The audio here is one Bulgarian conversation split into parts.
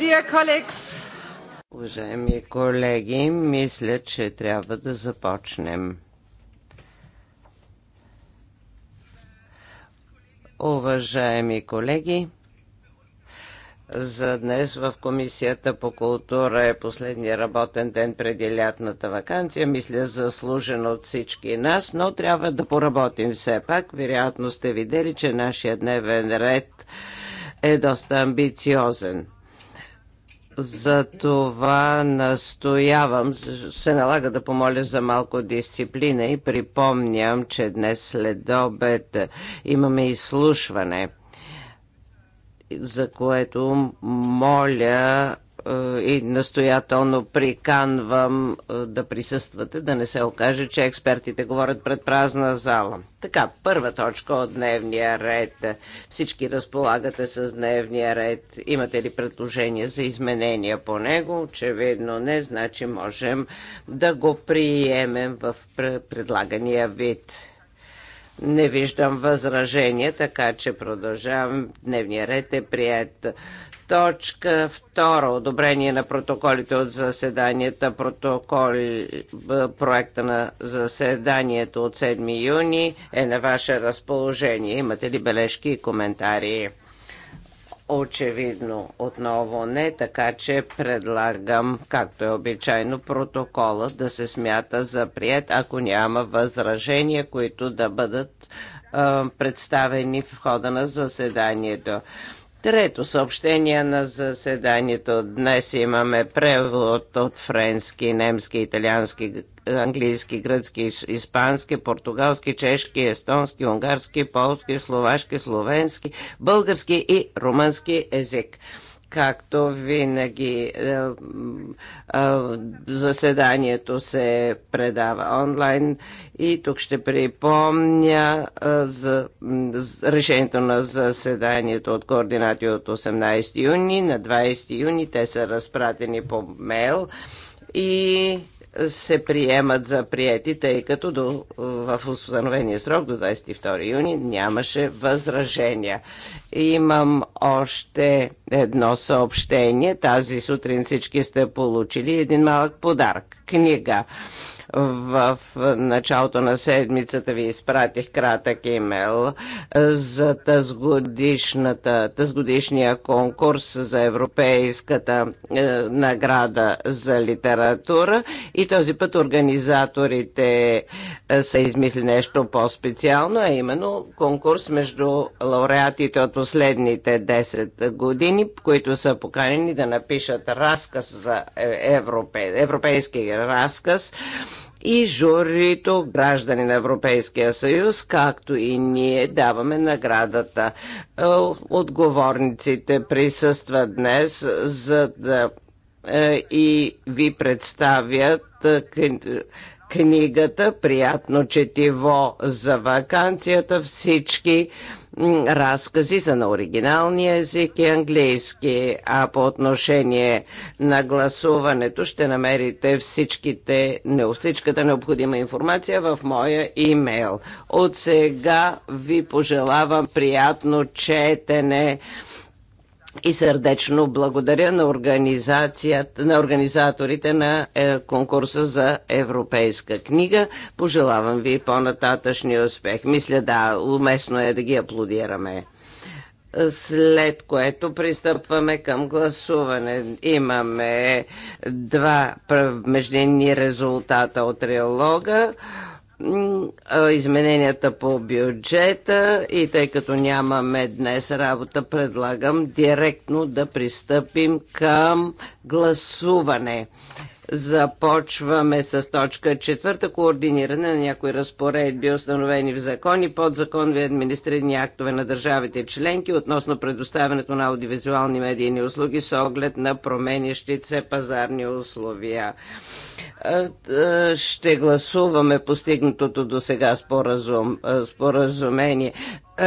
Dear Уважаеми колеги, мисля, че трябва да започнем. Уважаеми колеги, за днес в Комисията по култура е последния работен ден преди лятната вакансия. Мисля, заслужен от всички нас, но трябва да поработим все пак. Вероятно сте видели, че нашия дневен ред е доста амбициозен. За това настоявам, се налага да помоля за малко дисциплина и припомням, че днес след обед имаме изслушване, за което моля е, и настоятелно приканвам е, да присъствате, да не се окаже, че експертите говорят пред празна зала. Така, първа точка от дневния ред. Всички разполагате с дневния ред. Имате ли предложения за изменения по него? Очевидно не, значи можем да го приемем в предлагания вид. Не виждам възражение, така че продължавам. Дневния ред е прият. Точка втора. Одобрение на протоколите от заседанията. Протокол, е, проекта на заседанието от 7 юни е на ваше разположение. Имате ли бележки и коментари? Очевидно отново не, така че предлагам, както е обичайно, протокола да се смята за прият, ако няма възражения, които да бъдат е, представени в хода на заседанието. Трето съобщение на заседанието. Днес имаме превод от френски, немски, италиански, английски, гръцки, испански, португалски, чешки, естонски, унгарски, полски, словашки, словенски, български и румънски език. Както винаги, е, е, е, заседанието се предава онлайн и тук ще припомня за решението на заседанието от координати от 18 юни. На 20 юни те са разпратени по мейл и се приемат за приети, тъй като до, в установения срок до 22 юни нямаше възражения. Имам още едно съобщение. Тази сутрин всички сте получили един малък подарък. Книга в началото на седмицата ви изпратих кратък имейл за тазгодишната, тазгодишния конкурс за Европейската е, награда за литература и този път организаторите са измисли нещо по-специално, а именно конкурс между лауреатите от последните 10 години, които са поканени да напишат разказ за е, европе, европейски разказ и журито граждани на Европейския съюз, както и ние даваме наградата. Е, отговорниците присъстват днес, за да е, и ви представят е, книгата Приятно четиво за вакансията всички разкази са на оригиналния език и английски, а по отношение на гласуването ще намерите всичките, не, всичката необходима информация в моя имейл. От сега ви пожелавам приятно четене и сърдечно благодаря на, на организаторите на е, конкурса за европейска книга. Пожелавам ви по-нататъчния успех. Мисля, да, уместно е да ги аплодираме. След което пристъпваме към гласуване. Имаме два междинни резултата от реалога измененията по бюджета и тъй като нямаме днес работа, предлагам директно да пристъпим към гласуване. Започваме с точка четвърта координиране на някои разпоредби, установени в закони, подзаконови административни актове на държавите членки относно предоставянето на аудиовизуални медийни услуги с оглед на променящите се пазарни условия. Ще гласуваме постигнатото до сега споразум, споразумение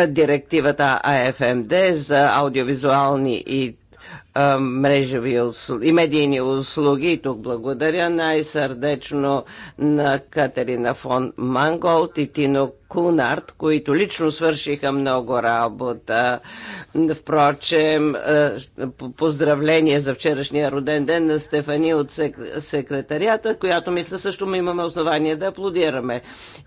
директивата АФМД за аудиовизуални и мрежови услуги, и медийни услуги. И тук благодаря най-сърдечно на Катерина фон Манголт и Тино Кунард, които лично свършиха много работа. Впрочем, е, поздравление за вчерашния роден ден на Стефани от секретарията, която мисля също ми имаме основание да аплодираме.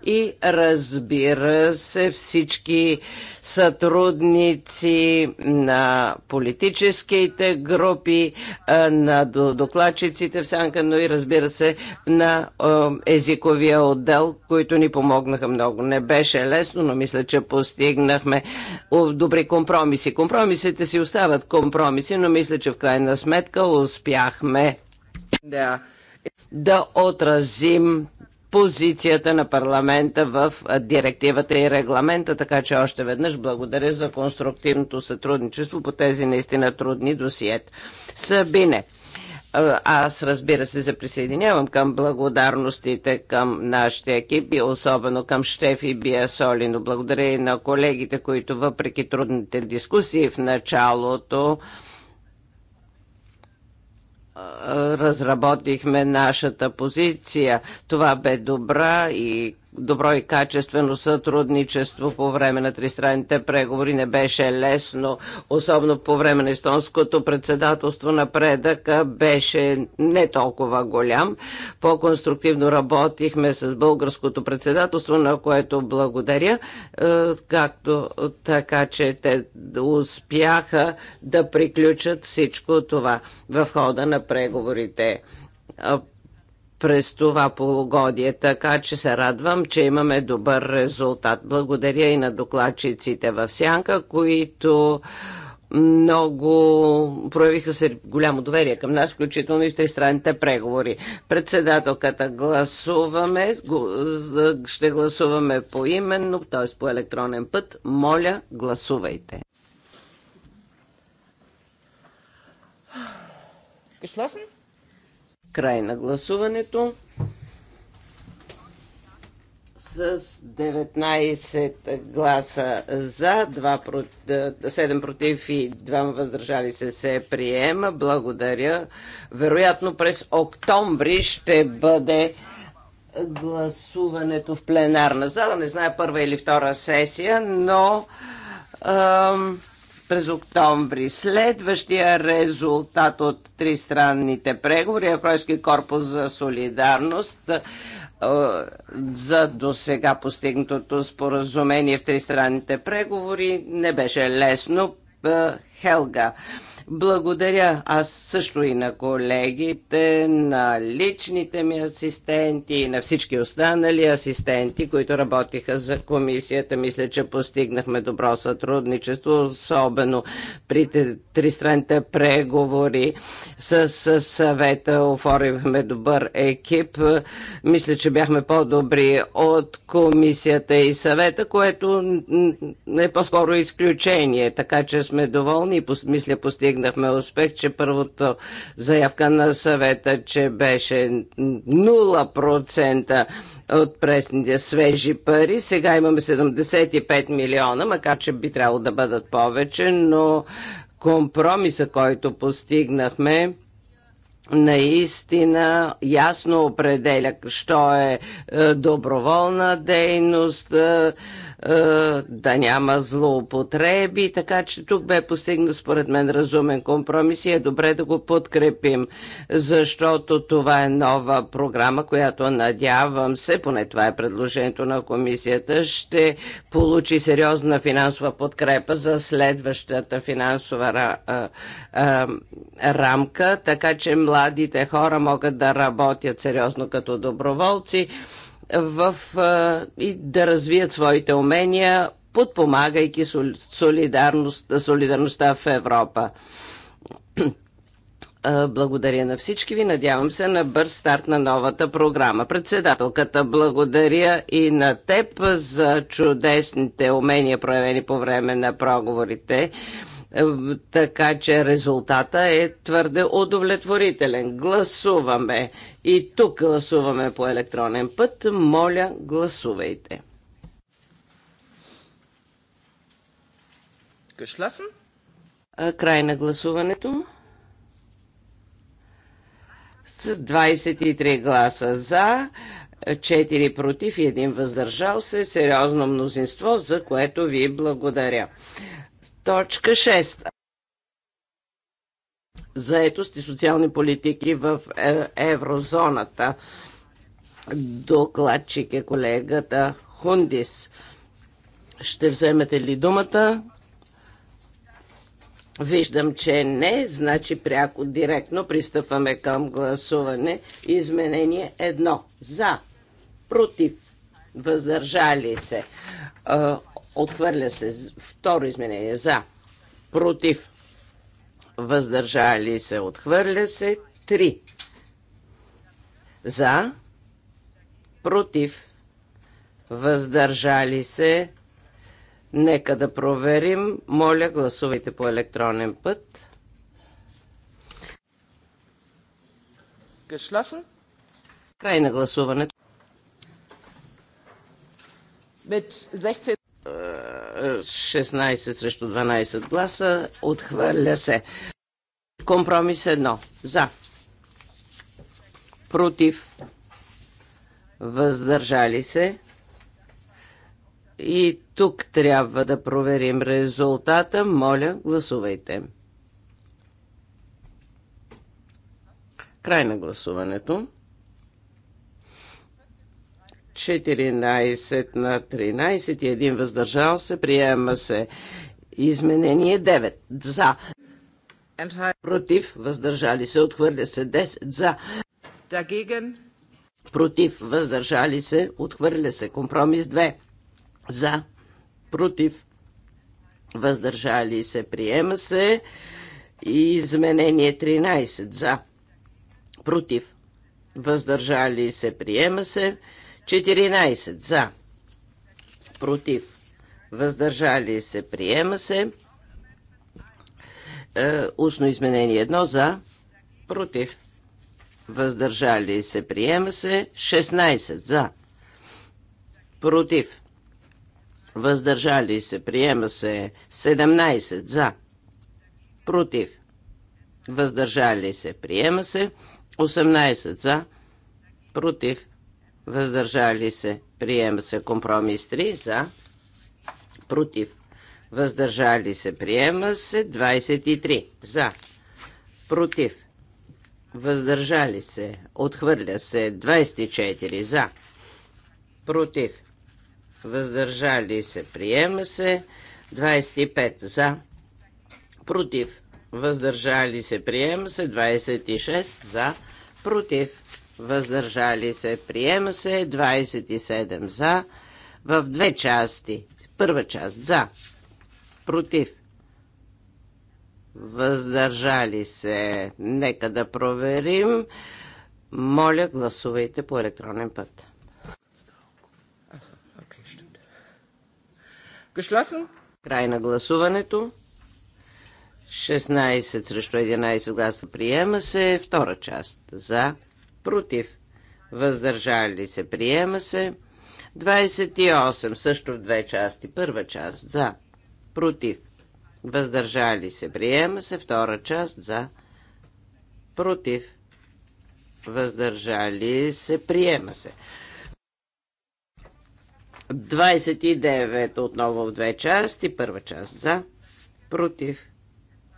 И разбира се, всички сътрудници на политическите групи, е, на докладчиците в Сянка, но и разбира се на е, езиковия отдел, които ни помогнаха много. Не бе беше лесно, но мисля, че постигнахме добри компромиси. Компромисите си остават компромиси, но мисля, че в крайна сметка успяхме да, да отразим позицията на парламента в директивата и регламента, така че още веднъж благодаря за конструктивното сътрудничество по тези наистина трудни досиет. Сабине, аз, разбира се, се присъединявам към благодарностите към нашите екипи, особено към Штеф и Бия Солино. Благодаря и на колегите, които въпреки трудните дискусии в началото, разработихме нашата позиция. Това бе добра и добро и качествено сътрудничество по време на тристранните преговори. Не беше лесно, особено по време на естонското председателство предъка беше не толкова голям. По-конструктивно работихме с българското председателство, на което благодаря, е, както така, че те успяха да приключат всичко това в хода на преговорите през това полугодие, така че се радвам, че имаме добър резултат. Благодаря и на докладчиците в Сянка, които много проявиха се голямо доверие към нас, включително и в тристранните преговори. Председателката гласуваме, ще гласуваме по именно, т.е. по електронен път. Моля, гласувайте. Geschlossen? Край на гласуването. С 19 гласа за, 2 против, 7 против и 2 въздържали се се приема. Благодаря. Вероятно през октомври ще бъде гласуването в пленарна зала. Не знае първа или втора сесия, но... Ам, през октомври. Следващия резултат от тристранните преговори Европейски корпус за солидарност е, за до сега постигнатото споразумение в тристранните преговори не беше лесно. Е, Хелга. Благодаря аз също и на колегите, на личните ми асистенти и на всички останали асистенти, които работиха за комисията. Мисля, че постигнахме добро сътрудничество, особено при тристранните преговори с, съвета. Оформихме добър екип. Мисля, че бяхме по-добри от комисията и съвета, което е по-скоро изключение, така че сме доволни и мисля постигнахме постигнахме успех, че първото заявка на съвета, че беше 0% от пресните свежи пари. Сега имаме 75 милиона, макар че би трябвало да бъдат повече, но компромиса, който постигнахме, наистина ясно определя, що е, е доброволна дейност, е, е, да няма злоупотреби, така че тук бе постигнат според мен разумен компромис и е добре да го подкрепим, защото това е нова програма, която надявам се, поне това е предложението на комисията, ще получи сериозна финансова подкрепа за следващата финансова рамка, така че младите хора могат да работят сериозно като доброволци в, и да развият своите умения, подпомагайки солидарност, солидарността в Европа. Благодаря на всички ви. Надявам се на бърз старт на новата програма. Председателката, благодаря и на теб за чудесните умения, проявени по време на проговорите. Е, така че резултата е твърде удовлетворителен. Гласуваме. И тук гласуваме по електронен път. Моля, гласувайте. Geschlossen? Край на гласуването. С 23 гласа за, 4 против и 1 въздържал се. Сериозно мнозинство, за което ви благодаря. Точка 6. Заетост и социални политики в е, еврозоната. Докладчик е колегата Хундис. Ще вземете ли думата? Виждам, че не, значи пряко, директно пристъпваме към гласуване. Изменение едно. За, против, въздържали се. Е, Отхвърля се. Второ изменение. За. Против. Въздържали се. Отхвърля се. Три. За. Против. Въздържали се. Нека да проверим. Моля, гласувайте по електронен път. Geschlossen. Край на гласуването. Вече 16 16 срещу 12 гласа. Отхвърля се. Компромис 1. За. Против. Въздържали се. И тук трябва да проверим резултата. Моля, гласувайте. Край на гласуването. 14 на 13 и един въздържал се. Приема се изменение 9 за. Против въздържали се. Отхвърля се 10 за. Dagegen. Против въздържали се. Отхвърля се. Компромис 2 за. Против въздържали се. Приема се и изменение 13 за. Против въздържали се. Приема се. 14 за, против, въздържали се, приема се. Е, устно изменение 1 за, против, въздържали се, приема се. 16 за, против, въздържали се, приема се. 17 за, против, въздържали се, приема се. 18 за, против, въздържали се, приема се. Компромис 3 за, против, въздържали се, приема се. 23 за, против, въздържали се, отхвърля се. 24 за, против, въздържали се, приема се. 25 за, против, въздържали се, приема се. 26 за, против, въздържали се, приема се, 27 за, в две части. Първа част за, против, въздържали се. Нека да проверим. Моля, гласувайте по електронен път. Край на гласуването. 16 срещу 11 гласа приема се. Втора част за против, въздържали се, приема се. 28, също в две части. Първа част за, против, въздържали се, приема се. Втора част за, против, въздържали се, приема се. 29 отново в две части. Първа част за, против,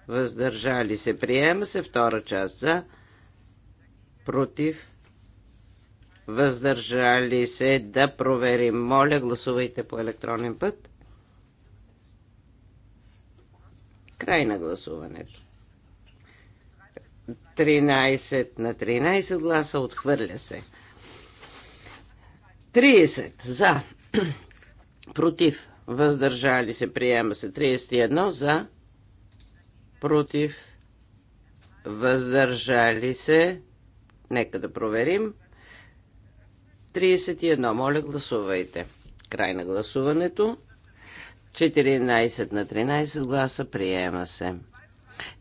въздържали се, приема се. Втора част за, против против, въздържали се да проверим. Моля, гласувайте по електронен път. Край на гласуването. 13 на 13 гласа отхвърля се. 30 за, против, въздържали се, приема се. 31 за, против, въздържали се. Нека да проверим. 31. Моля, гласувайте. Край на гласуването. 14 на 13 гласа приема се.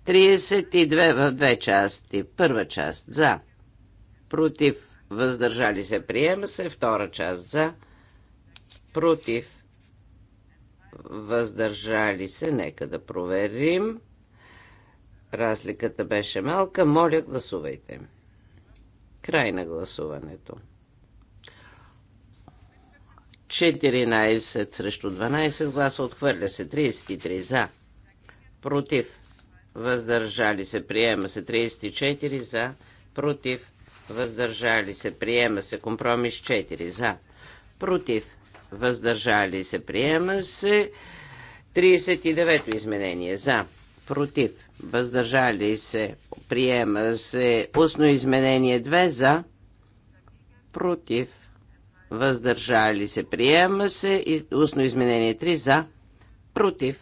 32 в две части. Първа част за. Против. Въздържали се. Приема се. Втора част за. Против. Въздържали се. Нека да проверим. Разликата беше малка. Моля, гласувайте. Край на гласуването. 14 срещу 12 гласа отхвърля се 33 за. Против. Въздържали се. Приема се 34 за. Против. Въздържали се. Приема се. Компромис 4 за. Против. Въздържали се. Приема се. 39 изменение за. Против въздържали се, приема се. Устно изменение 2 за, против, въздържали се, приема се. И устно изменение 3 за, против,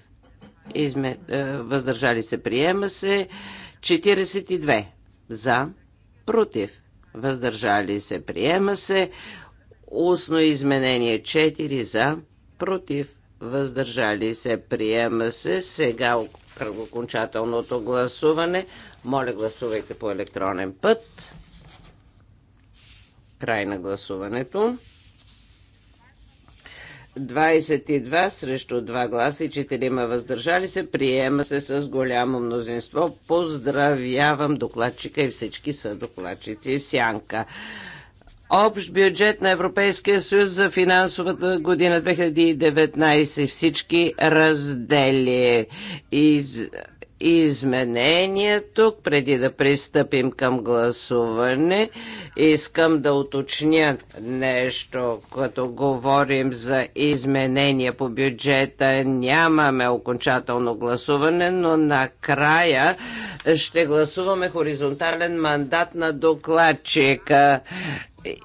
изме, е, въздържали се, приема се. 42 за, против, въздържали се, приема се. Устно изменение 4 за, против, въздържали се, приема се. Сега окончателното гласуване. Моля, гласувайте по електронен път. Край на гласуването. 22 срещу 2 гласа и 4 въздържали се. Приема се с голямо мнозинство. Поздравявам докладчика и всички са докладчици в сянка. Общ бюджет на Европейския съюз за финансовата година 2019. Всички раздели. Из изменения тук. Преди да пристъпим към гласуване, искам да уточня нещо. Като говорим за изменения по бюджета, нямаме окончателно гласуване, но накрая ще гласуваме хоризонтален мандат на докладчика.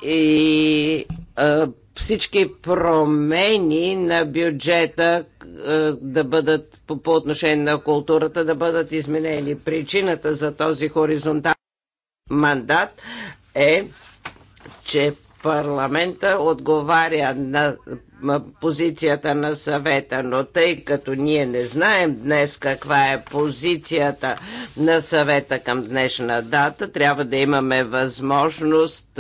И всички промени на бюджета да бъдат по, по отношение на културата да бъдат изменени. Причината за този хоризонтален мандат е, че парламента отговаря на позицията на съвета, но тъй като ние не знаем днес каква е позицията на съвета към днешна дата, трябва да имаме възможност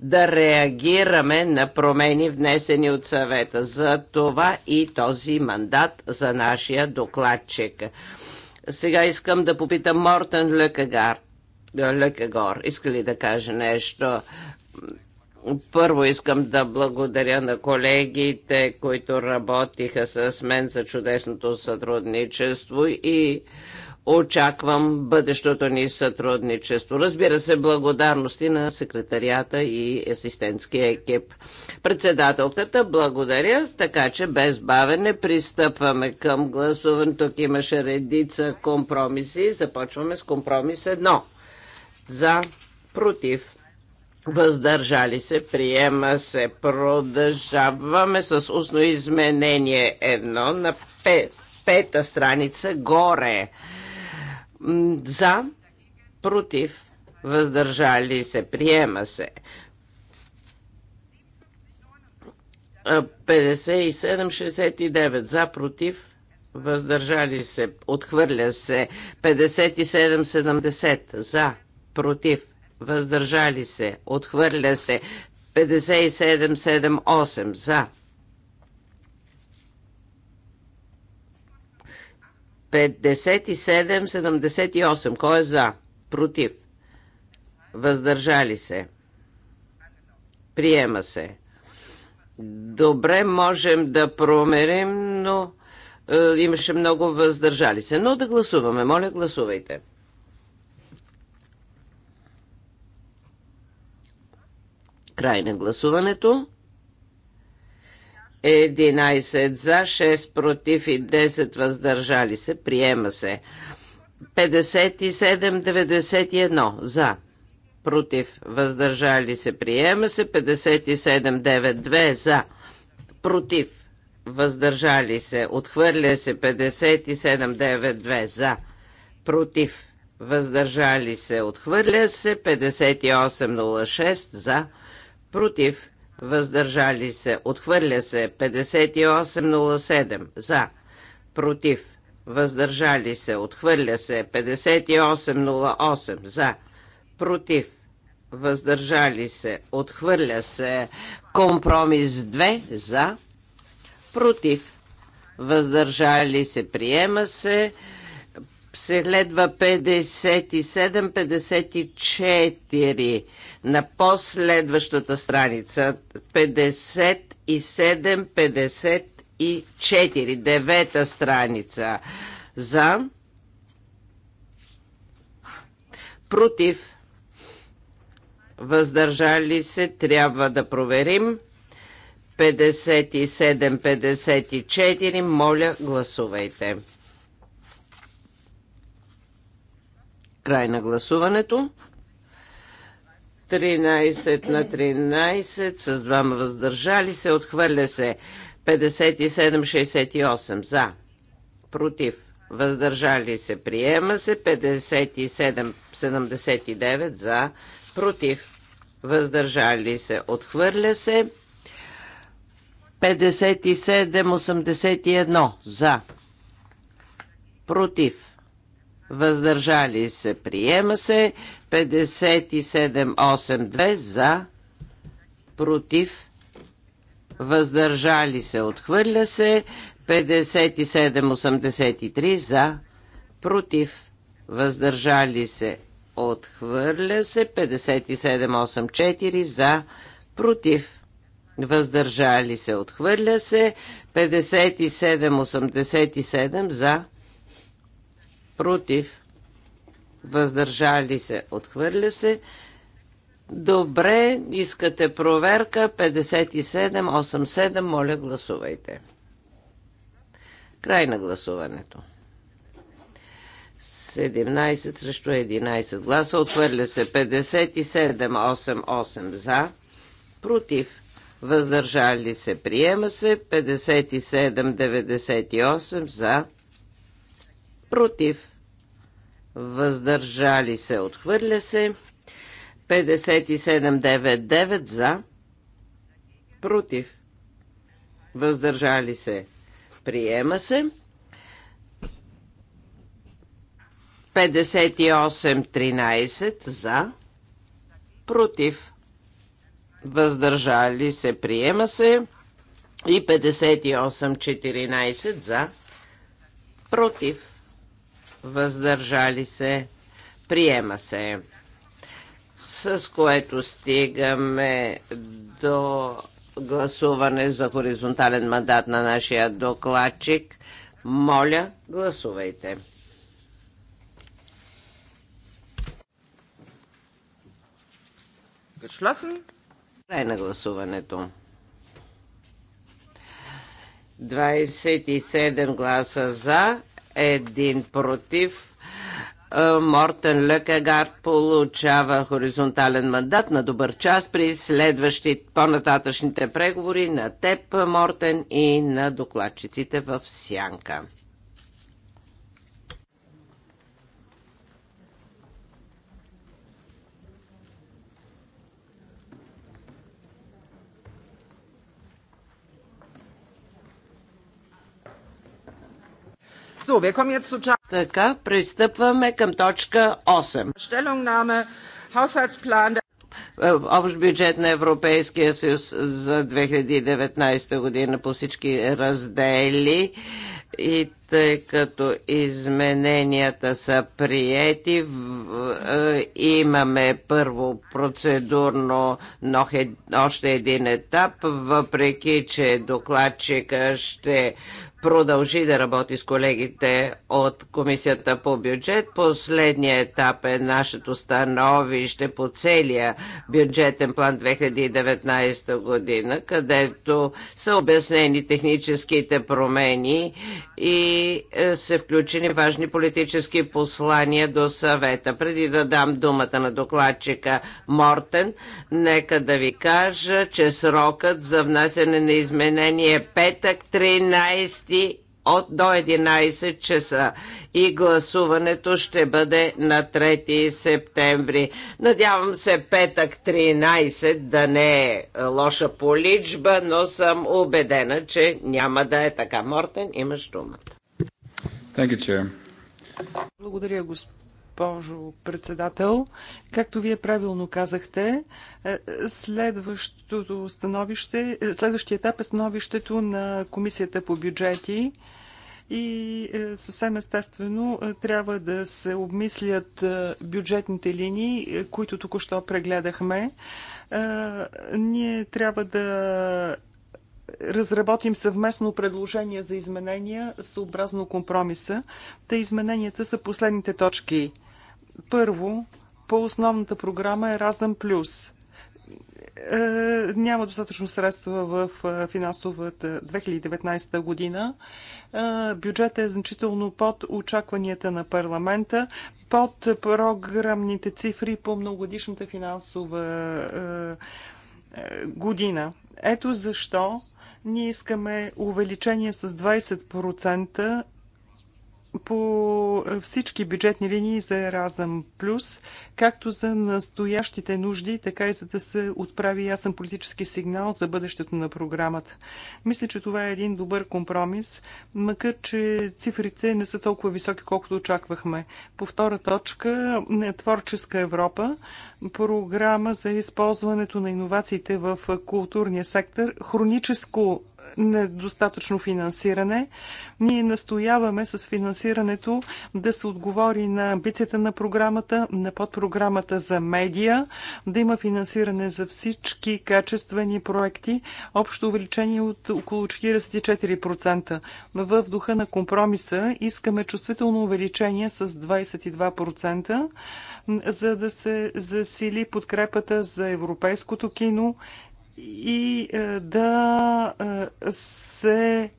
да реагираме на промени внесени от съвета. За това и този мандат за нашия докладчик. Сега искам да попитам Мортен Лекегар. Лекегор, иска ли да каже нещо? Първо искам да благодаря на колегите, които работиха с мен за чудесното сътрудничество и очаквам бъдещото ни сътрудничество. Разбира се, благодарности на секретарията и асистентския екип. Председателката, благодаря, така че без бавене пристъпваме към гласуване. Тук имаше редица компромиси. Започваме с компромис Едно. За, против, въздържали се, приема се, продължаваме с устно изменение едно на пет, пета страница горе. За, против, въздържали се, приема се. 57-69 за, против, въздържали се, отхвърля се. 57-70 за, против, въздържали се, отхвърля се 5778 за. 5778. Кой е за? Против. Въздържали се. Приема се. Добре, можем да промерим, но е, имаше много въздържали се. Но да гласуваме. Моля, гласувайте. 5778. Край на гласуването. 11 за, 6 против и 10 въздържали се. Приема се. 57 91 за. Против. Въздържали се. Приема се. 5792 за. Против. Въздържали се. Отхвърля се. 57 92 за. Против. Въздържали се. Отхвърля се. 5806 за против, въздържали се, отхвърля се 5807 за, против, въздържали се, отхвърля се 5808 за, против, въздържали се, отхвърля се компромис 2 за, против, въздържали се, приема се следва 57-54 на последващата страница 57-54 девета страница за против въздържали се трябва да проверим 57-54 моля гласувайте Край на гласуването. 13 на 13 с двама въздържали се. Отхвърля се 57-68 за. Против. Въздържали се. Приема се 57-79 за. Против. Въздържали се. Отхвърля се 57-81 за. Против въздържали се, приема се. 5782 за, против, въздържали се, отхвърля се. 5783 за, против, въздържали се, отхвърля се. 5784 за, против, въздържали се, отхвърля се. 5787 за, против, въздържали се, отхвърля се. Добре, искате проверка 5787, моля гласувайте. Край на гласуването. 17 срещу 11 гласа. Отвърля се 5788 за. Против. Въздържали се. Приема се 57-98 за. Против въздържали се, отхвърля се. 5799 за, против, въздържали се, приема се. 5813 за, против, въздържали се, приема се. И 5814 за, против, въздържали се, приема се. С което стигаме до гласуване за хоризонтален мандат на нашия докладчик. Моля, гласувайте. Geschlossen. Край на гласуването. 27 гласа за, един против. Е, Мортен Лекагард получава хоризонтален мандат на добър час при следващи по-нататъчните преговори на теб, Мортен, и на докладчиците в Сянка. Така, пристъпваме към точка 8. Е, общ бюджет на Европейския съюз за 2019 година по всички раздели и тъй като измененията са приети, е, имаме първо процедурно още един етап, въпреки че докладчика ще продължи да работи с колегите от Комисията по бюджет. Последният етап е нашето становище по целия бюджетен план 2019 година, където са обяснени техническите промени и е, са включени важни политически послания до съвета. Преди да дам думата на докладчика Мортен, нека да ви кажа, че срокът за внасяне на изменение е петък 13 11 от до 11 часа и гласуването ще бъде на 3 септември. Надявам се петък 13 да не е лоша поличба, но съм убедена, че няма да е така. Мортен, имаш думата. Благодаря, господин госпожо председател. Както вие правилно казахте, е, следващото становище, е, следващия етап е становището на Комисията по бюджети и е, съвсем естествено трябва да се обмислят бюджетните линии, които току-що прегледахме. Ние трябва да разработим съвместно предложение за изменения съобразно компромиса. Те измененията са последните точки. Първо, по основната програма е Разъм Плюс. Е, няма достатъчно средства в е, финансовата 2019 година. Е, бюджетът е значително под очакванията на парламента, под програмните цифри по многодишната финансова е, е година. Ето защо ние искаме увеличение с 20% по е, всички бюджетни линии за Еразъм Плюс, както за настоящите нужди, така и за да се отправи ясен политически сигнал за бъдещето на програмата. Мисля, че това е един добър компромис, макар че цифрите не са толкова високи, колкото очаквахме. По втора точка, е, Творческа Европа, програма за използването на иновациите в културния сектор, хроническо недостатъчно финансиране. Ние настояваме с финансирането да се отговори на амбицията на програмата, на подпрограмата за медия, да има финансиране за всички качествени проекти, общо увеличение от около 44%. В духа на компромиса искаме чувствително увеличение с 22%, за да се засили подкрепата за европейското кино и е, да е, се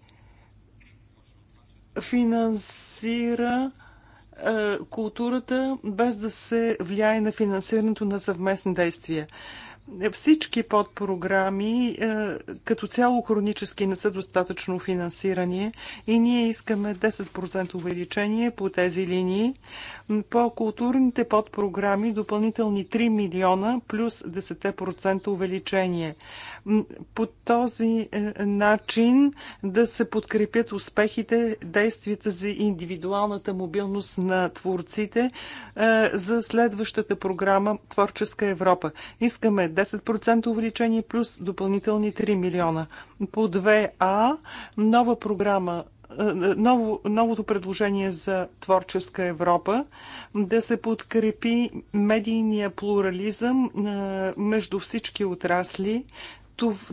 финансира е, културата без да се влияе на финансирането на съвместни действия. Всички подпрограми като цяло хронически не са достатъчно финансирани и ние искаме 10% увеличение по тези линии. По културните подпрограми допълнителни 3 милиона плюс 10% увеличение. По този е, начин да се подкрепят успехите, действията за индивидуалната мобилност на творците е, за следващата програма Творческа Европа. Искаме 10% увеличение плюс допълнителни 3 милиона. По 2А нова програма ново, новото предложение за творческа Европа, да се подкрепи медийния плурализъм между всички отрасли.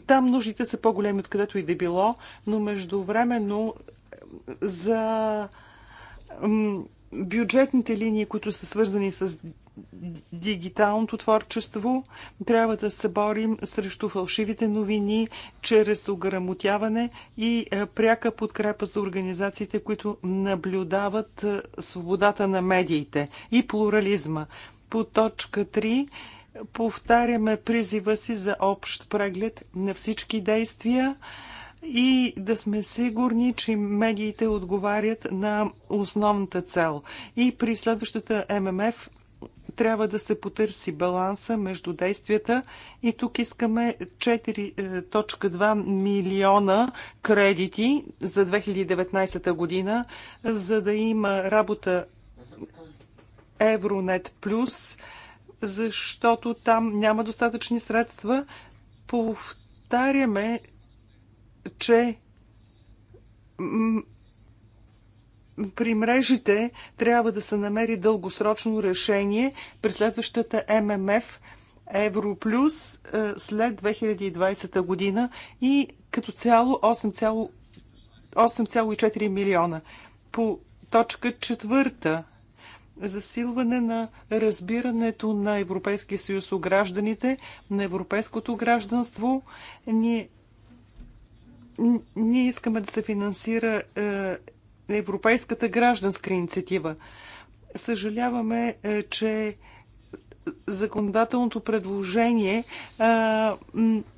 Там нуждите са по-големи, откъдето и да било, но междувременно за бюджетните линии, които са свързани с дигиталното творчество, трябва да се борим срещу фалшивите новини чрез ограмотяване и е, пряка подкрепа за организациите, които наблюдават е, свободата на медиите и плурализма. По точка 3 повтаряме призива си за общ преглед на всички действия и да сме сигурни, че медиите отговарят на основната цел. И при следващата ММФ трябва да се потърси баланса между действията и тук искаме 4.2 милиона кредити за 2019 година, за да има работа Евронет Плюс, защото там няма достатъчни средства. Повтаряме, че при мрежите трябва да се намери дългосрочно решение през следващата ММФ Европлюс е, след 2020 година и като цяло 8,4 милиона. По точка четвърта засилване на разбирането на Европейския съюз у гражданите, на европейското гражданство. Ние ние искаме да се финансира е, Европейската гражданска инициатива. Съжаляваме, е, че законодателното предложение а, е,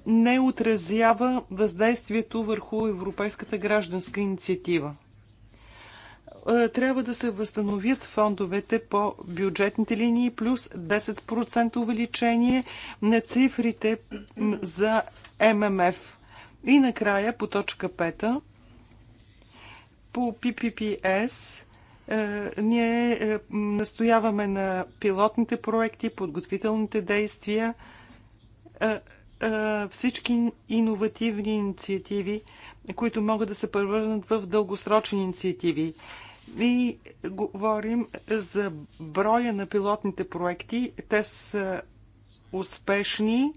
не отразява въздействието върху Европейската гражданска инициатива. А, трябва да се възстановят фондовете по бюджетните линии плюс 10% увеличение на цифрите за ММФ. И накрая по точка 5 по PPPS е, ние е, настояваме на пилотните проекти, подготвителните действия, е, всички иновативни инициативи, които могат да се превърнат в дългосрочни инициативи. И говорим за броя на пилотните проекти. Те са успешни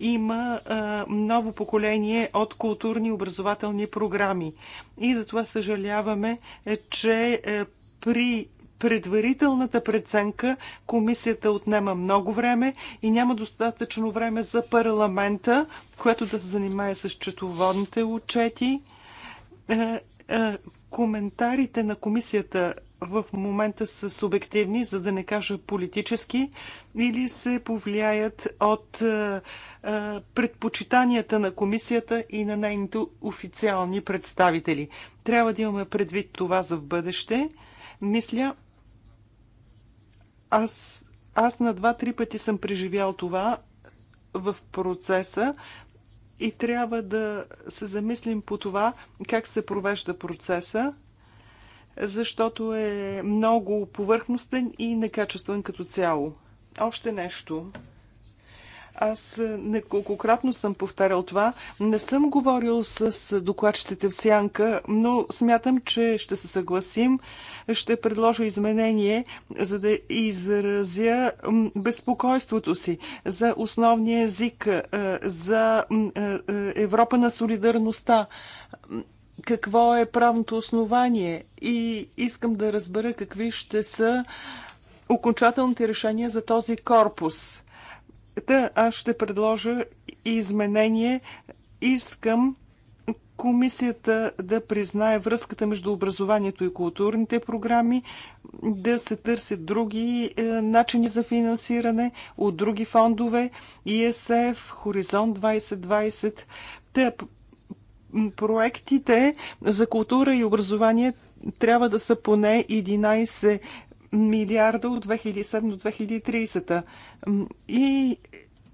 има а, ново поколение от културни образователни програми. И затова съжаляваме, е, че е, при предварителната преценка комисията отнема много време и няма достатъчно време за парламента, което да се занимае с четоводните отчети. Е, коментарите на комисията в момента са субективни, за да не кажа политически, или се повлияят от е, е, предпочитанията на комисията и на нейните официални представители. Трябва да имаме предвид това за в бъдеще. Мисля, аз, аз на два-три пъти съм преживял това в процеса и трябва да се замислим по това как се провежда процеса защото е много повърхностен и некачествен като цяло. Още нещо. Аз е, неколкократно съм повтарял това. Не съм говорил с докладчетите в Сянка, но смятам, че ще се съгласим. Ще предложа изменение, за да изразя безпокойството си за основния език, е, за е, Европа на солидарността какво е правното основание и искам да разбера какви ще са окончателните решения за този корпус. Да, аз ще предложа изменение. Искам комисията да признае връзката между образованието и културните програми, да се търсят други е, начини за финансиране от други фондове, ИСФ, е Хоризонт 2020. Те проектите за култура и образование трябва да са поне 11 милиарда от 2007 до 2030. И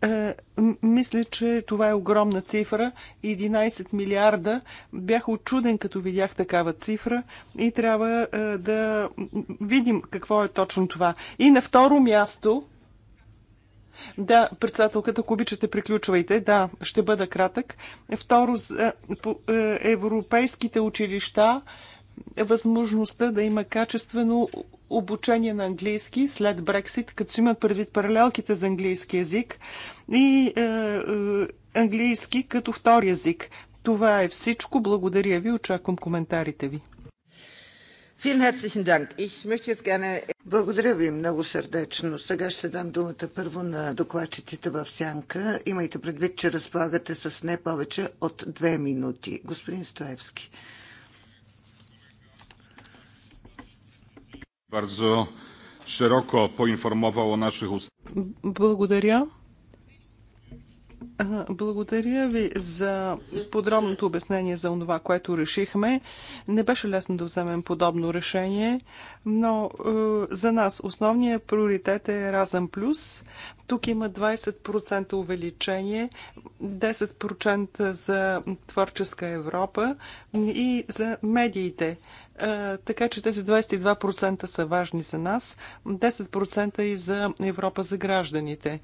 е, мисля, че това е огромна цифра. 11 милиарда. Бях очуден, като видях такава цифра и трябва е, да видим какво е точно това. И на второ място да, председателката, ако обичате, приключвайте. Да, ще бъда кратък. Второ, е, е, европейските училища възможността да има качествено обучение на английски след Брексит, като си имат предвид паралелките за английски язик и е, е, английски като втори язик. Това е всичко. Благодаря ви. Очаквам коментарите ви. Благодаря ви много сърдечно. Сега ще дам думата първо на докладчиците в Сянка. Имайте предвид, че разполагате с не повече от две минути. Господин Стоевски. Bardzo szeroko poinformował o Благодаря. Благодаря ви за подробното обяснение за това, което решихме. Не беше лесно да вземем подобно решение, но е, за нас основният приоритет е Разъм Плюс. Тук има 20% увеличение, 10% за творческа Европа и за медиите. Е, така че тези 22% са важни за нас, 10% и за Европа за гражданите.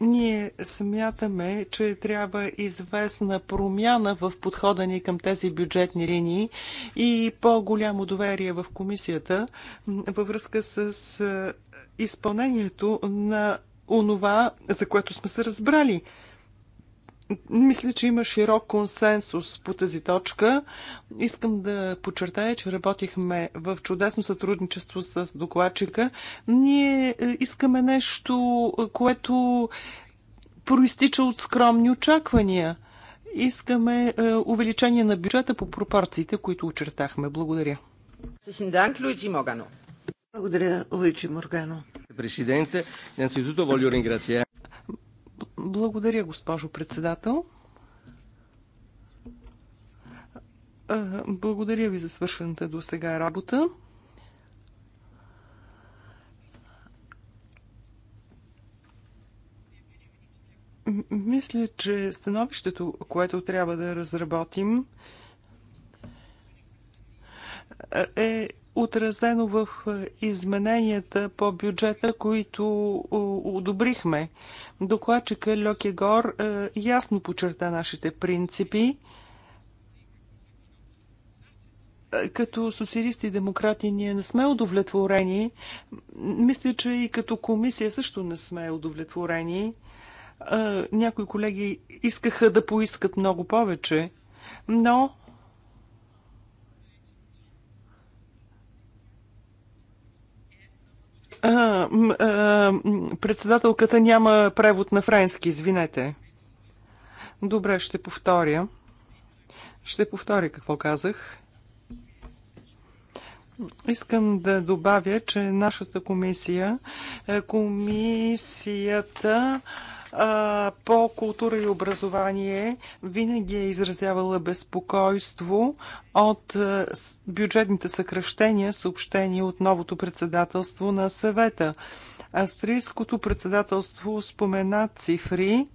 Ние смятаме, че трябва известна промяна в подхода ни към тези бюджетни линии и по-голямо доверие в комисията във връзка с изпълнението на онова, за което сме се разбрали. Мисля, че има широк консенсус по тази точка. Искам да подчертая, че работихме в чудесно сътрудничество с докладчика. Ние е, искаме нещо, е, което проистича от скромни очаквания. Искаме е, увеличение на бюджета по пропорциите, които очертахме. Благодаря. Благодаря, Луичи Моргано. Президенте, innanzitutto voglio благодаря, госпожо председател. Благодаря ви за свършената до сега работа. Мисля, че становището, което трябва да разработим, е отразено в е, измененията по бюджета, които е, одобрихме. Докладчика Гор е, ясно почерта нашите принципи. Като социалисти и демократи ние не сме удовлетворени. Мисля, че и като комисия също не сме удовлетворени. Някои колеги искаха да поискат много повече, но председателката няма превод на френски, извинете. Добре, ще повторя. Ще повторя какво казах. Искам да добавя, че нашата комисия, е, комисията по култура и образование винаги е изразявала безпокойство от бюджетните съкръщения, съобщени от новото председателство на съвета. Австрийското председателство спомена цифри.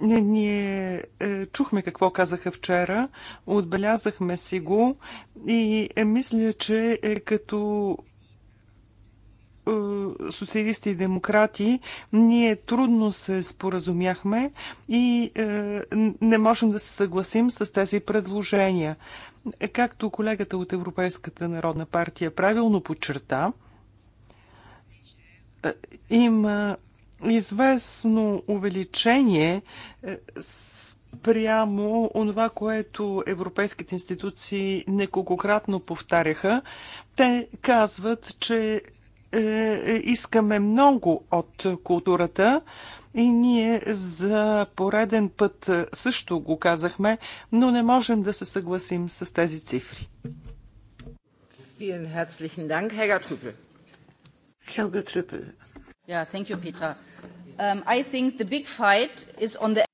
Ние, ние е, чухме какво казаха вчера, отбелязахме си го и е, мисля, че е, като е, социалисти и демократи, ние трудно се споразумяхме и е, не можем да се съгласим с тези предложения. Както колегата от Европейската народна партия правилно подчерта, е, има известно увеличение прямо онова, което европейските институции неколкократно повтаряха. Те казват, че е, е, искаме много от културата. И ние за пореден път е, също го казахме, но не можем да се съгласим с тези цифри. Хелга Трюпел. Yeah, thank you, Peter. Um, I think the big fight is on the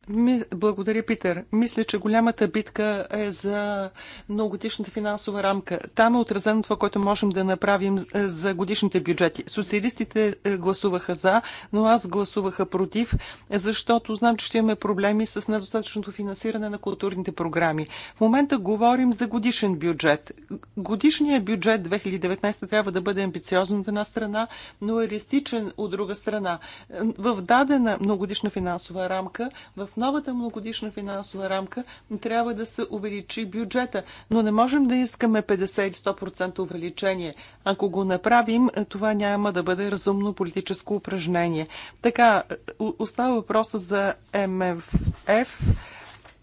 благодаря, Питер. Мисля, че голямата битка е за многогодишната финансова рамка. Там е отразено това, което можем да направим за годишните бюджети. Социалистите е, гласуваха за, но аз гласуваха против, защото знам, че ще имаме проблеми с недостатъчното финансиране на културните програми. В момента говорим за годишен бюджет. Годишният бюджет 2019 трябва да бъде амбициозен от една страна, но е реалистичен от друга страна. Е, в дадена многогодишна финансова рамка, в новата многогодишна финансова рамка трябва да се увеличи бюджета, но не можем да искаме 50 100% увеличение. Ако го направим, това няма да бъде разумно политическо упражнение. Така, е, остава въпроса за МФФ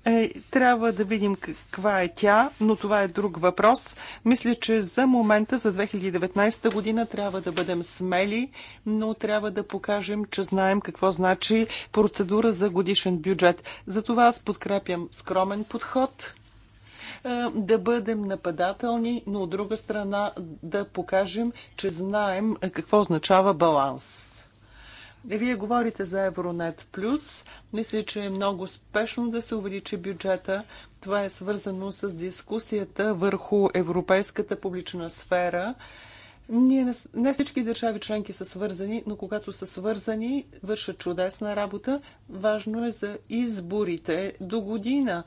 е, трябва да видим каква е тя, но това е друг въпрос. Мисля, че за момента, за 2019 година, трябва да бъдем смели, но трябва да покажем, че знаем какво значи процедура за годишен бюджет. Затова аз подкрепям скромен подход е, да бъдем нападателни, но от друга страна да покажем, че знаем е, какво означава баланс. Е, вие говорите за Евронет Плюс. Мисля, че е много спешно да се увеличи бюджета. Това е свързано с дискусията върху европейската публична сфера. Ние не, не всички държави членки са свързани, но когато са свързани, вършат чудесна работа. Важно е за изборите до година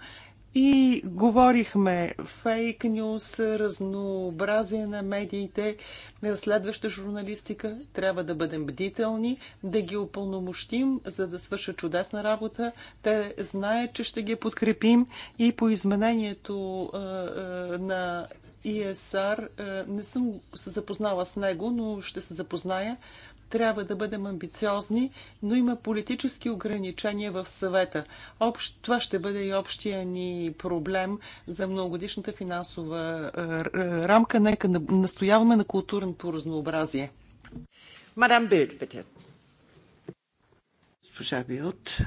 и говорихме фейк нюс, разнообразие на медиите, разследваща журналистика. Трябва да бъдем бдителни, да ги опълномощим, за да свършат чудесна работа. Те знаят, че ще ги подкрепим и по изменението на ИСР. не съм се запознала с него, но ще се запозная трябва да бъдем амбициозни, но има политически ограничения в съвета. Общ, това ще бъде и общия ни проблем за многогодишната финансова е, е, рамка. Нека настояваме на културното разнообразие. Мадам Билт, бите. Госпожа Билт.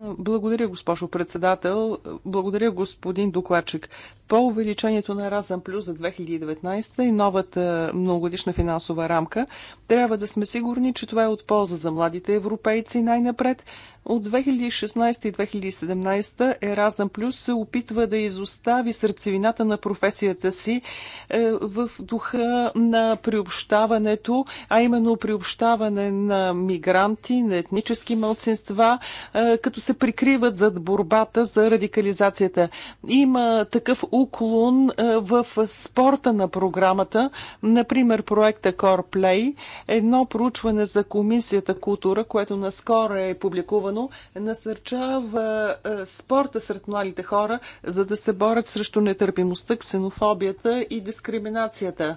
Благодаря, госпожо председател. Благодаря, господин докладчик по увеличението на Разъм Плюс за 2019 и новата многогодишна финансова рамка, трябва да сме сигурни, че това е от полза за младите европейци най-напред. От 2016 и 2017 Еразъм Плюс се опитва да изостави сърцевината на професията си е, в духа на приобщаването, а именно приобщаване на мигранти, на етнически мълцинства, е, като се прикриват зад борбата за радикализацията. Има такъв уклон е, в спорта на програмата, например проекта CorePlay, едно проучване за Комисията култура, което наскоро е публикувано, насърчава е, спорта сред младите хора, за да се борят срещу нетърпимостта, ксенофобията и дискриминацията.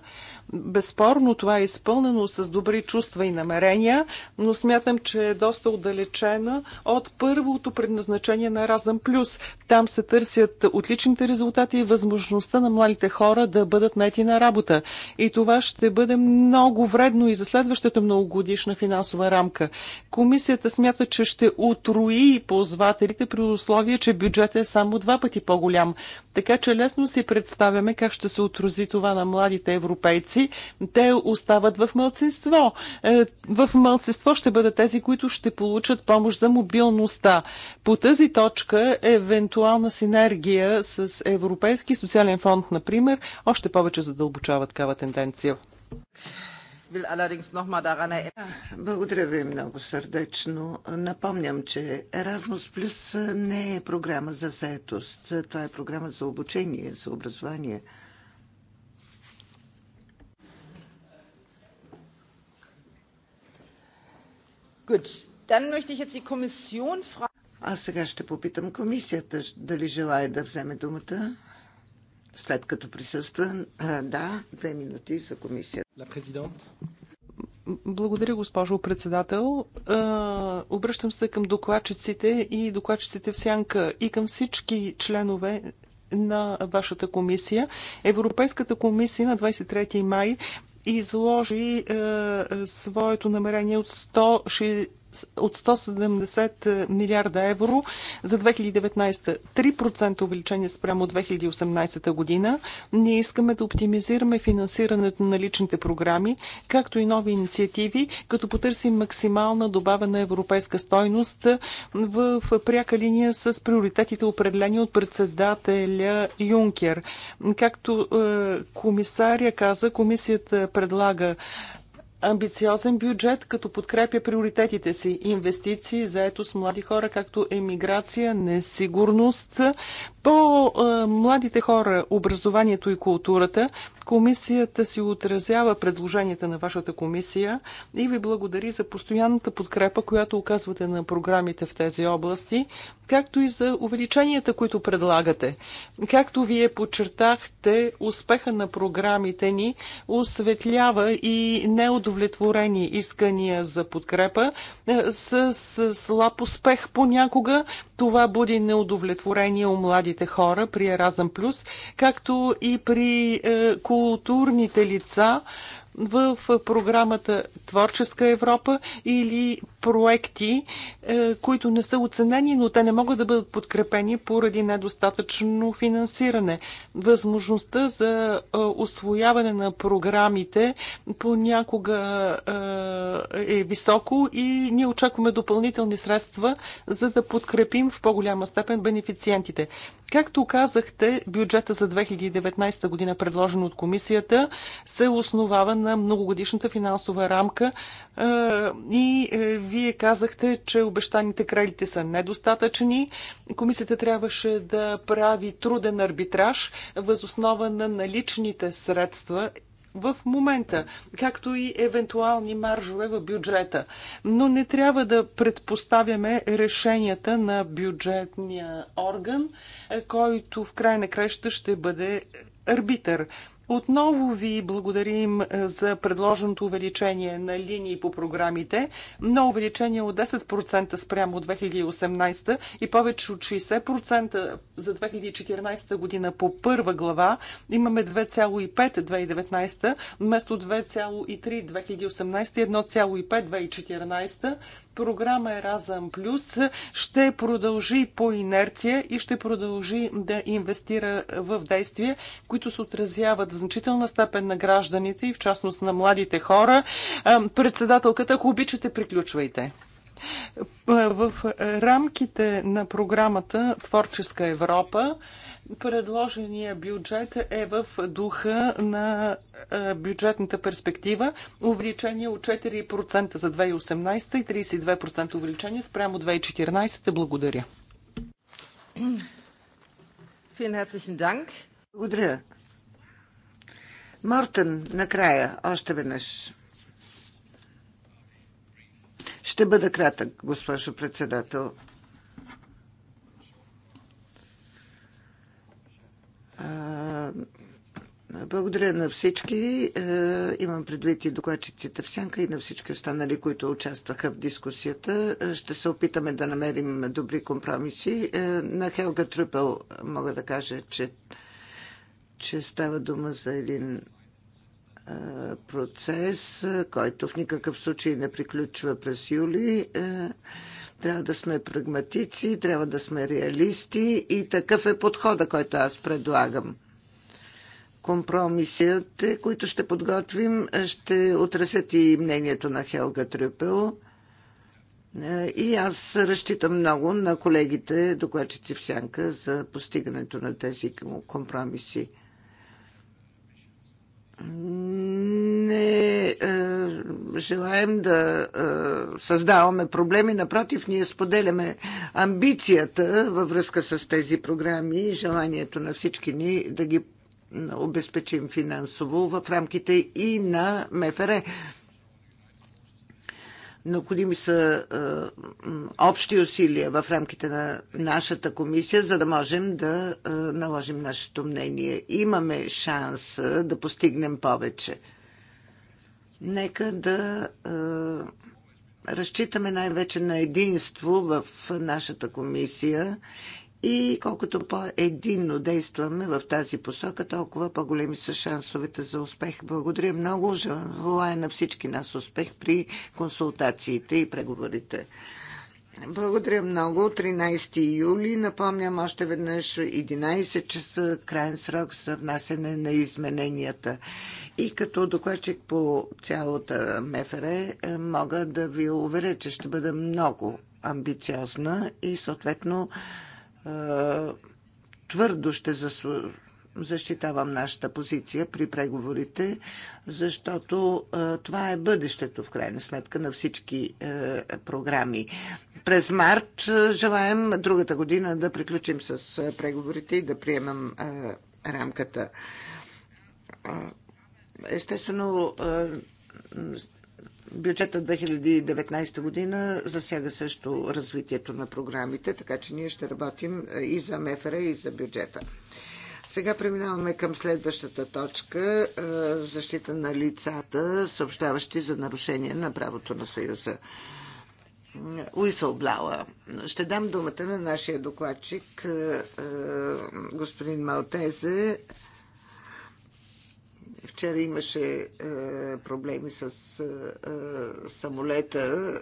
Безспорно това е изпълнено с добри чувства и намерения, но смятам, че е доста отдалечена от първото предназначение на Разъм Плюс. Там се търсят отличните резултати и възможността на младите хора да бъдат наети на работа. И това ще бъде много вредно и за следващата многогодишна финансова рамка. Комисията смята, че ще утрои ползвателите при условие, че бюджетът е само два пъти по-голям. Така че лесно си представяме как ще се отрази това на младите европейци. Те остават в мълцинство. Е, в мълцинство ще бъдат тези, които ще получат помощ за мобилността. По тази точка евентуална синергия с Европейски социален фонд, например, още повече задълбочава такава тенденция will allerdings noch mal daran erinnern. Благодаря ви много сърдечно. Напомням, че Erasmus Plus не е програма за заетост. Това е програма за обучение, за образование. Gut, dann möchte ich jetzt die Kommission fragen. Аз сега ще попитам комисията дали желая да вземе думата след като присъства. Да, две минути за комисията. Благодаря, госпожо председател. Обръщам се към докладчиците и докладчиците в сянка и към всички членове на вашата комисия. Европейската комисия на 23 май изложи своето намерение от 100, от 170 е, милиарда евро за 2019. 3% увеличение спрямо 2018 година. Ние искаме да оптимизираме финансирането на личните програми, както и нови инициативи, като потърсим максимална добавена европейска стойност е, в пряка линия с приоритетите определени от председателя Юнкер. Както е, комисаря каза, комисията предлага амбициозен бюджет, като подкрепя приоритетите си – инвестиции, заетост, с млади хора, както емиграция, несигурност. По младите хора, образованието и културата Комисията си отразява предложенията на вашата комисия и ви благодари за постоянната подкрепа, която оказвате на програмите в тези области, както и за увеличенията, които предлагате. Както вие подчертахте, успеха на програмите ни осветлява и неудовлетворени искания за подкрепа е, с, слаб успех понякога. Това буди неудовлетворение у младите хора при Еразъм Плюс, както и при е, културните лица в програмата Творческа Европа или проекти, е, които не са оценени, но те не могат да бъдат подкрепени поради недостатъчно финансиране. Възможността за е, освояване на програмите понякога е, е високо и ние очакваме допълнителни средства, за да подкрепим в по-голяма степен бенефициентите. Както казахте, бюджета за 2019 година, предложен от комисията, се основава на многогодишната финансова рамка е, и е, вие казахте, че обещаните кредити са недостатъчни. Комисията трябваше да прави труден арбитраж възоснова на наличните средства в момента, както и евентуални маржове в бюджета. Но не трябва да предпоставяме решенията на бюджетния орган, който в край на краща ще бъде арбитър. Отново ви благодарим е, за предложеното увеличение на линии по програмите, но увеличение от 10% спрямо от 2018 и повече от 60% за 2014 година по първа глава. Имаме 2,5 2019 вместо 2,3 2018 и 1,5 2014 програма Еразъм Плюс ще продължи по инерция и ще продължи да инвестира в действия, които се отразяват в значителна степен на гражданите и в частност на младите хора. Председателката, ако обичате, приключвайте. В рамките на програмата Творческа Европа предложения бюджет е в духа на бюджетната перспектива. Увеличение от 4% за 2018 и 32% увеличение спрямо 2014. Благодаря. Благодаря. Мортен, накрая, още веднъж. Ще бъда кратък, госпожо председател. благодаря на всички. Имам предвид и докладчиците в Сянка и на всички останали, които участваха в дискусията. Ще се опитаме да намерим добри компромиси. На Хелга Трюпел мога да кажа, че, че става дума за един е, процес, е, който в никакъв случай не приключва през юли. Е, трябва да сме прагматици, трябва да сме реалисти и такъв е подхода, който аз предлагам. Компромисите, които ще подготвим, ще отрасят и мнението на Хелга Трюпел. И аз разчитам много на колегите, докладчици в сянка, за постигането на тези компромиси не е, желаем да е, създаваме проблеми. Напротив, ние споделяме амбицията във връзка с тези програми и желанието на всички ни да ги обезпечим финансово в рамките и на МФР. Необходими са е, общи усилия в рамките на нашата комисия, за да можем да е, наложим нашето мнение. Имаме шанс да постигнем повече. Нека да е, разчитаме най-вече на единство в нашата комисия и колкото по-единно действаме в тази посока, толкова по-големи са шансовете за успех. Благодаря много. Желая на всички нас успех при консултациите и преговорите. Благодаря много. 13 юли, напомням още веднъж, 11 часа, крайен срок за внасене на измененията. И като докладчик по цялата МФР е, мога да ви уверя, че ще бъда много амбициозна и съответно твърдо ще защитавам нашата позиция при преговорите, защото това е бъдещето в крайна сметка на всички програми. През март желаем другата година да приключим с преговорите и да приемам рамката. Естествено, Бюджета 2019 година засяга също развитието на програмите, така че ние ще работим е, и за МФР, и за бюджета. Сега преминаваме към следващата точка е, защита на лицата, съобщаващи за нарушение на правото на Съюза. Уисълблауа. Ще дам думата на нашия докладчик, е, господин Малтезе, Вчера имаше е, проблеми с е, е, самолета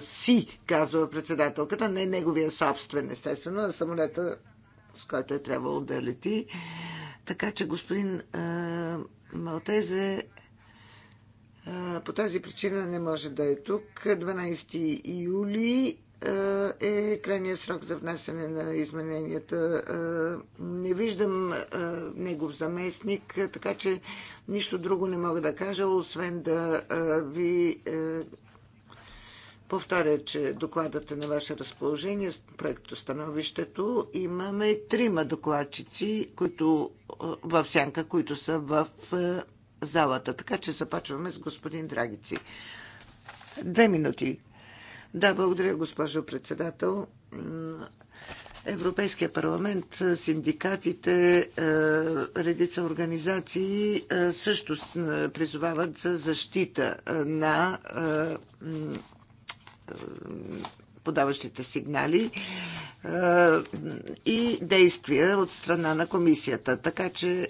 си, казва председателката, не неговия собствен, естествено, а самолета, с който е трябвало да лети. Така че господин Малтезе по тази причина не може да е тук. 12 юли е крайният срок за внасяне на измененията. Е, не виждам е, негов заместник, така че нищо друго не мога да кажа, освен да е, ви повторя, че докладът е на ваше разположение, проекто становището. Имаме трима докладчици, които в сянка, които са в залата. Така че започваме с господин Драгици. Две минути да, благодаря, госпожо председател. Европейския парламент, синдикатите, редица организации също призовават за защита на подаващите сигнали е, и действия от страна на комисията. Така че е,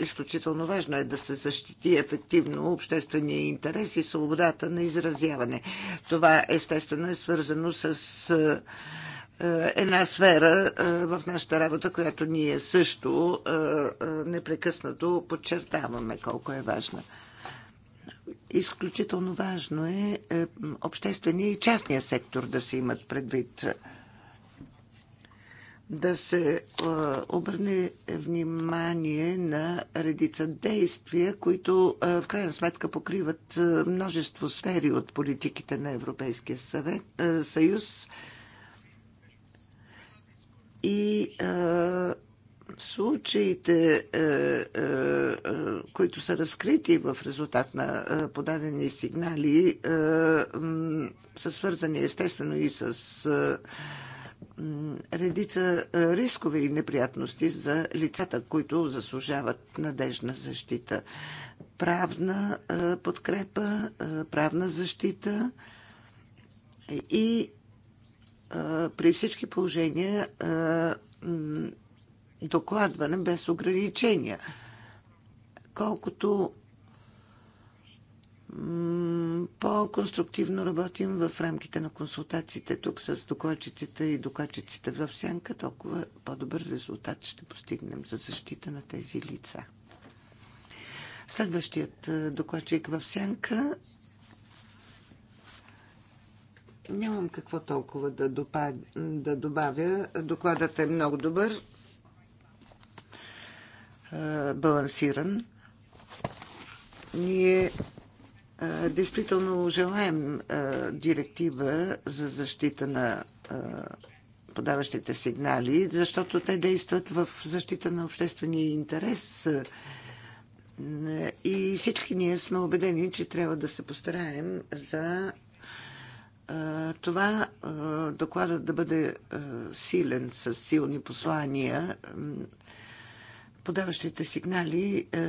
изключително важно е да се защити ефективно обществения интерес и свободата на изразяване. Това естествено е свързано с е, една сфера в нашата работа, която ние също непрекъснато подчертаваме колко е важна. Изключително важно е, е обществения и частния сектор да се имат предвид. Да се е, обърне внимание на редица действия, които е, в крайна сметка покриват множество сфери от политиките на Европейския съвет, съюз и а, случаите, е, е, е, които са разкрити в резултат на подадени сигнали, са свързани естествено и с редица рискове и неприятности за лицата, които заслужават надежна защита. Правна подкрепа, правна защита и при всички положения докладване без ограничения. Колкото по-конструктивно работим в рамките на консултациите тук с докладчиците и докладчиците в сянка, толкова по-добър резултат ще постигнем за защита на тези лица. Следващият е, докладчик в сянка Нямам какво толкова да, да добавя. Докладът е много добър балансиран. Ние действително желаем директива за защита на подаващите сигнали, защото те действат в защита на обществения интерес. И всички ние сме убедени, че трябва да се постараем за това докладът да бъде силен с силни послания подаващите сигнали е, е,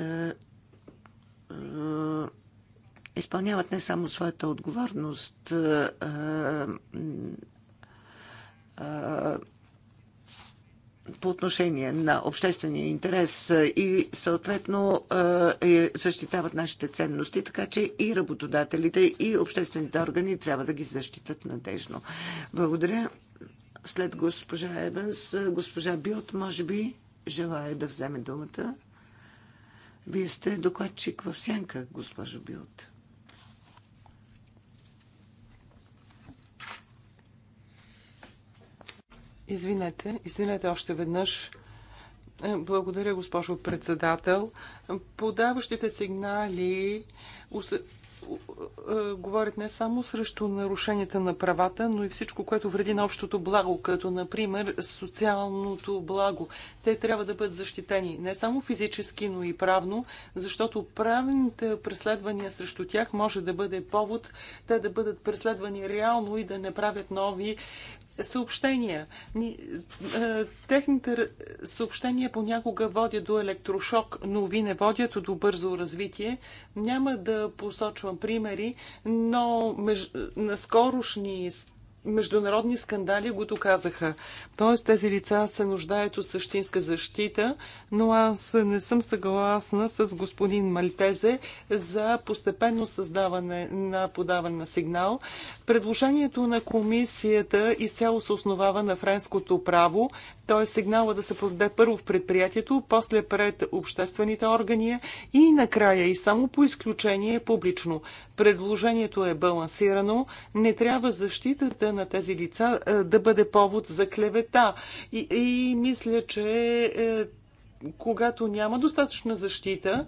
изпълняват не само своята отговорност, е, е, е по отношение на обществения интерес и съответно е, защитават нашите ценности, така че и работодателите, и обществените органи трябва да ги защитат надежно. Благодаря. След госпожа Еванс, госпожа Билт, може би желая да вземе думата. Вие сте докладчик в сянка, госпожо Билт. Извинете, извинете още веднъж. Е, благодаря, госпожо председател. Подаващите сигнали е, говорят не само срещу нарушенията на правата, но и всичко, което вреди на общото благо, като например социалното благо. Те трябва да бъдат защитени не само физически, но и правно, защото правните преследвания срещу тях може да бъде повод те да бъдат преследвани реално и да не правят нови съобщения. Е, техните съобщения понякога водят до електрошок, но ви не водят до бързо развитие. Няма да посочвам примери, но меж... Е, наскорошни международни скандали го доказаха. Тоест тези лица се нуждаят от същинска защита, но аз не съм съгласна с господин Мальтезе за постепенно създаване на подаване на сигнал. Предложението на комисията изцяло се основава на френското право, т.е. сигнала да се подаде първо в предприятието, после пред обществените органи и накрая и само по изключение публично. Предложението е балансирано. Не трябва защитата на тези лица да бъде повод за клевета. И, и мисля, че е, когато няма достатъчна защита,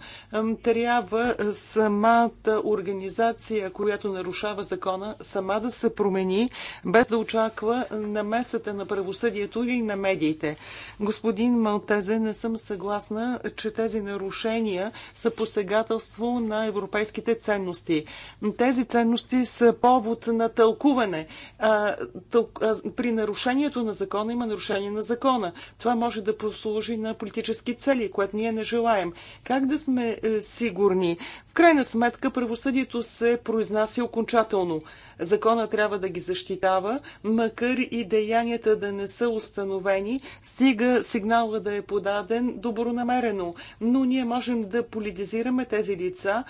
трябва самата организация, която нарушава закона, сама да се промени, без да очаква намесата на правосъдието или на медиите. Господин Малтезе, не съм съгласна, че тези нарушения са посегателство на европейските ценности. Тези ценности са повод на тълкуване. При нарушението на закона има нарушение на закона. Това може да послужи на политически политически цели, което ние не желаем. Как да сме е, сигурни, в крайна сметка правосъдието се произнася окончателно. Закона трябва да ги защитава, макар и деянията да не са установени, стига сигнала да е подаден добронамерено. Но ние можем да политизираме тези лица,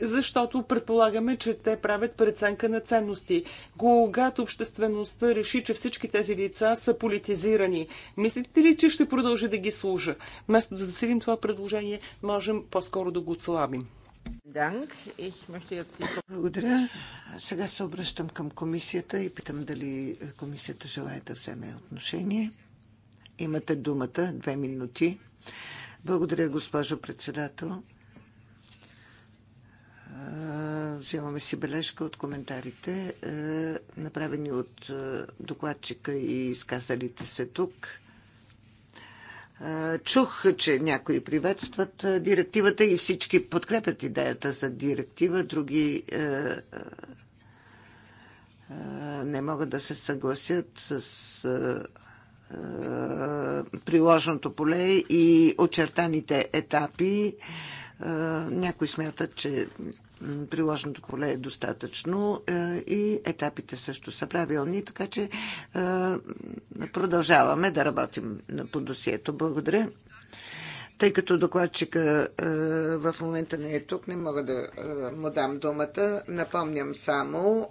защото предполагаме, че те правят преценка на ценности. Когато обществеността реши, че всички тези лица са политизирани, мислите ли, че ще продължи да ги служа? Вместо да засилим това предложение, можем по-скоро да го отслабим. Благодаря. Сега се обръщам към комисията и питам дали комисията желая да вземе отношение. Имате думата, две минути. Благодаря, госпожо председател. Вземаме си бележка от коментарите, направени от докладчика и изказалите се тук. Чух, че някои приветстват директивата и всички подкрепят идеята за директива, други не могат да се съгласят с приложното поле и очертаните етапи. Някои смятат, че приложното поле е достатъчно е, и етапите също са правилни, така че е, продължаваме да работим по досието. Благодаря. Тъй като докладчика е, в момента не е тук, не мога да му дам думата. Напомням само,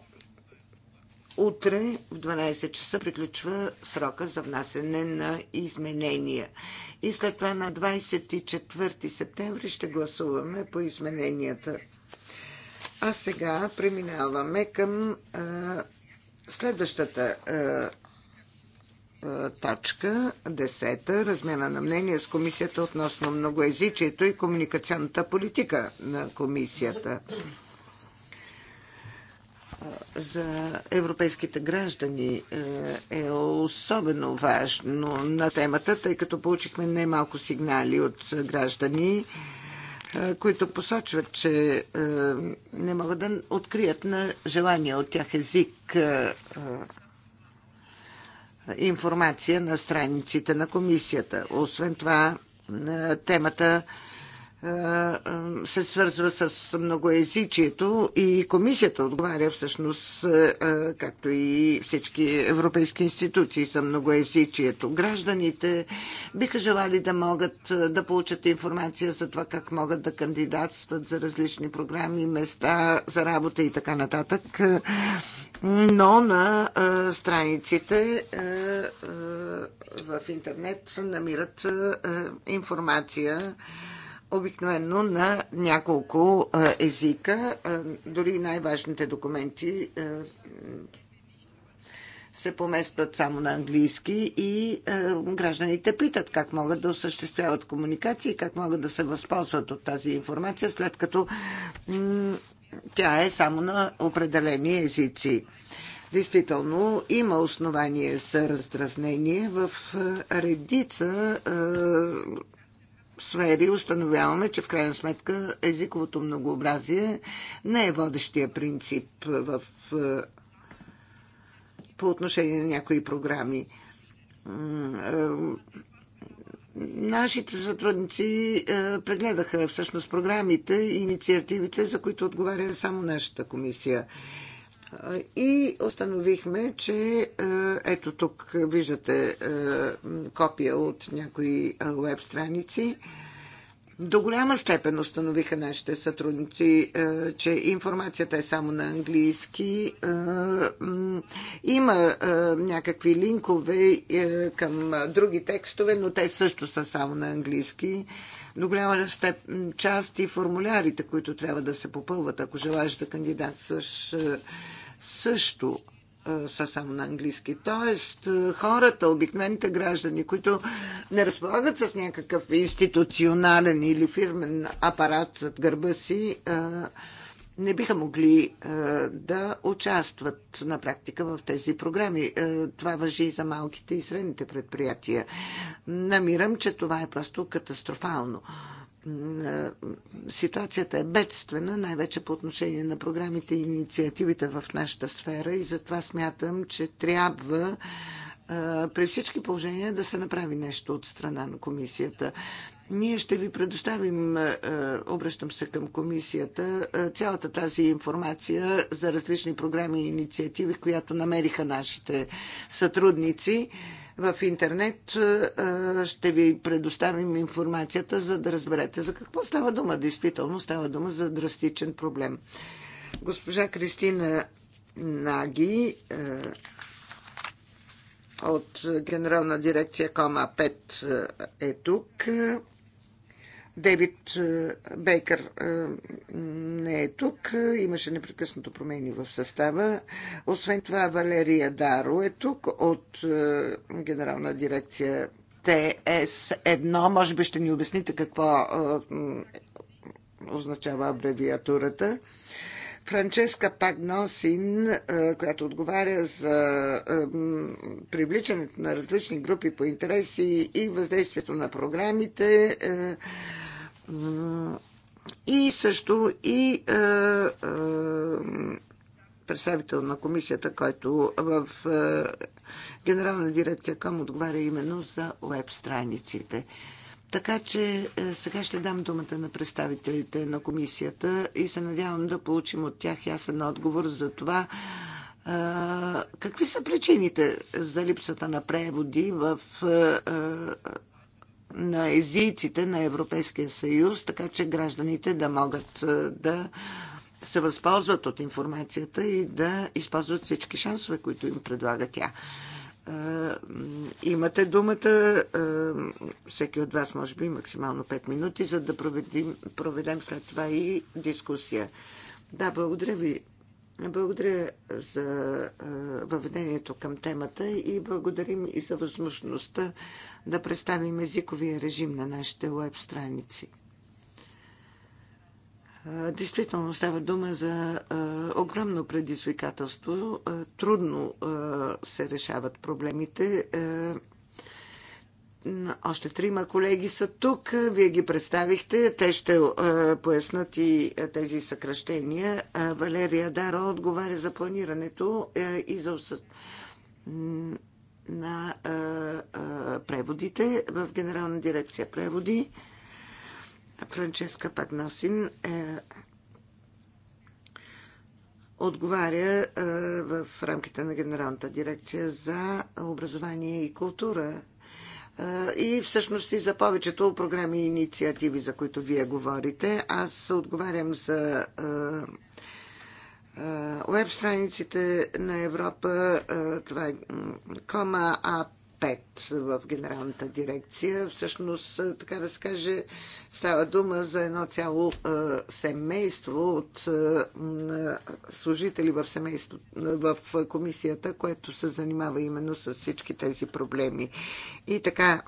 утре в 12 часа приключва срока за внасене на изменения. И след това на 24 септември ще гласуваме по измененията. А сега преминаваме към а, следващата а, а, точка, десета, размяна на мнение с комисията относно многоязичието и комуникационната политика на комисията за европейските граждани е особено важно на темата, тъй като получихме немалко сигнали от граждани които посочват, че не могат да открият на желания от тях език информация на страниците на комисията. Освен това, темата се свързва с многоязичието и комисията отговаря всъщност, както и всички европейски институции за многоязичието. Гражданите биха желали да могат да получат информация за това как могат да кандидатстват за различни програми, места за работа и така нататък. Но на страниците в интернет намират информация обикновено на няколко езика, дори най-важните документи се поместват само на английски и гражданите питат как могат да осъществяват комуникации и как могат да се възползват от тази информация, след като тя е само на определени езици. Действително има основание за раздразнение в редица сфери установяваме, че в крайна сметка езиковото многообразие не е водещия принцип в, е, по отношение на някои програми. Е, нашите сътрудници е, прегледаха всъщност програмите и инициативите, за които отговаря само нашата комисия. И установихме, че ето тук виждате копия от някои веб страници. До голяма степен установиха нашите сътрудници, че информацията е само на английски. Има някакви линкове към други текстове, но те също са само на английски до голяма степ част и формулярите, които трябва да се попълват, ако желаеш да кандидатстваш е, също е, са само на английски. Тоест, е, хората, обикновените граждани, които не разполагат с някакъв институционален или фирмен апарат зад гърба си, не биха могли е, да участват на практика в тези програми. Е, това въжи и за малките и средните предприятия. Намирам, че това е просто катастрофално. Е, ситуацията е бедствена, най-вече по отношение на програмите и инициативите в нашата сфера и затова смятам, че трябва при всички положения да се направи нещо от страна на комисията. Ние ще ви предоставим, е, е, обръщам се към комисията, е, цялата тази информация за различни програми и инициативи, която намериха нашите сътрудници в интернет ще ви предоставим информацията, за да разберете за какво става дума. Действително става дума за драстичен проблем. Госпожа Кристина Наги от Генерална дирекция Кома 5 е тук. Дебит е, Бейкър е, не е тук. Имаше непрекъснато промени в състава. Освен това, Валерия Даро е тук от е, Генерална дирекция ТС1. Може би ще ни обясните какво означава абревиатурата. Франческа Пагносин, която отговаря за привличането на различни групи по интереси и въздействието на програмите и също и е, е, представител на комисията, който в е, Генерална дирекция към отговаря именно за веб страниците. Така че е, сега ще дам думата на представителите на комисията и се надявам да получим от тях ясен отговор за това е, какви са причините за липсата на преводи в е, на езиците на Европейския съюз, така че гражданите да могат да се възползват от информацията и да използват всички шансове, които им предлага тя. Имате думата, всеки от вас може би максимално 5 минути, за да проведем, проведем след това и дискусия. Да, благодаря ви. Благодаря за въведението към темата и благодарим и за възможността да представим езиковия режим на нашите веб страници. Действително става дума за огромно предизвикателство. Трудно се решават проблемите. Още трима колеги са тук. Вие ги представихте. Те ще пояснат и тези съкръщения. Валерия Даро отговаря за планирането и за на а, а, преводите в Генерална дирекция преводи. Франческа Пагносин е, отговаря е, в рамките на Генералната дирекция за образование и култура е, и всъщност и за повечето програми и инициативи, за които вие говорите. Аз отговарям за е, веб е, страниците на Европа, е, това е кома А5 в генералната дирекция. Всъщност, е, така да се каже, става дума за едно цяло семейство от служители в, семейство, в комисията, което се занимава именно с всички тези проблеми. И така,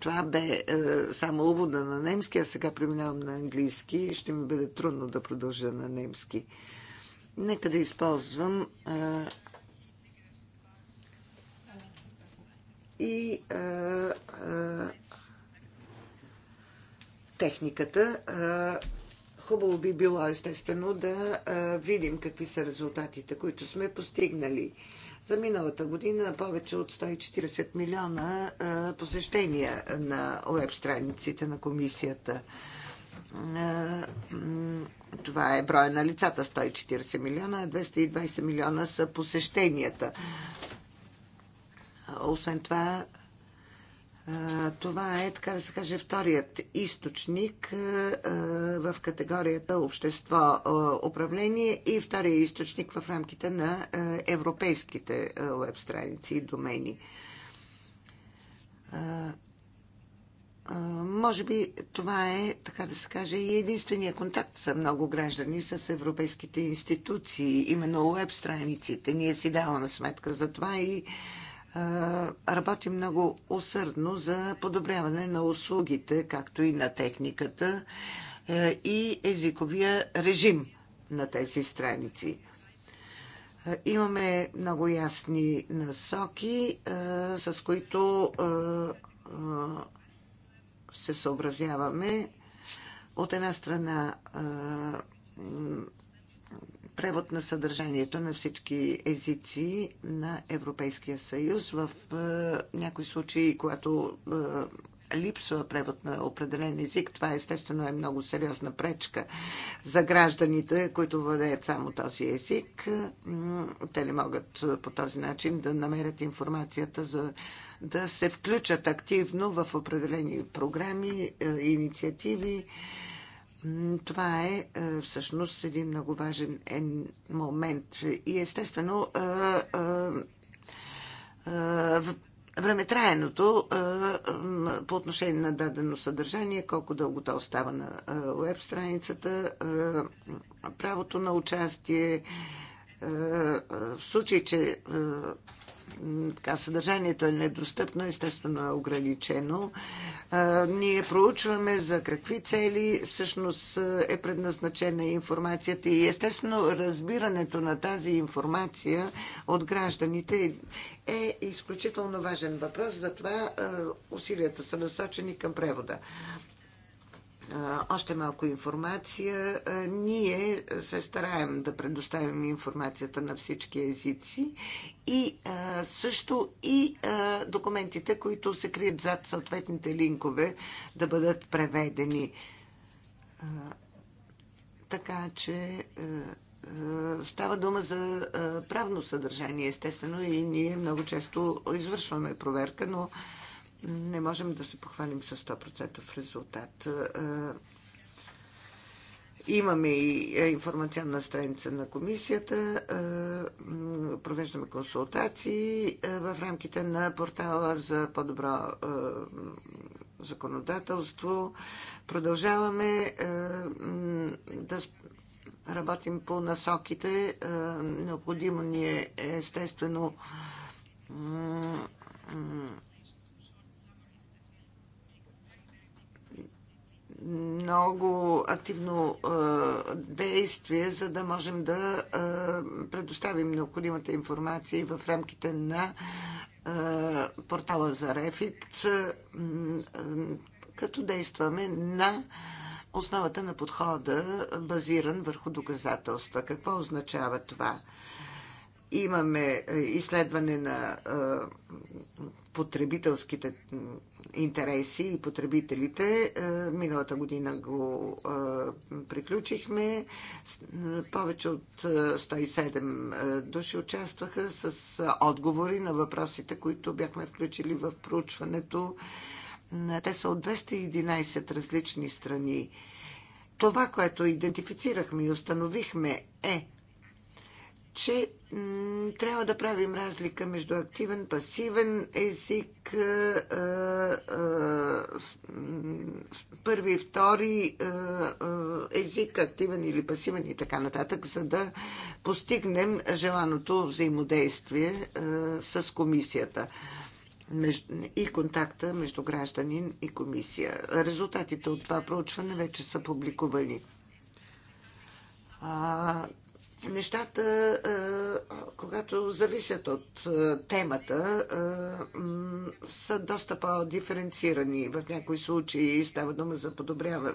това бе само увода на немски, а сега преминавам на английски. и Ще ми бъде трудно да продължа на немски. Нека да използвам а, и а, а, техниката. А, хубаво би било, естествено, да а, видим какви са резултатите, които сме постигнали. За миналата година повече от 140 милиона а, посещения на веб страниците на комисията. А, това е броя на лицата 140 милиона, 220 милиона са посещенията. Освен това, това е, така да се каже, вторият източник в категорията общество управление и втория източник в рамките на европейските веб страници и домени може би това е, така да се каже, и единствения контакт са много граждани с европейските институции, именно веб страниците. Ние си даваме сметка за това и работим много усърдно за подобряване на услугите, както и на техниката и езиковия режим на тези страници. Имаме много ясни насоки, с които се съобразяваме. От една страна превод на съдържанието на всички езици на Европейския съюз. В някои случаи, когато липсва превод на определен език, това естествено е много сериозна пречка за гражданите, които владеят само този език. Те не могат по този начин да намерят информацията за да се включат активно в определени програми, е, инициативи. Това е, е всъщност един много важен е, момент. И естествено, времетраеното по отношение на дадено съдържание, колко дълго то остава на веб страницата, правото на участие, в случай, че така, съдържанието е недостъпно, естествено е ограничено. Ние проучваме за какви цели всъщност е предназначена информацията и естествено разбирането на тази информация от гражданите е изключително важен въпрос, затова усилията са насочени към превода още малко информация. Ние се стараем да предоставим информацията на всички езици и също и документите, които се крият зад съответните линкове, да бъдат преведени. Така че става дума за правно съдържание, естествено, и ние много често извършваме проверка, но не можем да се похвалим с 100% резултат. Е, имаме и е, информационна страница на комисията, е, провеждаме консултации в рамките на портала за по-добро законодателство. Продължаваме да работим по насоките. Необходимо ни е естествено много активно действие, за да можем да предоставим необходимата информация и в рамките на портала за Рефит, като действаме на основата на подхода, базиран върху доказателства. Какво означава това? Имаме изследване на потребителските интереси и потребителите. Е, миналата година го е, приключихме. Повече от 107 е, души участваха с отговори на въпросите, които бяхме включили в проучването. Те са от 211 различни страни. Това, което идентифицирахме и установихме е, че трябва да правим разлика между активен, пасивен език, първи, втори език, активен или пасивен и така нататък, за да постигнем желаното взаимодействие с комисията и контакта между гражданин и комисия. Резултатите от това проучване вече са публикувани нещата, е, когато зависят от е, темата, е, са доста по-диференцирани. В някои случаи става дума за подобряване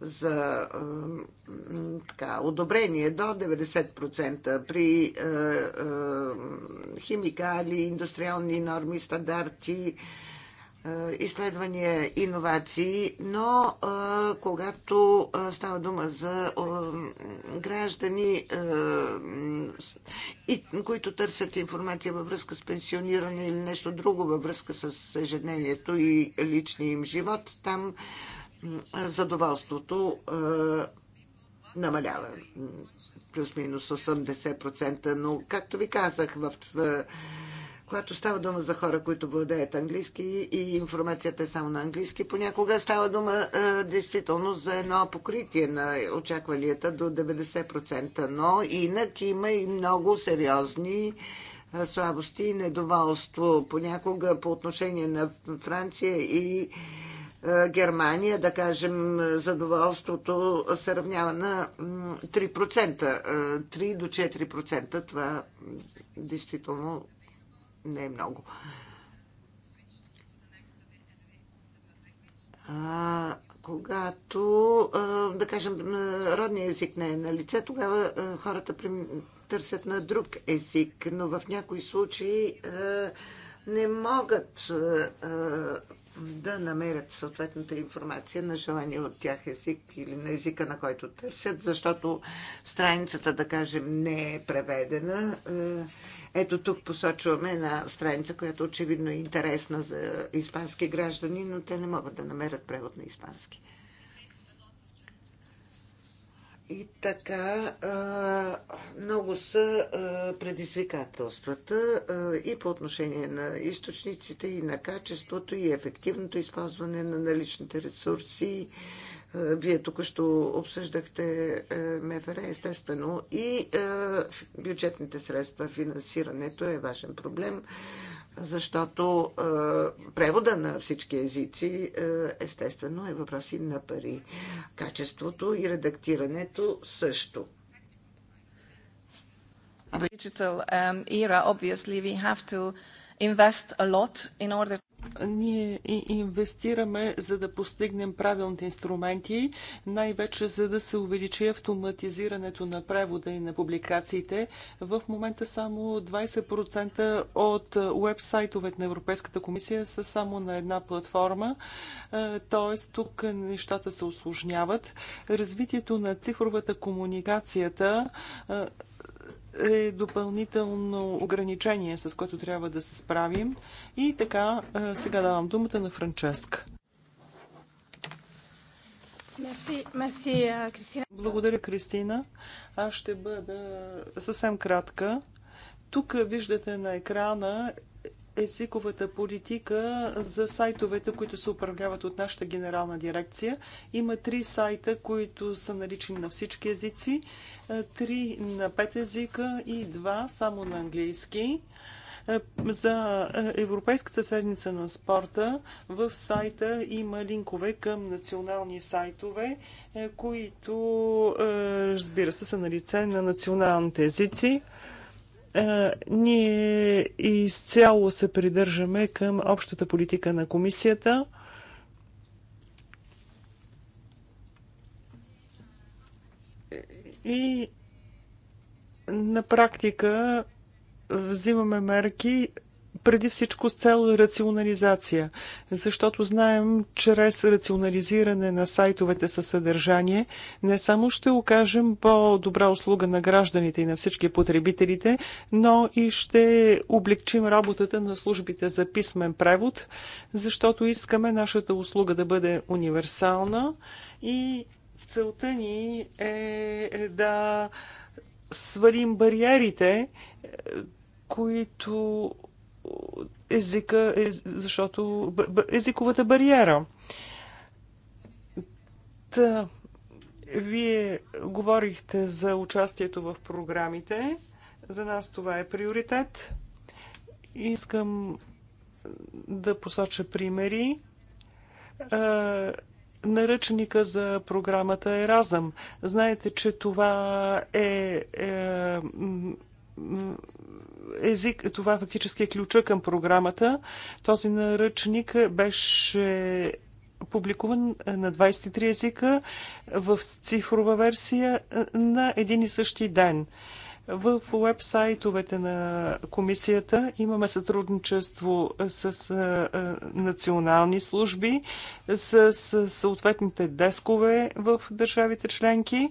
за така, одобрение до 90% при е, е, химикали, индустриални норми, стандарти, е, изследвания, иновации, но е, когато е, става дума за граждани, които търсят информация във връзка с пенсиониране или нещо друго във връзка с ежедневието и личния им живот, там задоволството намалява плюс-минус 80%, но както ви казах, в когато става дума за хора, които владеят английски и информацията е само на английски, понякога става дума а, е, действително за едно покритие на очакванията до 90%. Но инак има и много сериозни а, е, слабости и недоволство. Понякога по отношение на Франция и а, е, Германия, да кажем, задоволството се равнява на 3%. 3 до 4% това действително не е много. А, когато, да кажем, родния език не е на лице, тогава хората търсят на друг език, но в някои случаи не могат да намерят съответната информация на желания от тях език или на езика, на който търсят, защото страницата, да кажем, не е преведена ето тук посочваме една страница, която очевидно е интересна за испански граждани, но те не могат да намерят превод на испански. И така, много са предизвикателствата и по отношение на източниците, и на качеството, и ефективното използване на наличните ресурси, е, вие тук ще обсъждахте е, МФР, естествено, и е, бюджетните средства, финансирането е важен проблем, защото превода на всички езици, естествено, е въпроси на пари. Качеството и редактирането също. Digital um, era, obviously, we have to invest a lot in order ние инвестираме, за да постигнем правилните инструменти, най-вече за да се увеличи автоматизирането на превода и на публикациите. В момента само 20% от уебсайтовете на Европейската комисия са само на една платформа, т.е. тук нещата се осложняват. Развитието на цифровата комуникацията е, е допълнително ограничение, с което трябва да се справим. И така, е, сега давам думата на Франческа. Мерси, мерси, е, Кристина. Благодаря, Кристина. Аз ще бъда съвсем кратка. Тук виждате на екрана е езиковата политика за сайтовете, които се управляват от нашата генерална дирекция. Има три сайта, които са налични на всички езици, е, три на пет езика и два само на английски. Е, за Европейската седмица на спорта в сайта има линкове към национални сайтове, които разбира се са на лице на националните езици ние изцяло се придържаме към общата политика на комисията. И на практика взимаме мерки преди всичко с цел рационализация, защото знаем, чрез рационализиране на сайтовете със съдържание, не само ще окажем по-добра услуга на гражданите и на всички потребителите, но и ще облегчим работата на службите за писмен превод, защото искаме нашата услуга да бъде универсална и целта ни е, е да свалим бариерите, които езика, ез, защото езиковата бариера. Та, вие говорихте за участието в програмите. За нас това е приоритет. Искам да посоча примери. Наръчника за програмата Еразъм. Знаете, че това е, е език, това фактически е ключа към програмата. Този наръчник беше публикуван на 23 езика в цифрова версия на един и същи ден. В уебсайтовете на комисията имаме сътрудничество с национални служби, с съответните дескове в държавите членки.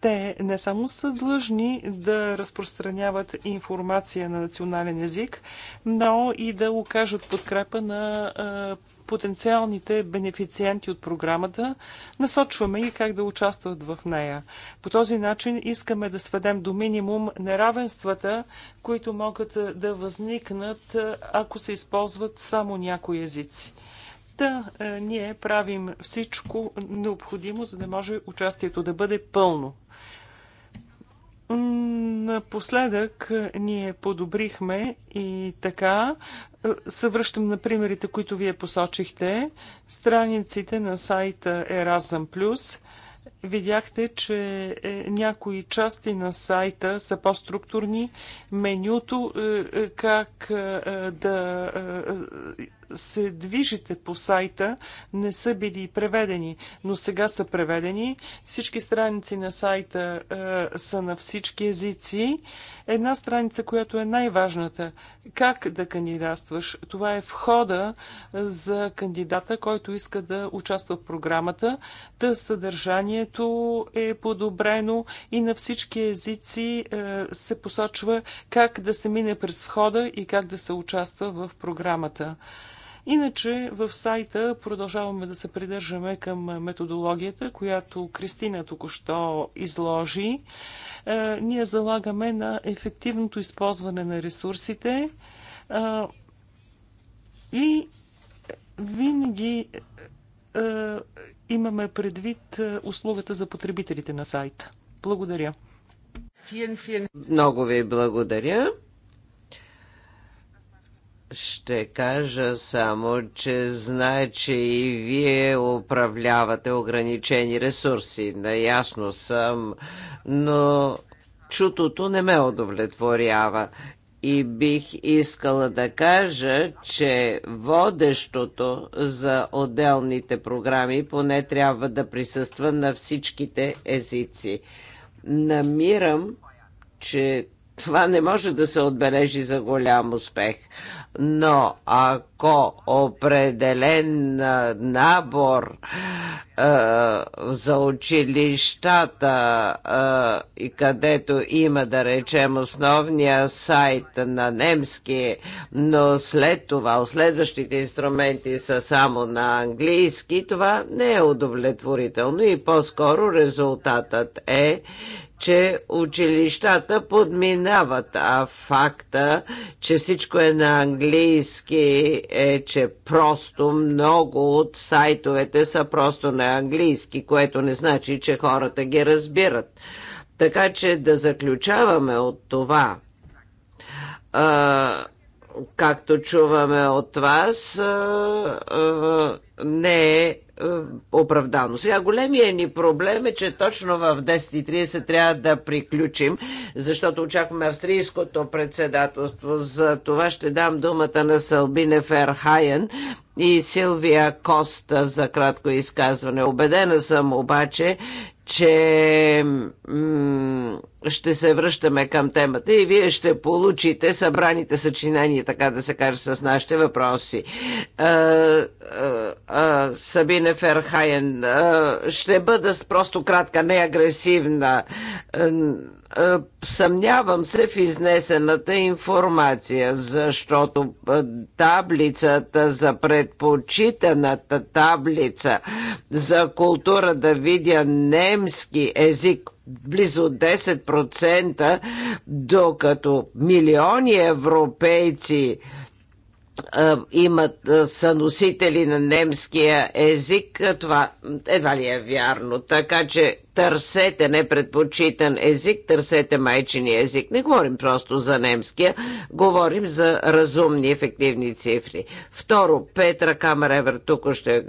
Те не само са длъжни да разпространяват информация на национален език, но и да окажат подкрепа на потенциалните бенефициенти от програмата, насочваме и как да участват в нея. По този начин искаме да сведем до минимум неравенствата, които могат да възникнат, ако се използват само някои езици. Та е, ние правим всичко необходимо, за да може участието да бъде пълно. Напоследък е, ние подобрихме и така. Е, Съвръщам на примерите, които вие посочихте. Страниците на сайта Plus видяхте, че е, някои части на сайта са по-структурни. Менюто, е, е, как да се движите по сайта, не са били преведени, но сега са преведени. Всички страници на сайта са на всички езици. Една страница, която е най-важната, как да кандидатстваш. Това е входа за кандидата, който иска да участва в програмата, да съдържание Тълкуването е подобрено и на всички езици е, се посочва как да се мине през входа и как да се участва в програмата. Иначе в сайта продължаваме да се придържаме към методологията, която Кристина току-що изложи. Е, ние залагаме на ефективното използване на ресурсите е, и винаги имаме предвид е, условията за потребителите на сайта. Благодаря. Много ви благодаря. Ще кажа само, че знае, че и вие управлявате ограничени ресурси. Наясно съм, но чутото не ме удовлетворява. И бих искала да кажа, че водещото за отделните програми поне трябва да присъства на всичките езици. Намирам, че това не може да се отбележи за голям успех. Но ако определен набор е, за училищата е, и където има, да речем, основния сайт на немски, но след това следващите инструменти са само на английски, това не е удовлетворително и по-скоро резултатът е, че училищата подминават, а факта, че всичко е на английски, е, че просто много от сайтовете са просто на английски, което не значи, че хората ги разбират. Така че да заключаваме от това, а, както чуваме от вас, а, а, не е е, оправдано. Сега големия ни проблем е, че точно в 10.30 трябва да приключим, защото очакваме австрийското председателство. За това ще дам думата на Салбине Ферхайен и Силвия Коста за кратко изказване. Обедена съм обаче, че ще се връщаме към темата и вие ще получите събраните съчинения, така да се каже, с нашите въпроси. А, а, а, Сабине Ферхайен, а, ще бъда просто кратка, не агресивна. съмнявам се в изнесената информация, защото таблицата за предпочитаната таблица за култура да видя немски език близо 10%, докато милиони европейци имат са носители на немския език, това едва ли е вярно. Така че търсете непредпочитан език, търсете майчини език. Не говорим просто за немския, говорим за разумни, ефективни цифри. Второ, Петра Камеревер тук ще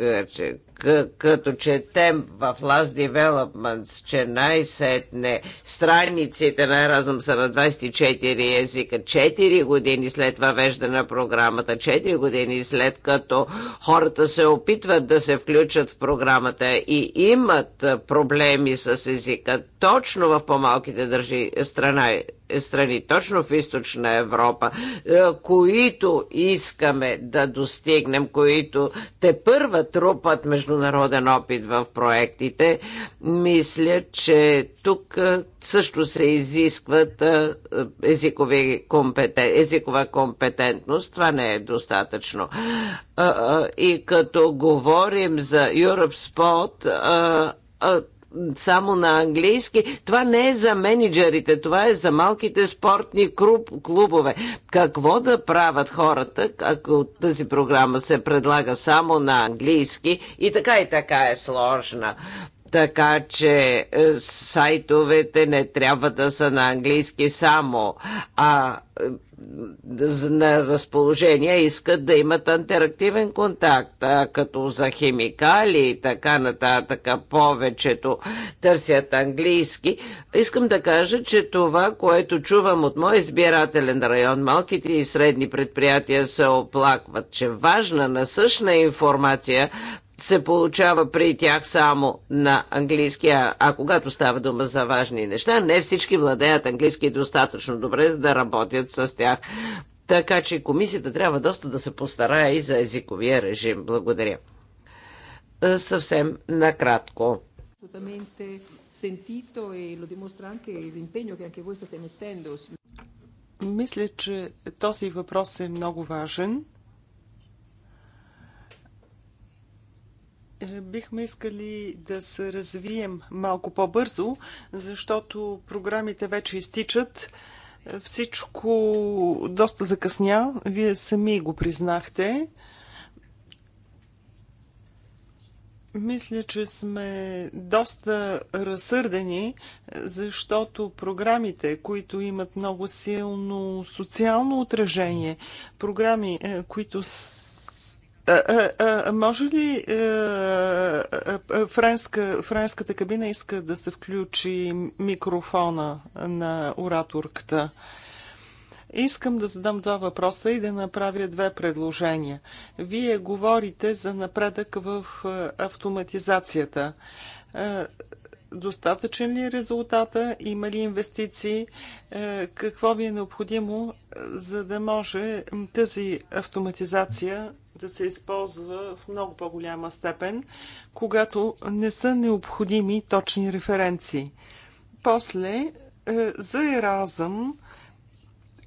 като четем в Last Developments, че най-сетне страниците на Разъм са на 24 езика, 4 години след въвеждане на програмата, 4 години след като хората се опитват да се включат в програмата и имат проблеми с езика, точно в по-малките държи страна, е страни точно в източна Европа, е, които искаме да достигнем, които те първа трупат международен опит в проектите, мисля, че тук е, също се изискват езикови компетен... езикова компетентност. Това не е достатъчно. И като говорим за Europe Spot, само на английски. Това не е за менеджерите, това е за малките спортни клуб, клубове. Какво да правят хората, ако тази програма се предлага само на английски и така и така е сложна. Така че е, сайтовете не трябва да са на английски само, а е, на разположение искат да имат интерактивен контакт, а като за химикали и така нататък повечето търсят английски. Искам да кажа, че това, което чувам от мой избирателен район, малките и средни предприятия се оплакват, че важна насъщна информация се получава при тях само на английски, а, а когато става дума за важни неща, не всички владеят английски достатъчно добре, за да работят с тях. Така че комисията трябва доста да се постарае и за езиковия режим. Благодаря. Е, съвсем накратко. E Мисля, че този въпрос е много важен. Е, бихме искали да се развием малко по-бързо, защото програмите вече изтичат. Всичко доста закъсня. Вие сами го признахте. Мисля, че сме доста разсърдени, защото програмите, които имат много силно социално отражение, програми, е, които може ли е, е, е, френска, френската кабина иска да се включи микрофона на ораторката? Искам да задам два въпроса и да направя две предложения. Вие говорите за напредък в автоматизацията. Достатъчен ли е резултата? Има ли инвестиции? Какво ви е необходимо, за да може тази автоматизация да се използва в много по-голяма степен, когато не са необходими точни референции. После, е, за Еразъм,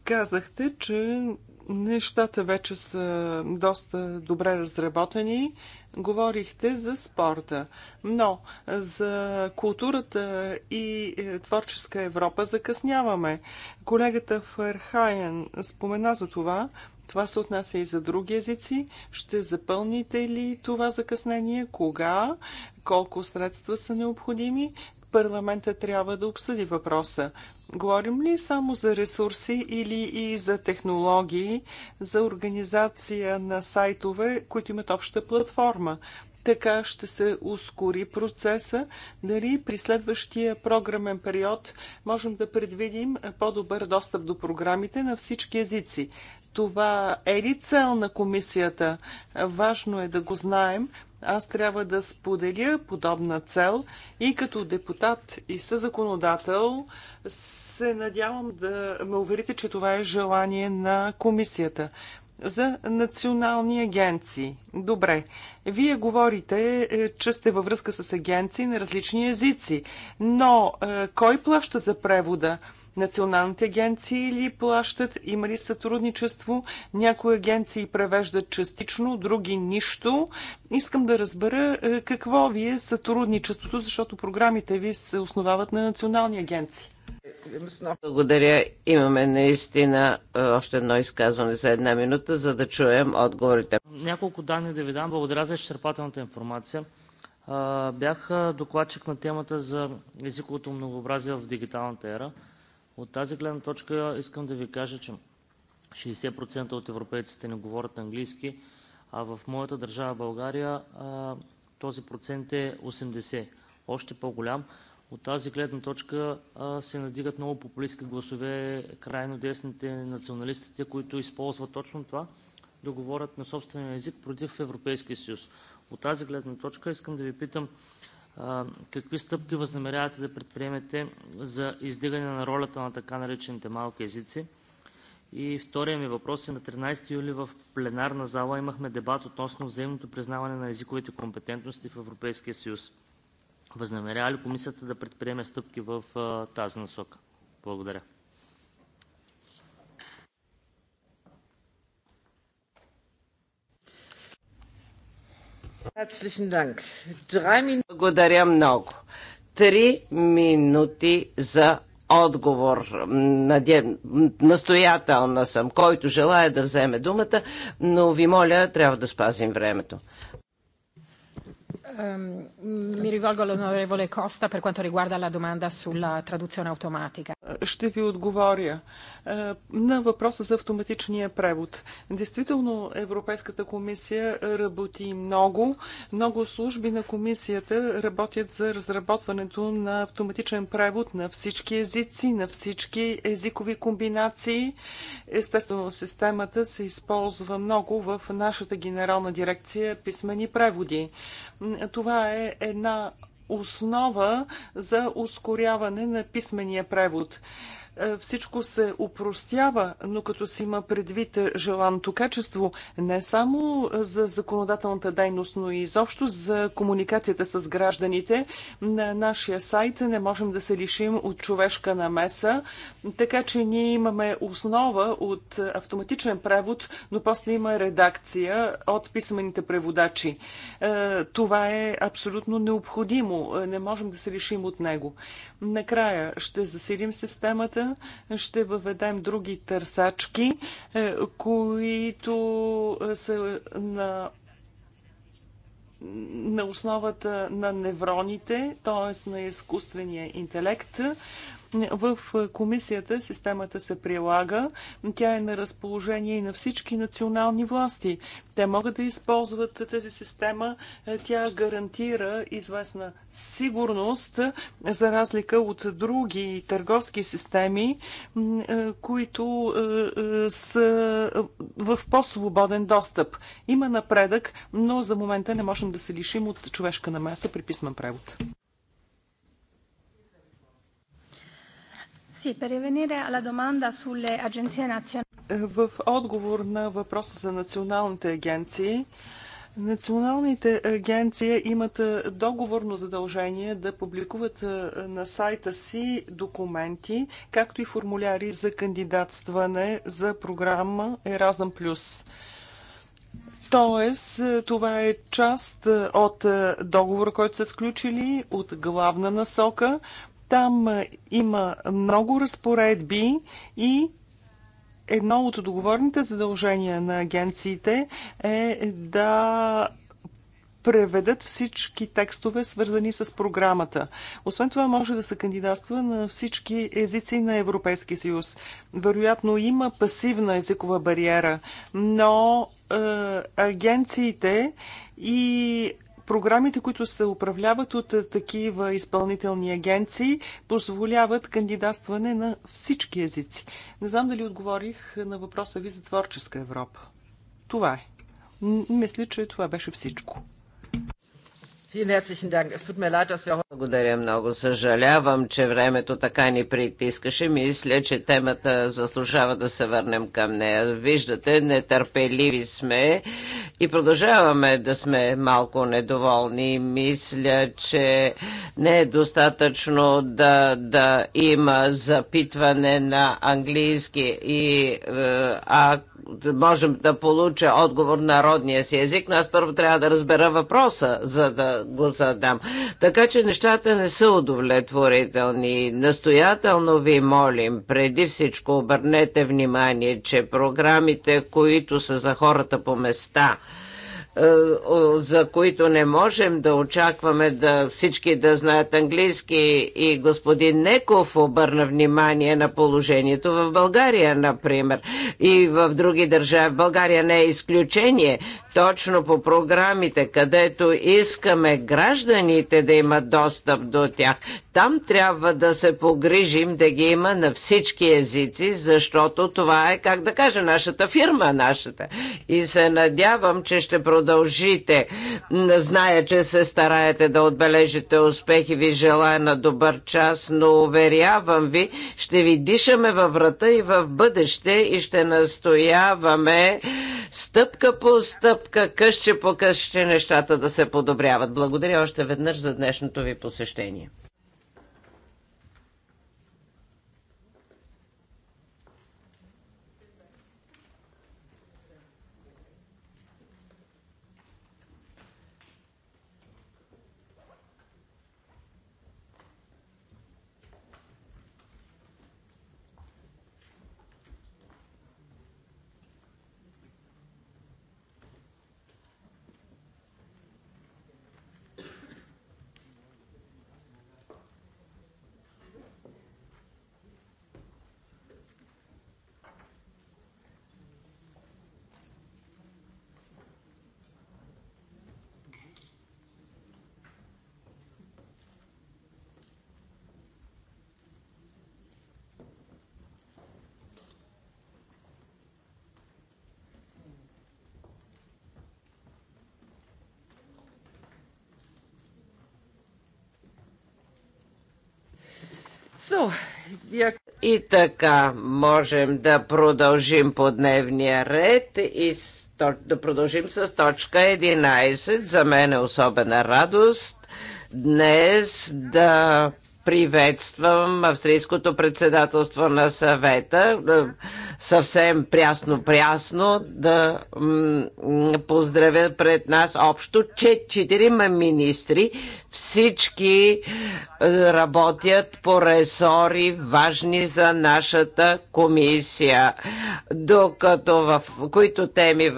казахте, че нещата вече са доста добре разработени. Говорихте за спорта, но за културата и е, творческа Европа закъсняваме. Колегата Ферхайен спомена за това, това се отнася и за други езици. Ще запълните ли това закъснение? Кога? Колко средства са необходими? Парламента трябва да обсъди въпроса. Говорим ли само за ресурси или и за технологии, за организация на сайтове, които имат обща платформа? Така ще се ускори процеса. Дали при следващия програмен период можем да предвидим по-добър достъп до програмите на всички езици. Това е ли цел на комисията? Важно е да го знаем. Аз трябва да споделя подобна цел и като депутат и съзаконодател се надявам да ме уверите, че това е желание на комисията за национални агенции. Добре, вие говорите, е, че сте във връзка с агенции на различни езици, но е, кой плаща за превода? Националните агенции ли плащат? Има ли сътрудничество? Някои агенции превеждат частично, други нищо. Искам да разбера е, какво ви е сътрудничеството, защото програмите ви се основават на национални агенции. Благодаря. Имаме наистина е, още едно изказване за една минута, за да чуем отговорите. Няколко данни да ви дам. Благодаря за изчерпателната информация. Е, бях докладчик на темата за езиковото многообразие в дигиталната ера. От тази гледна точка искам да Ви кажа, че 60% от европейците не говорят английски, а в моята държава България този процент е 80, още по-голям. От тази гледна точка се надигат много популистки гласове – Крайно десните националистите, които използват точно това – да говорят на собствения език против Европейския съюз. От тази гледна точка искам да Ви питам: какви стъпки възнамерявате да предприемете за издигане на ролята на така наречените малки езици? И вторият ми въпрос е: на 13 юли в пленарна зала имахме дебат относно взаимното признаване на езиковите компетентности в Европейския съюз. Възнамерява ли Комисията да предприеме стъпки в тази насока? Благодаря. Благодаря много. Три минути за отговор. настоятелна съм, който желая да вземе думата, но ви моля, трябва да спазим времето. Ehm, mi rivolgo all'onorevole Costa per quanto riguarda la domanda sulla traduzione automatica. Ще ви отговоря е, на въпроса за автоматичния превод. Действително Европейската комисия работи много. Много служби на комисията работят за разработването на автоматичен превод на всички езици, на всички езикови комбинации. Естествено, системата се използва много в нашата генерална дирекция писмени преводи това е една основа за ускоряване на писмения превод. Е, всичко се упростява, но като си има предвид желаното качество, не само за законодателната дейност, но и изобщо за комуникацията с гражданите, на нашия сайт не можем да се лишим от човешка намеса, така че ние имаме основа от автоматичен превод, но после има редакция от писмените преводачи. Е, това е абсолютно необходимо. Е, не можем да се лишим от него. Накрая ще засилим системата, ще въведем други търсачки, е, които е, са на на основата на невроните, т.е. на изкуствения интелект. В комисията системата се прилага. Тя е на разположение и на всички национални власти. Те могат да използват тази система. Тя гарантира известна сигурност, за разлика от други търговски системи, които е, е, са в по-свободен достъп. Има напредък, но за момента не можем да се лишим от човешка намеса при писмен превод. Е, в отговор на въпроса за националните агенции, Националните агенции имат е, договорно задължение да публикуват е, на сайта си документи, както и формуляри за кандидатстване за програма Еразъм Плюс. Тоест, това е част от договора, който са сключили, от главна насока, там има много разпоредби и едно от договорните задължения на агенциите е да преведат всички текстове, свързани с програмата. Освен това, може да се кандидатства на всички езици на Европейския съюз. Вероятно, има пасивна езикова бариера, но е, агенциите и Програмите, които се управляват от е, такива изпълнителни агенции, позволяват кандидатстване на всички езици. Не знам дали отговорих на въпроса ви за творческа Европа. Това е. Мисля, че това беше всичко. Благодаря много. Съжалявам, че времето така ни притискаше. Мисля, че темата заслужава да се върнем към нея. Виждате, нетърпеливи сме и продължаваме да сме малко недоволни. Мисля, че не е достатъчно да, да има запитване на английски и е, ако можем да получа отговор на родния си език, но аз първо трябва да разбера въпроса, за да гласа дам. Така че нещата не са удовлетворителни. Настоятелно ви молим, преди всичко обърнете внимание, че програмите, които са за хората по места, е, за които не можем да очакваме да всички да знаят английски и господин Неков обърна внимание на положението в България, например, и в други държави. България не е изключение. Точно по програмите, където искаме гражданите да имат достъп до тях, там трябва да се погрижим да ги има на всички езици, защото това е, как да кажа, нашата фирма, нашата. И се надявам, че ще продължите. Зная, че се стараете да отбележите успехи, ви желая на добър час, но уверявам ви, ще ви дишаме във врата и в бъдеще и ще настояваме стъпка по стъпка, къще по къще нещата да се подобряват. Благодаря още веднъж за днешното ви посещение. И така можем да продължим по дневния ред и да продължим с точка 11. За мен е особена радост днес да приветствам австрийското председателство на съвета. Е, съвсем прясно-прясно да поздравя пред нас общо, че четирима министри всички е, работят по ресори важни за нашата комисия, докато в които теми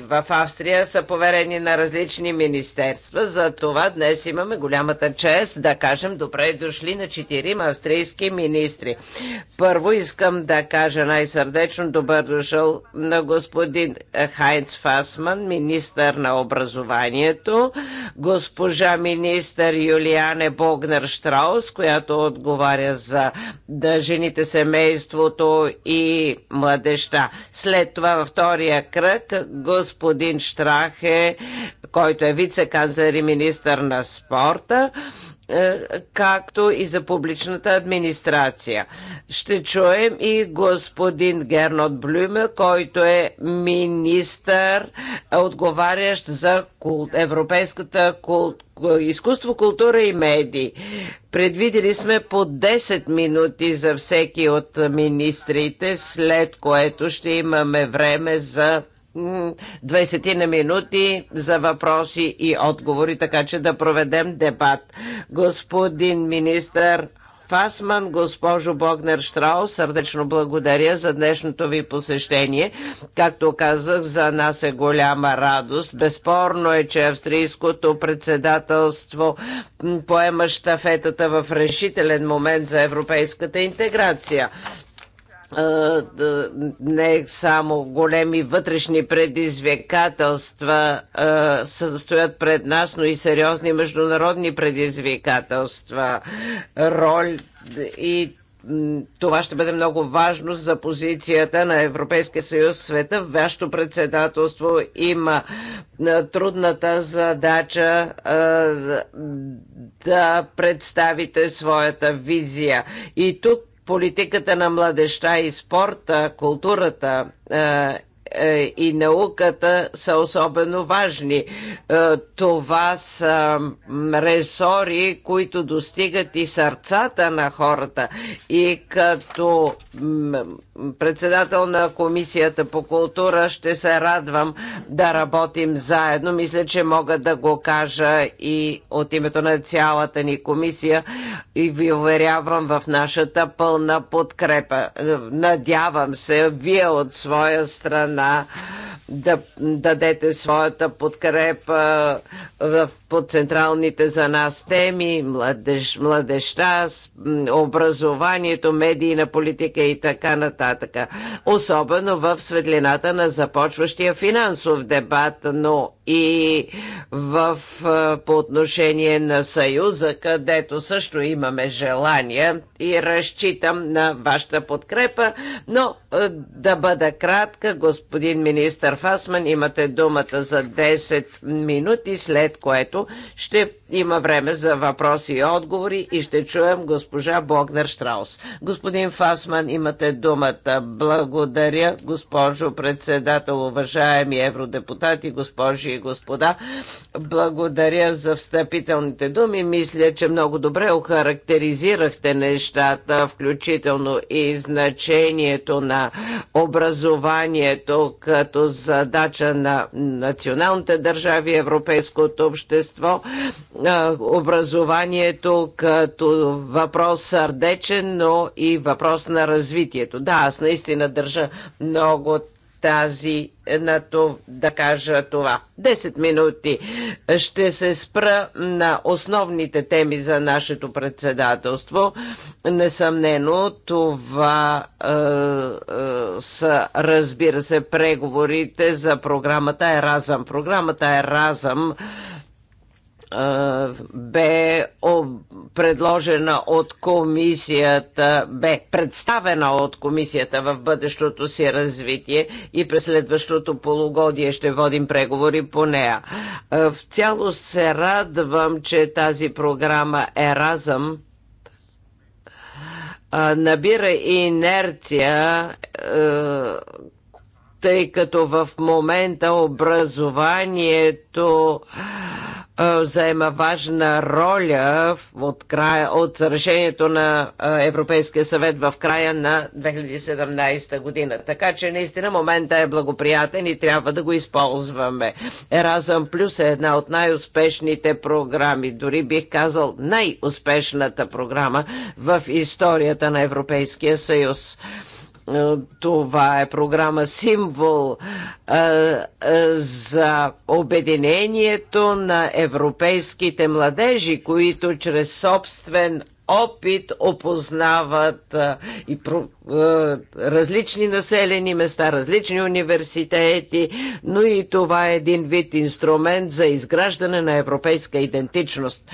в, Австрия са поверени на различни министерства. За това днес имаме голямата чест да кажем добре дошли дошли на четирима австрийски министри. Първо искам да кажа най-сърдечно добър дошъл на господин Хайнц Фасман, министър на образованието, госпожа министър Юлиане Богнер Штраус, която отговаря за да жените, семейството и младеща. След това във втория кръг господин Штрахе, който е вице-канцлер и министър на спорта, е, както и за публичната администрация. Ще чуем и господин Гернот Блюме, който е министър, отговарящ за европейската изкуство, култура и медии. Предвидели сме по 10 минути за всеки от министрите, след което ще имаме време за 20 на минути за въпроси и отговори, така че да проведем дебат. Господин министър Фасман, госпожо Богнер Штрау, сърдечно благодаря за днешното ви посещение. Както казах, за нас е голяма радост. Безспорно е, че австрийското председателство поема штафетата в решителен момент за европейската интеграция не само големи вътрешни предизвикателства състоят пред нас, но и сериозни международни предизвикателства. Роль и това ще бъде много важно за позицията на Европейския съюз в света. Вашето председателство има трудната задача да представите своята визия. И тук политиката на младеща и спорта, културата е, е, и науката са особено важни. Е, това са ресори, които достигат и сърцата на хората. И като председател на Комисията по култура ще се радвам да работим заедно. Мисля, че мога да го кажа и от името на цялата ни комисия и ви уверявам в нашата пълна подкрепа. Е, надявам се, вие от своя страна страна да дадете своята подкрепа в, подцентралните централните за нас теми, младеж, младеща, образованието, медийна политика и така нататък. Особено в светлината на започващия финансов дебат, но и в, по отношение на Съюза, където също имаме желание и разчитам на вашата подкрепа, но е, да бъда кратка, господин министър Фасман, имате думата за 10 минути, след което ще има време за въпроси и отговори и ще чуем госпожа Богнер Штраус. Господин Фасман, имате думата. Благодаря, госпожо председател, уважаеми евродепутати, госпожи и господа. Благодаря за встъпителните думи. Мисля, че много добре охарактеризирахте нещата, включително и значението на образованието като задача на националните държави, европейското общество образованието като въпрос сърдечен, но и въпрос на развитието. Да, аз наистина държа много тази, на то, да кажа това. 10 минути ще се спра на основните теми за нашето председателство. Несъмнено, това е, е, са, разбира се, преговорите за програмата Еразъм. Програмата Еразъм е, бе предложена от комисията, бе представена от комисията в бъдещото си развитие и през следващото полугодие ще водим преговори по нея. В цяло се радвам, че тази програма Еразъм набира инерция тъй като в момента образованието заема важна роля от, края, от решението на Европейския съвет в края на 2017 година. Така че наистина момента е благоприятен и трябва да го използваме. Еразъм Плюс е една от най-успешните програми, дори бих казал най-успешната програма в историята на Европейския съюз. Е, това е програма символ е, е, за обединението на европейските младежи, които чрез собствен опит опознават и различни населени места, различни университети, но и това е един вид инструмент за изграждане на европейска идентичност.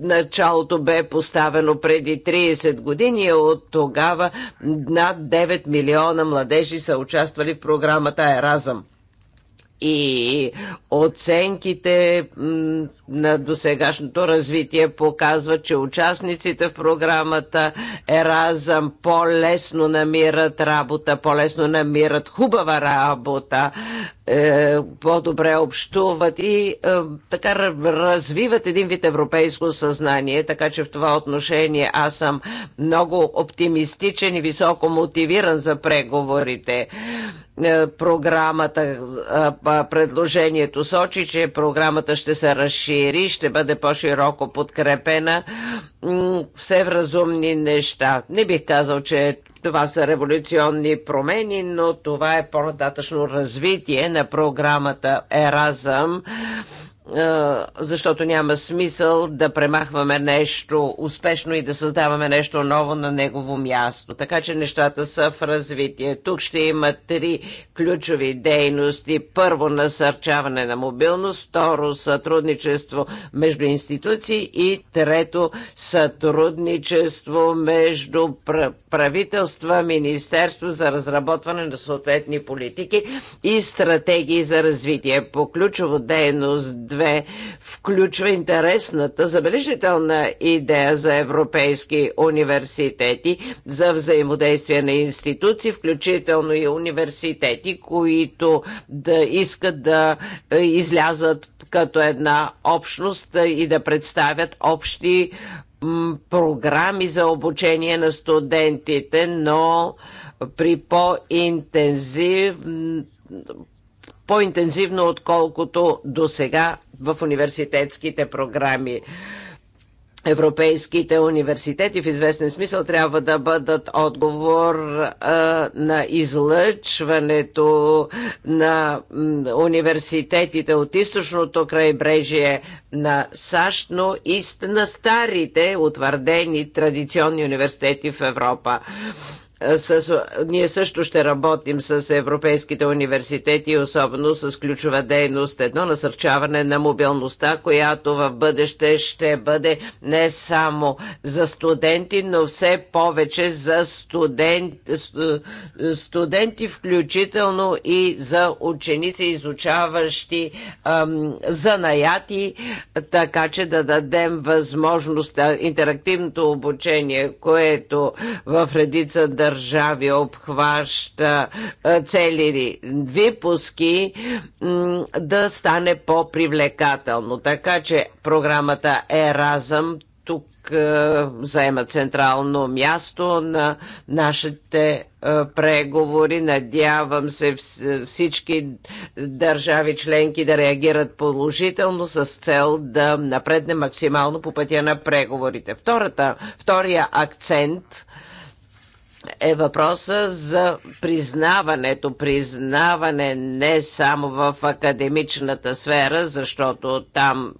Началото бе поставено преди 30 години от тогава над 9 милиона младежи са участвали в програмата Еразъм и оценките на досегашното развитие показват, че участниците в програмата Еразъм по-лесно намират работа, по-лесно намират хубава работа, е, по-добре общуват и е, така развиват един вид европейско съзнание, така че в това отношение аз съм много оптимистичен и високо мотивиран за преговорите е, програмата, е, предложението сочи, че програмата ще се разшири, ще бъде по-широко подкрепена. Все в разумни неща. Не бих казал, че е това са революционни промени, но това е по-нататъчно развитие на програмата Еразъм защото няма смисъл да премахваме нещо успешно и да създаваме нещо ново на негово място. Така че нещата са в развитие. Тук ще има три ключови дейности. Първо, насърчаване на мобилност, второ, сътрудничество между институции и трето, сътрудничество между правителства, Министерство за разработване на съответни политики и стратегии за развитие. По ключово дейност 2 2 включва интересната забележителна идея за европейски университети, за взаимодействие на институции, включително и университети, които да искат да е, излязат като една общност е, и да представят общи програми за обучение на студентите, но при по-интензив по-интензивно, отколкото до сега в университетските програми. Европейските университети в известен смисъл трябва да бъдат отговор а, на излъчването на университетите от източното крайбрежие на САЩ, но и на старите утвърдени традиционни университети в Европа. Е, с, е, ние също ще работим с европейските университети, особено с ключова дейност, едно насърчаване на мобилността, която в бъдеще ще бъде не само за студенти, но все повече за студент, е, студенти, включително и за ученици, изучаващи ам, занаяти, така че да дадем възможност интерактивното обучение, което в редица да държави, обхваща цели випуски, да стане по-привлекателно. Така че програмата разъм. тук заема централно място на нашите преговори. Надявам се всички държави членки да реагират положително с цел да напредне максимално по пътя на преговорите. Втората, втория акцент – е въпроса за признаването. Признаване не само в академичната сфера, защото там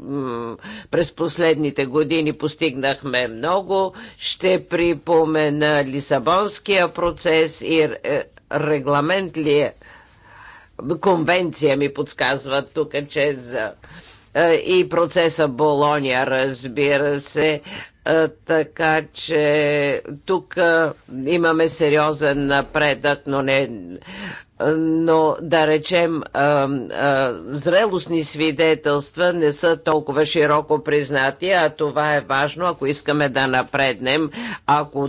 през последните години постигнахме много. Ще припомена Лисабонския процес и е, регламент ли е? Конвенция ми подсказва тук, че за е, и процеса Болония, разбира се, така че тук имаме сериозен напредък, но не но да речем зрелостни свидетелства не са толкова широко признати, а това е важно, ако искаме да напреднем, ако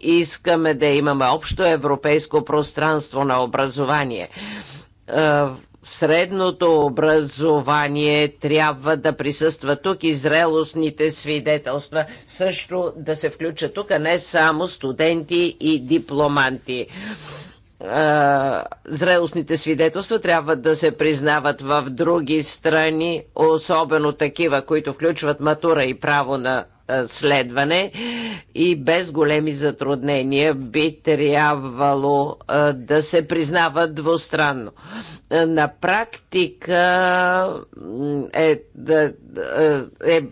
искаме да имаме общо европейско пространство на образование средното образование трябва да присъства тук и зрелостните свидетелства също да се включат тук, а не само студенти и дипломанти зрелостните свидетелства трябва да се признават в други страни, особено такива, които включват матура и право на следване и без големи затруднения би трябвало да се признава двустранно. На практика е, е,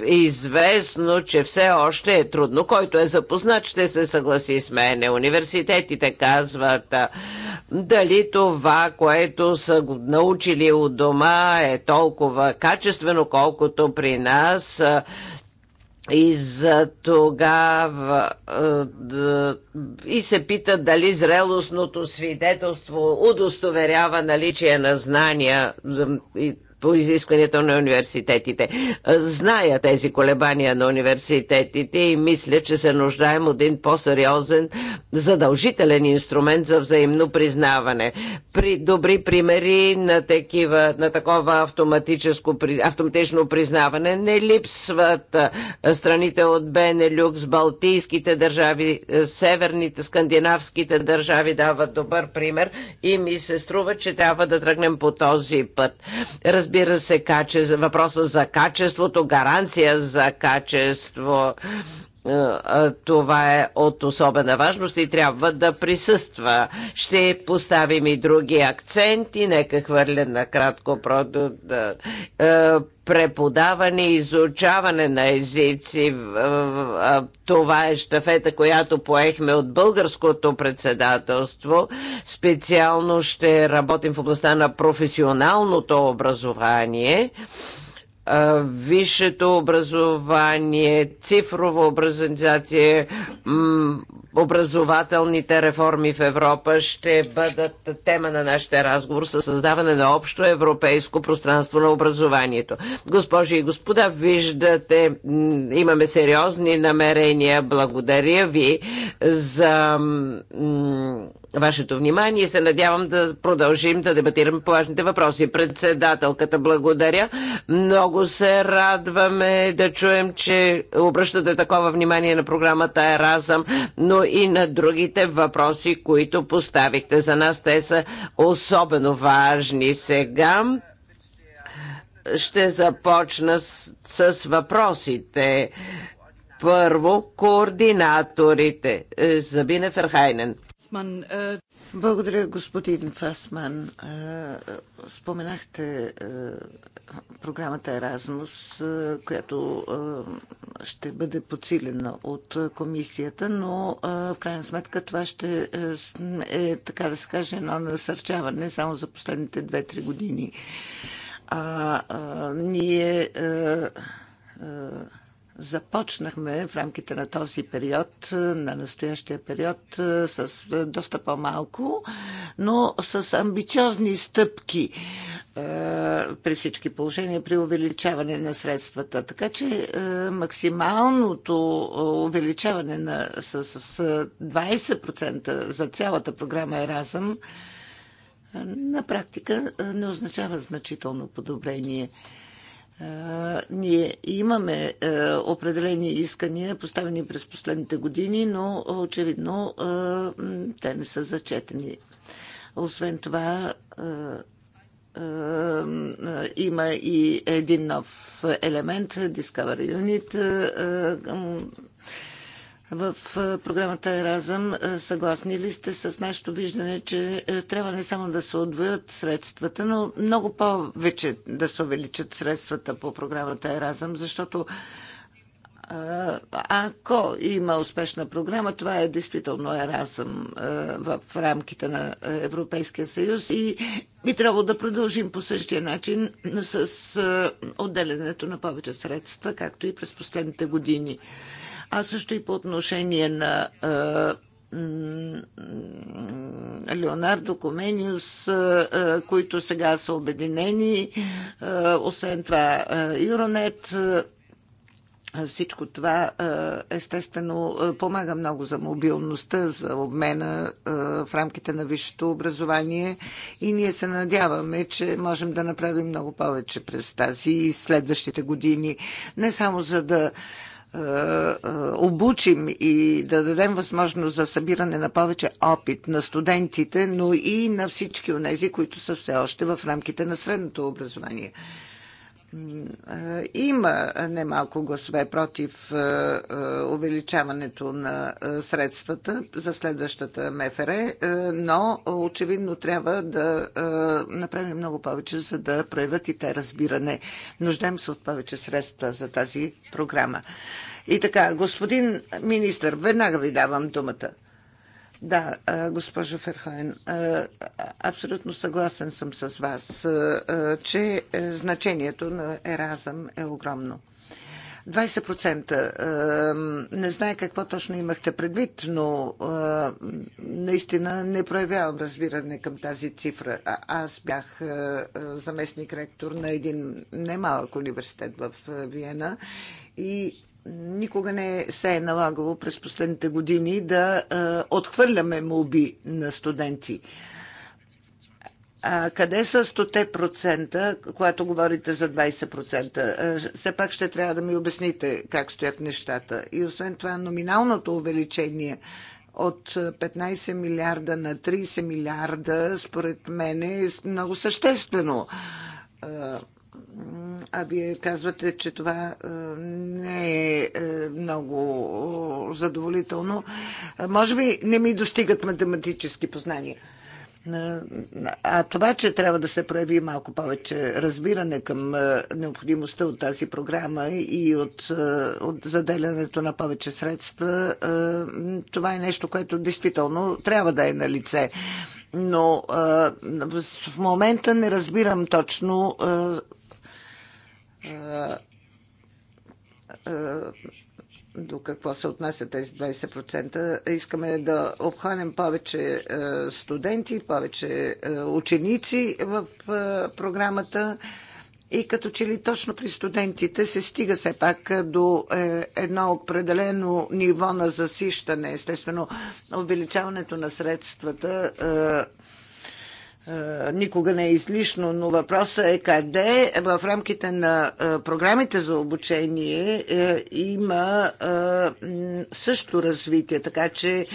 е известно, че все още е трудно. Който е запознат, ще се съгласи с мене. Университетите казват дали това, което са научили у дома е толкова качествено, колкото при нас и за тогава е, и се пита дали зрелостното свидетелство удостоверява наличие на знания по изискванията на университетите. Зная тези колебания на университетите и мисля, че се нуждаем от един по-сериозен задължителен инструмент за взаимно признаване. При добри примери на, такива, на такова автоматическо, автоматично признаване не липсват страните от Бенелюкс, Балтийските държави, северните, скандинавските държави дават добър пример и ми се струва, че трябва да тръгнем по този път. Разбира Разбира се, каче... въпроса за качеството, гаранция за качество е, това е от особена важност и трябва да присъства. Ще поставим и други акценти, нека хвърля на кратко. да, е, преподаване и изучаване на езици. Е, това е штафета, която поехме от българското председателство. Специално ще работим в областта на професионалното образование висшето образование, цифрова образация, образователните реформи в Европа ще бъдат тема на нашите разговор със създаване на общо европейско пространство на образованието. Госпожи и господа, виждате, имаме сериозни намерения. Благодаря ви за вашето внимание и се надявам да продължим да дебатираме по важните въпроси. Председателката, благодаря. Много се радваме да чуем, че обръщате такова внимание на програмата Еразъм, но и на другите въпроси, които поставихте. За нас те са особено важни сега ще започна с, с въпросите. Първо, координаторите. Е, Забина Ферхайнен. Е, Благодаря, господин Фасман. Е, споменахте е, програмата Еразмус, която ще бъде подсилена от комисията, но в крайна сметка това ще е, така да се каже, едно насърчаване само за последните 2-3 години. А, а ние. А, а, Започнахме в рамките на този период, на настоящия период, е, с е, доста по-малко, но с амбициозни стъпки е, при всички положения при увеличаване на средствата. Така че максималното увеличаване на, с, с 20% за цялата програма Еразъм на практика не означава значително подобрение. Ние имаме определени искания, поставени през последните години, но очевидно те не са зачетени. Освен това, има и един нов елемент Discovery Unit, в програмата Еразъм. Съгласни ли сте с нашето виждане, че трябва не само да се отвоят средствата, но много повече да се увеличат средствата по програмата Еразъм, защото ако има успешна програма, това е действително еразъм в рамките на Европейския съюз и би трябвало да продължим по същия начин с отделянето на повече средства, както и през последните години а също и по отношение на Леонардо Комениус, които сега са обединени. Освен това, Юронет, всичко това естествено помага много за мобилността, за обмена в рамките на висшето образование и ние се надяваме, че можем да направим много повече през тази и следващите години. Не само за да е, е, обучим и да дадем възможност за събиране на повече опит на студентите, но и на всички от тези, които са все още в рамките на средното образование. Има немалко гласове против увеличаването на средствата за следващата МФР, но очевидно трябва да направим много повече, за да проявят и те разбиране. Нуждаем се от повече средства за тази програма. И така, господин министр, веднага ви давам думата. Да, госпожо Ферхайн, абсолютно съгласен съм с вас, че е, значението на Еразъм е огромно. 20%. Не знае какво точно имахте предвид, но наистина не проявявам разбиране към тази цифра. Аз бях заместник ректор на един немалък университет в Виена и никога не се е налагало през последните години да а, отхвърляме молби на студенти. А, къде са 100%, когато говорите за 20%? Все пак ще трябва да ми обясните как стоят нещата. И освен това, номиналното увеличение от 15 милиарда на 30 милиарда, според мен е много съществено а вие казвате, че това е, не е, е много е, задоволително. Може би не ми достигат математически познания. А това, че трябва да се прояви малко повече разбиране към необходимостта от тази програма и от, от заделянето на повече средства, това е нещо, което действително трябва да е на лице. Но в момента не разбирам точно до какво се отнасят тези 20%. Искаме да обхванем повече студенти, повече ученици в програмата. И като че ли точно при студентите се стига все пак до е, едно определено ниво на засищане. Естествено, увеличаването на средствата е, никога не е излишно, но въпросът е къде в рамките на е, програмите за обучение е, има също развитие, така че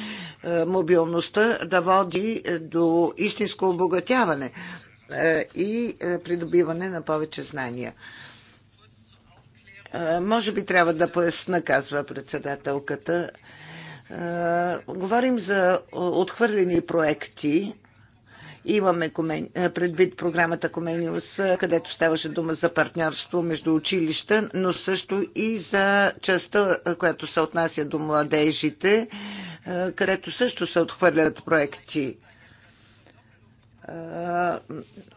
мобилността да води до истинско обогатяване и придобиване на повече знания. Може би трябва да поясна, казва председателката. Говорим за отхвърлени проекти, Имаме е, предвид програмата Комениус, където ставаше дума за партньорство между училища, но също и за частта, е, която се отнася до младежите, е, където също се отхвърлят проекти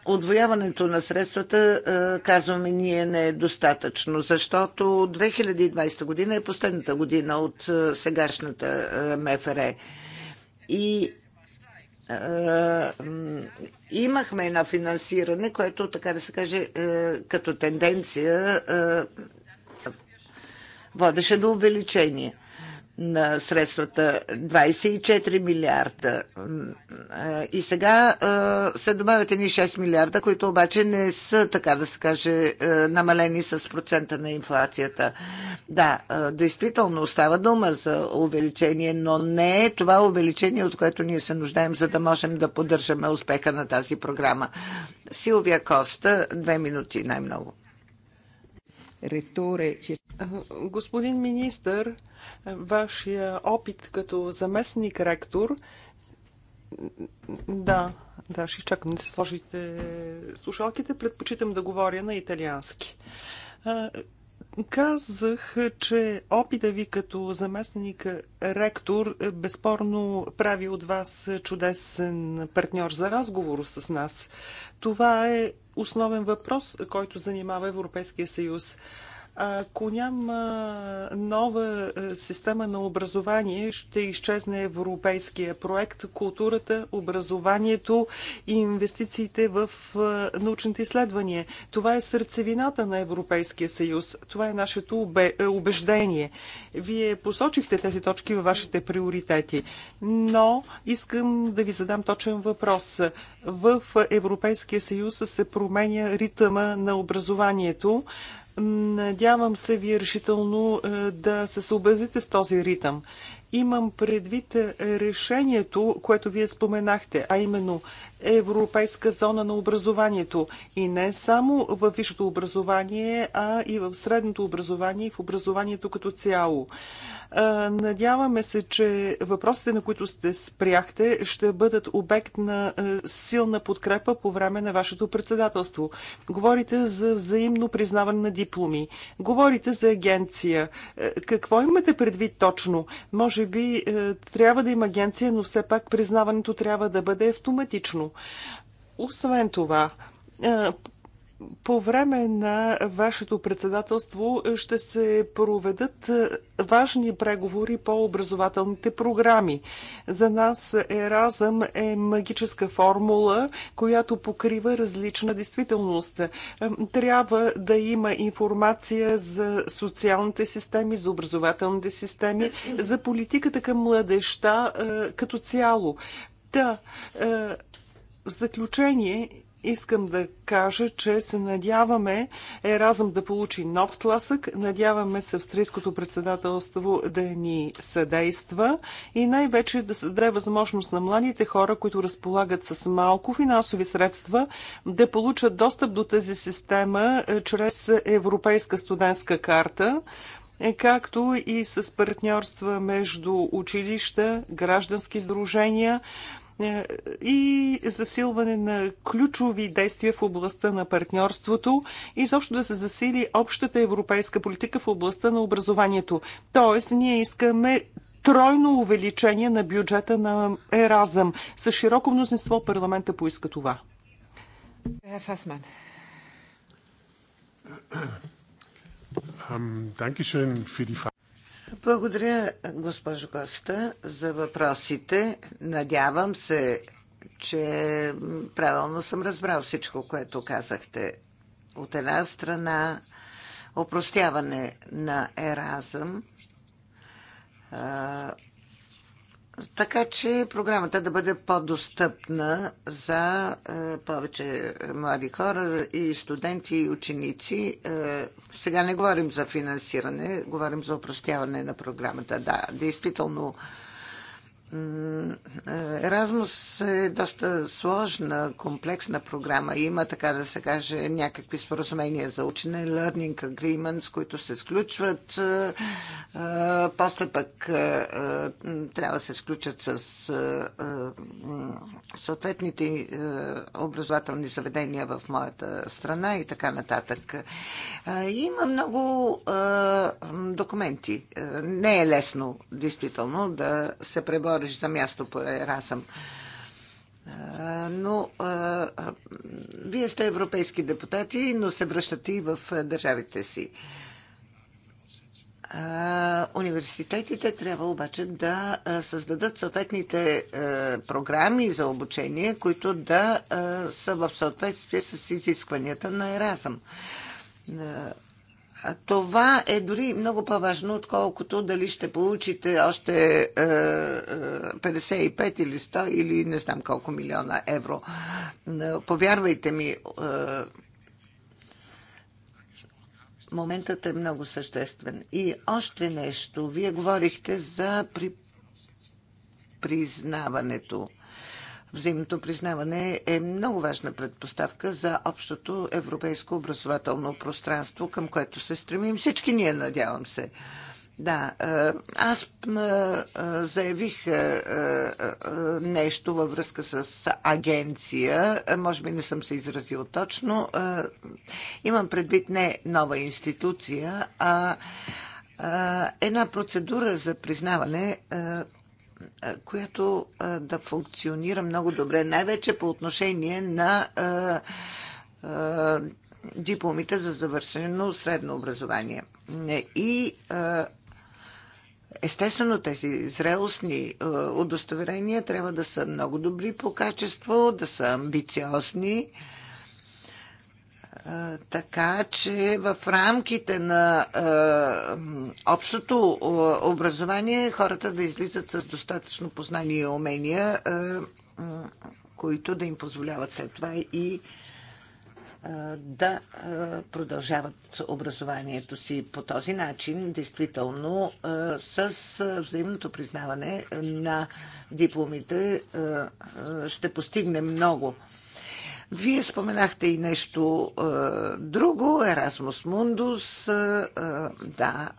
Отвояването на средствата, казваме ние, не е достатъчно, защото 2020 година е последната година от сегашната МФР. И е, имахме едно финансиране, което, така да се каже, е, като тенденция е, водеше до увеличение на средствата 24 милиарда. И сега се добавят ни 6 милиарда, които обаче не са, така да се каже, намалени с процента на инфлацията. Да, действително остава дума за увеличение, но не е това увеличение, от което ние се нуждаем, за да можем да поддържаме успеха на тази програма. Силвия Коста, две минути най-много. Господин министър, вашия опит като заместник ректор. Да, да, ще чакам да се сложите слушалките. Предпочитам да говоря на италиански. Казах, че опита ви като заместник ректор безспорно прави от вас чудесен партньор за разговор с нас. Това е основен въпрос, който занимава Европейския съюз. Ако няма нова система на образование, ще изчезне европейския проект, културата, образованието и инвестициите в научните изследвания. Това е сърцевината на Европейския съюз. Това е нашето е, убеждение. Вие посочихте тези точки във вашите приоритети, но искам да ви задам точен въпрос. В Европейския съюз се променя ритъма на образованието. Надявам се вие решително е, да се съобразите с този ритъм. Имам предвид е, решението, което вие споменахте, а именно европейска зона на образованието. И не само в висшето образование, а и в средното образование и в образованието като цяло. Надяваме се, че въпросите, на които сте спряхте, ще бъдат обект на силна подкрепа по време на вашето председателство. Говорите за взаимно признаване на дипломи. Говорите за агенция. Какво имате предвид точно? Може би трябва да има агенция, но все пак признаването трябва да бъде автоматично. Освен това, е, по време на вашето председателство ще се проведат е, важни преговори по образователните програми. За нас Еразъм е магическа формула, която покрива различна действителност. Е, трябва да има информация за социалните системи, за образователните системи, за политиката към младеща като цяло. Да, в заключение искам да кажа, че се надяваме Еразъм да получи нов тласък, надяваме се австрийското председателство да ни съдейства и най-вече да се даде възможност на младите хора, които разполагат с малко финансови средства, да получат достъп до тази система е, чрез Европейска студентска карта, е, както и с партньорства между училища, граждански сдружения, е, и засилване на ключови действия в областта на партньорството и защо да се засили общата европейска политика в областта на образованието. Тоест, ние искаме тройно увеличение на бюджета на Еразъм. С широко мнозинство парламента поиска това. Е, Frage. Благодаря, госпожо Коста, за въпросите. Надявам се, че правилно съм разбрал всичко, което казахте. От една страна, опростяване на еразъм, така че програмата да бъде по-достъпна за е, повече млади хора и студенти и ученици. Е, сега не говорим за финансиране, говорим за упростяване на програмата. Да, действително Еразмус е доста сложна, комплексна програма. Има, така да се каже, някакви споразумения за учене, learning agreements, които се сключват. Е, е, после пък е, трябва да се сключат с съответните образователни заведения в моята страна и така нататък. Има много документи. Не е лесно, действително, да се преборят говориш за място по Ерасъм. Но вие сте европейски депутати, но се връщате и в държавите си. Университетите трябва обаче да създадат съответните програми за обучение, които да са в съответствие с изискванията на Еразъм. Това е дори много по-важно, отколкото дали ще получите още е, 55 е, или 100 или не знам колко милиона евро. Е, повярвайте ми, е, моментът е много съществен. И още нещо. Вие говорихте за при, признаването. Взаимното признаване е много важна предпоставка за общото европейско образователно пространство, към което се стремим всички ние, надявам се. Да, е, аз е, заявих е, нещо във връзка с агенция. Може би не съм се изразил точно. Имам предвид не нова институция, а една процедура за признаване, която да функционира много добре, най-вече по отношение на дипломите за завършено средно образование. И Естествено, тези зрелостни удостоверения трябва да са много добри по качество, да са амбициозни така че в рамките на а, общото образование хората да излизат с достатъчно познания и умения, а, а, които да им позволяват след това и да продължават образованието си по този начин, действително с взаимното признаване на дипломите ще постигне много. Вие споменахте и нещо е, друго, Erasmus Mundus. Е, е, да,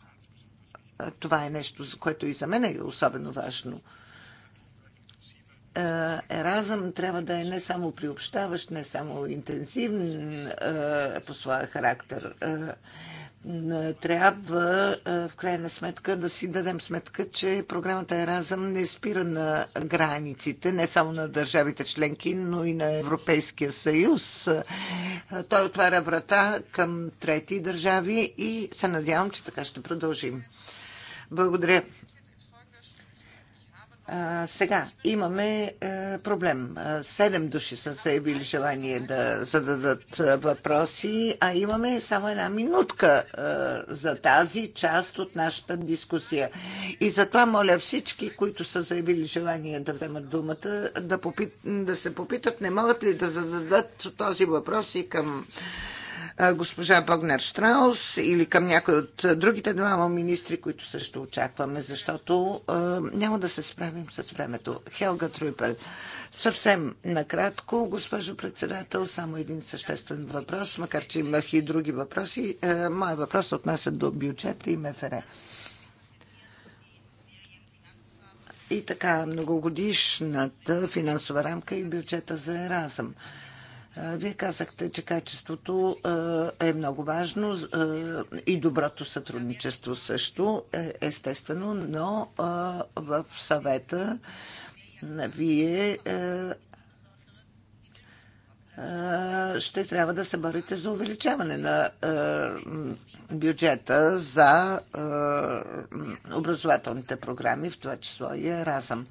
е, това е нещо, за което и за мен е особено важно. Е, Еразъм трябва да е не само приобщаващ, не само интензивен е, по своя характер трябва в крайна сметка да си дадем сметка, че програмата Еразъм не спира на границите, не само на държавите членки, но и на Европейския съюз. Той отваря врата към трети държави и се надявам, че така ще продължим. Благодаря, сега имаме е, а, проблем. Седем души са заявили желание да зададат е, въпроси, а имаме само една минутка а, е, за тази част от нашата дискусия. И затова моля всички, които са заявили желание да вземат думата, да, попит, да се попитат не могат ли да зададат този въпрос и към госпожа Богнер Штраус или към някой от другите двама министри, които също очакваме, защото няма да се справим с времето. Хелга Трюпел. Съвсем накратко, госпожо председател, само един съществен въпрос, макар че имах и други въпроси. моя въпрос отнася до бюджета и МФР. И така, многогодишната финансова рамка и бюджета за Еразъм. Вие казахте, че качеството е много важно и доброто сътрудничество също, е, естествено, но в съвета вие ще трябва да се борите за увеличаване на бюджета за образователните програми, в това число и разъм.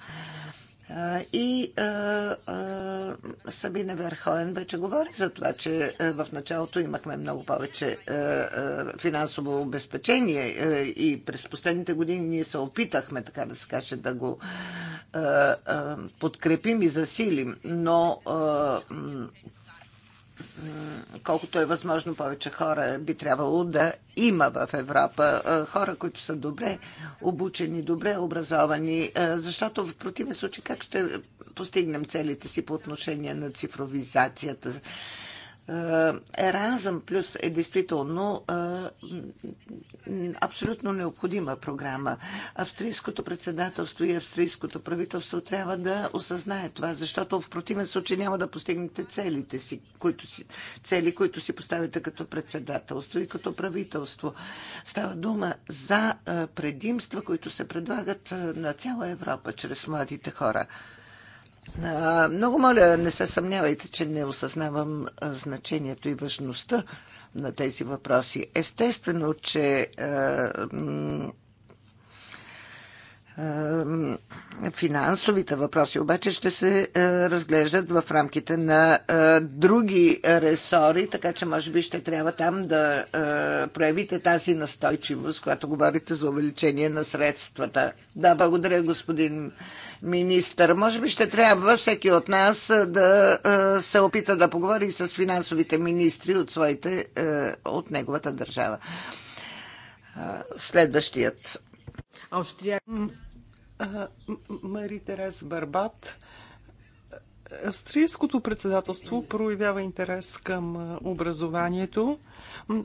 И а, а, Сабина Верхоен вече говори за това, че в началото имахме много повече а, финансово обезпечение и през последните години ние се опитахме, така да се каже, да го подкрепим и засилим. Но колкото е възможно повече хора би трябвало да има в Европа. Е, хора, които са добре обучени, добре образовани, е, защото в противен случай как ще постигнем целите си по отношение на цифровизацията? Е, Еразъм Плюс е действително е, абсолютно необходима програма. Австрийското председателство и австрийското правителство трябва да осъзнае това, защото в противен случай няма да постигнете целите си, които си, цели, които си поставите като председателство и като правителство. Става дума за е, предимства, които се предлагат на цяла Европа чрез младите хора. Много моля, не се съмнявайте, че не осъзнавам значението и важността на тези въпроси. Естествено, че Финансовите въпроси обаче ще се е, разглеждат в рамките на е, други ресори, така че може би ще трябва там да е, проявите тази настойчивост, когато говорите за увеличение на средствата. Да, благодаря, господин министър. Може би ще трябва всеки от нас да се опита да поговори с финансовите министри от, своите, от неговата държава. Следващият Мари Терес Барбат. Австрийското председателство проявява интерес към образованието.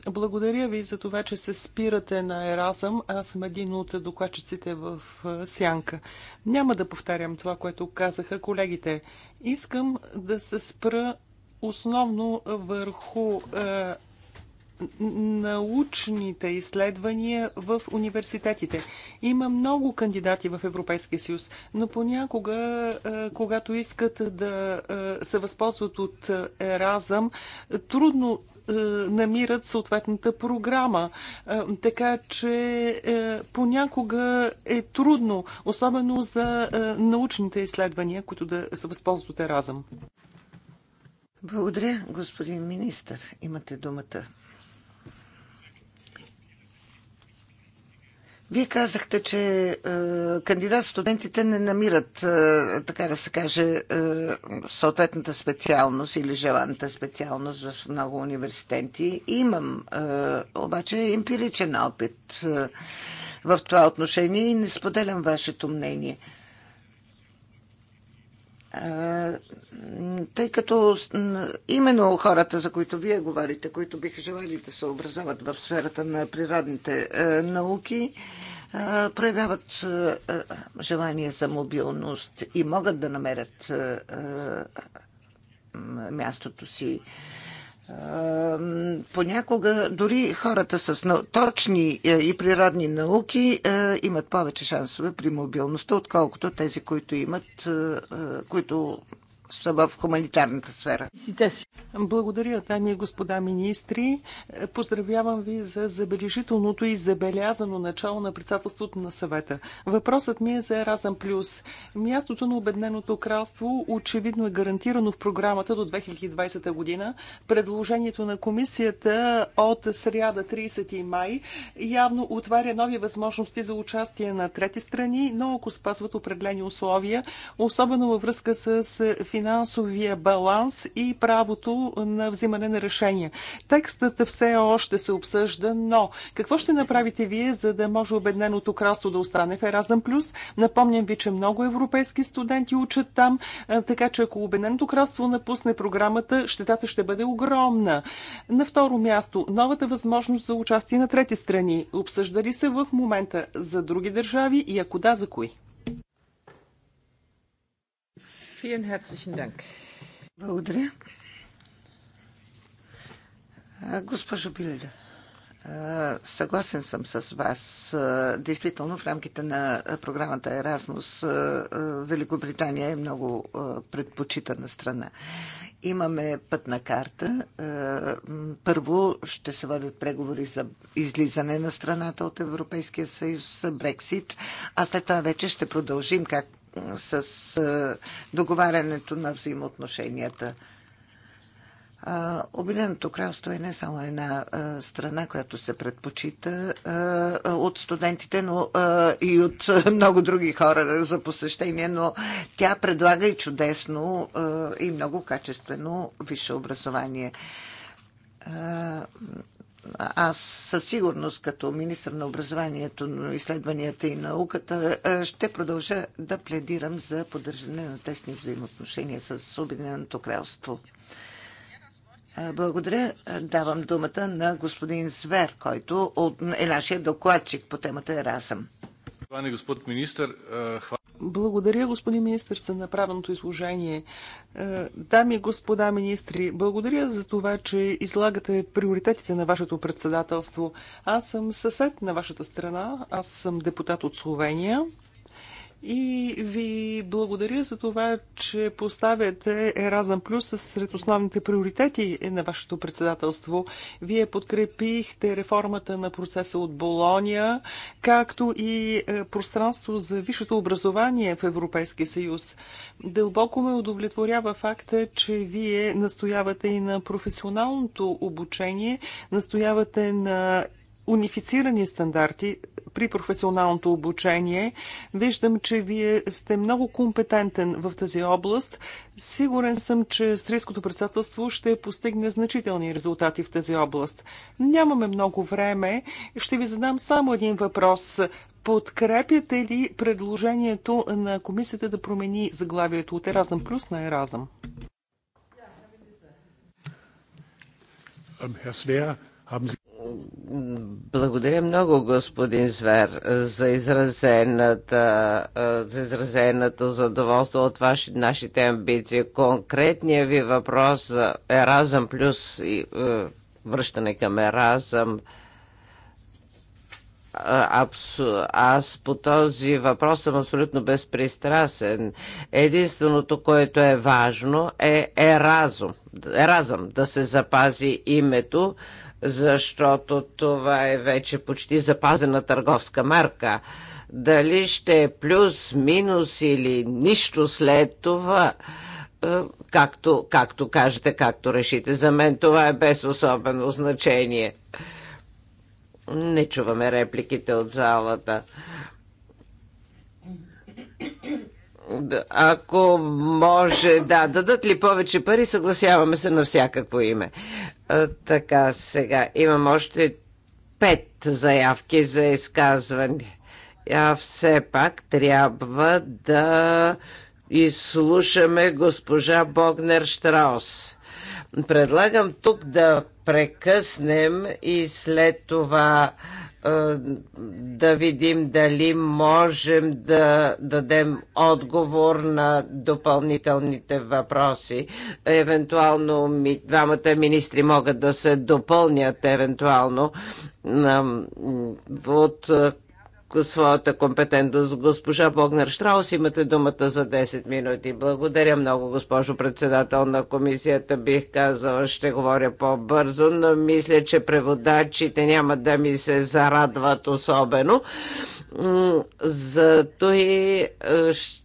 Благодаря ви за това, че се спирате на Еразъм. Аз съм един от докладчиците в Сянка. Няма да повтарям това, което казаха колегите. Искам да се спра основно върху научните изследвания в университетите. Има много кандидати в Европейския съюз, но понякога, е, когато искат да е, се възползват от еразъм, трудно е, намират съответната програма. Така че понякога е трудно, особено за научните изследвания, които да се възползват от еразъм. Благодаря, господин министър. Имате думата. Вие казахте, че е, кандидат-студентите не намират, е, така да се каже, е, съответната специалност или желаната специалност в много университети. Имам е, обаче емпиричен опит е, в това отношение и не споделям вашето мнение. Е, тъй като именно хората, за които вие говорите, които биха желали да се образоват в сферата на природните е, науки, е, проявяват желание за мобилност и могат да намерят мястото си понякога дори хората с точни е, и природни науки е, имат повече шансове при мобилността, отколкото тези, които имат, е, които са в хуманитарната сфера. Благодаря, дами и господа министри. Поздравявам ви за забележителното и забелязано начало на председателството на съвета. Въпросът ми е за Еразъм Плюс. Мястото на Обедненото кралство очевидно е гарантирано в програмата до 2020 година. Предложението на комисията от сряда 30 май явно отваря нови възможности за участие на трети страни, но ако спазват определени условия, особено във връзка с финансирането финансовия баланс и правото на взимане на решения. Текстът все още се обсъжда, но какво ще направите вие, за да може обедненото кралство да остане в Еразъм Плюс? Напомням ви, че много европейски студенти учат там, така че ако обедненото кралство напусне програмата, щетата ще бъде огромна. На второ място, новата възможност за участие на трети страни. Обсъждали се в момента за други държави и ако да, за кои? Vielen herzlichen Dank. Благодаря. Госпожо Билер, съгласен съм с вас. Действително, в рамките на програмата Еразмус Великобритания е много предпочитана страна. Имаме пътна карта. Първо ще се водят преговори за излизане на страната от Европейския съюз, Брексит, а след това вече ще продължим както с договарянето на взаимоотношенията. Обединеното кралство е не само една страна, която се предпочита от студентите, но и от много други хора за посещение, но тя предлага и чудесно и много качествено висше образование аз със сигурност като министр на образованието, изследванията и науката е, ще продължа да пледирам за поддържане на тесни взаимоотношения с Обединеното кралство. Е, благодаря. Давам думата на господин Звер, който е нашия докладчик по темата Еразъм. Господин министр, е, хвала благодаря, господин министр, за направеното изложение. Е, дами и господа министри, благодаря за това, че излагате приоритетите на вашето председателство. Аз съм съсед на вашата страна, аз съм депутат от Словения и ви благодаря за това, че поставяте Еразъм Плюс сред основните приоритети на вашето председателство. Вие подкрепихте реформата на процеса от Болония, както и е, пространство за висшето образование в Европейския съюз. Дълбоко ме удовлетворява факта, че вие настоявате и на професионалното обучение, настоявате на унифицирани стандарти при професионалното обучение. Виждам, че вие сте много компетентен в тази област. Сигурен съм, че австрийското председателство ще постигне значителни резултати в тази област. Нямаме много време. Ще ви задам само един въпрос. Подкрепяте ли предложението на комисията да промени заглавието от Еразъм Плюс на Еразъм? Herr благодаря много, господин Звер, за изразената, за изразеното задоволство от ваши, нашите амбиции. Конкретният ви въпрос за Еразъм плюс и, е, връщане към Еразъм абсу... аз по този въпрос съм абсолютно безпристрасен. Единственото, което е важно е еразум. Еразъм да се запази името, защото това е вече почти запазена търговска марка. Дали ще е плюс, минус или нищо след това, е, както, както кажете, както решите. За мен това е без особено значение. Не чуваме репликите от залата. Ако може, да, дадат ли повече пари, съгласяваме се на всякакво име. Така, сега имам още пет заявки за изказване. А все пак трябва да изслушаме госпожа Богнер Штраус. Предлагам тук да прекъснем и след това да видим дали можем да дадем отговор на допълнителните въпроси. Евентуално ми, двамата министри могат да се допълнят евентуално от своята компетентност. Госпожа Богнер Штраус, имате думата за 10 минути. Благодаря много, госпожо председател на комисията. Бих казала, ще говоря по-бързо, но мисля, че преводачите няма да ми се зарадват особено. Зато и ще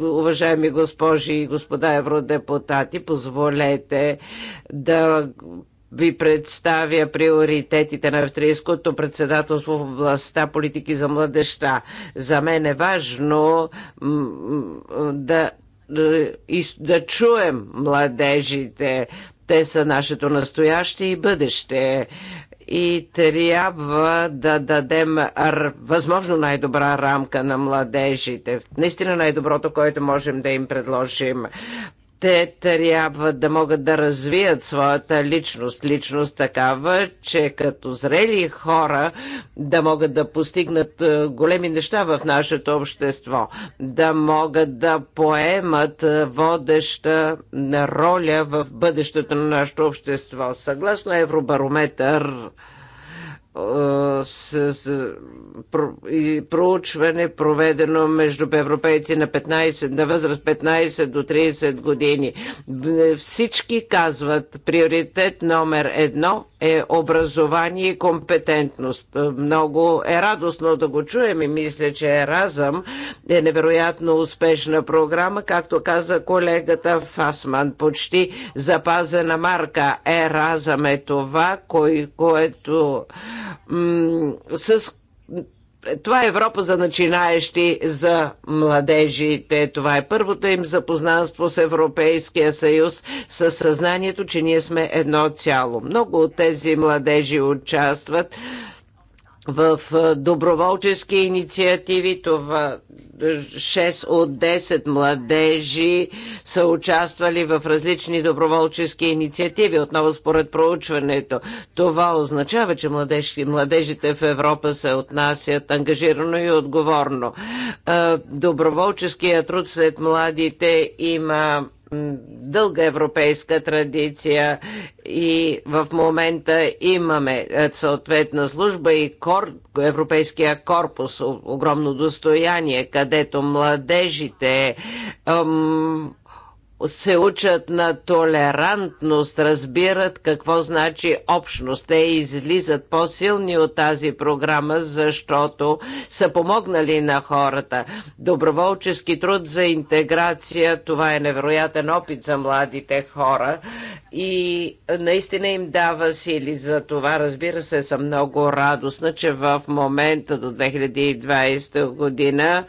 уважаеми госпожи и господа евродепутати, позволете да ви представя приоритетите на австрийското председателство в областта политики за младеща. За мен е важно да, да, да чуем младежите. Те са нашето настояще и бъдеще и трябва да дадем възможно най-добра рамка на младежите. Наистина най-доброто, което можем да им предложим те трябва да могат да развият своята личност. Личност такава, че като зрели хора да могат да постигнат е, големи неща в нашето общество, да могат да поемат е, водеща роля в бъдещето на нашето общество. Съгласно Евробарометър, с, с, про, и проучване, проведено между европейци на, 15, на възраст 15 до 30 години. Всички казват приоритет номер едно е образование и компетентност. Много е радостно да го чуем и мисля, че Еразъм е невероятно успешна програма, както каза колегата Фасман, почти запазена марка. Еразъм е това, кой, което с това е Европа за начинаещи, за младежите. Това е първото им запознанство с Европейския съюз, със съзнанието, че ние сме едно цяло. Много от тези младежи участват в доброволчески инициативи. Това 6 е, от 10 младежи са участвали в различни доброволчески инициативи, отново според проучването. Това означава, че младежки, младежите в Европа се отнасят ангажирано и отговорно. Доброволческият труд след младите има дълга европейска традиция и в момента имаме е, съответна служба и кор, Европейския корпус, огромно достояние, където младежите ам, се учат на толерантност, разбират какво значи общност. Те излизат по-силни от тази програма, защото са помогнали на хората. Доброволчески труд за интеграция, това е невероятен опит за младите хора и наистина им дава сили за това. Разбира се, съм много радостна, че в момента до 2020 година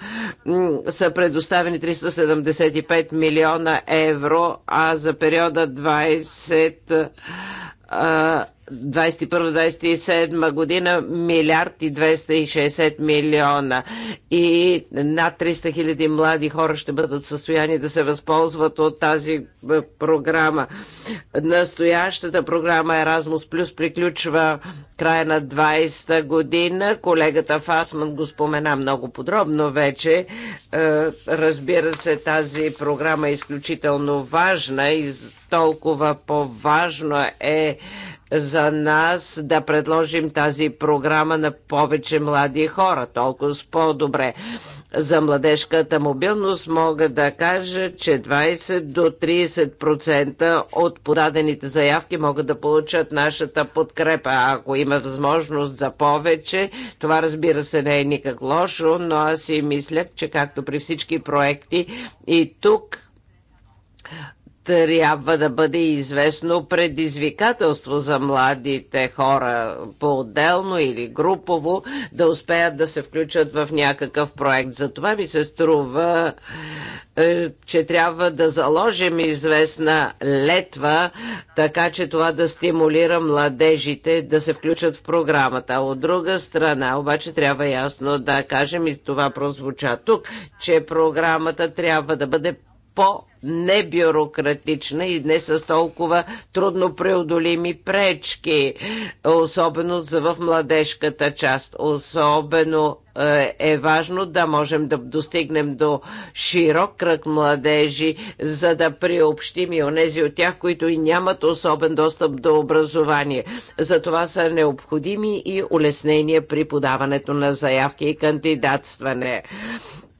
са предоставени 375 милиона евро евро, а за периода 20 а, 2021-2027 година милиард и 260 милиона и над 300 хиляди млади хора ще бъдат в състояние да се възползват от тази е, програма. Настоящата програма Erasmus Plus приключва края на 20-та година. Колегата Фасман го спомена много подробно вече. Е, разбира се, тази програма е изключително важна и толкова по-важно е за нас да предложим тази програма на повече млади хора, толкова с по-добре. За младежката мобилност мога да кажа, че 20 до 30% от подадените заявки могат да получат нашата подкрепа. ако има възможност за повече, това разбира се не е никак лошо, но аз си мисля, че както при всички проекти и тук трябва да бъде известно предизвикателство за младите хора по-отделно или групово да успеят да се включат в някакъв проект. Затова ми се струва, е, че трябва да заложим известна летва, така че това да стимулира младежите да се включат в програмата. от друга страна, обаче трябва ясно да кажем, и това прозвуча тук, че програмата трябва да бъде по небюрократична и не с толкова трудно преодолими пречки, особено в младежката част. Особено е, е важно да можем да достигнем до широк кръг младежи, за да приобщим и онези от тях, които и нямат особен достъп до образование. За това са необходими и улеснения при подаването на заявки и кандидатстване.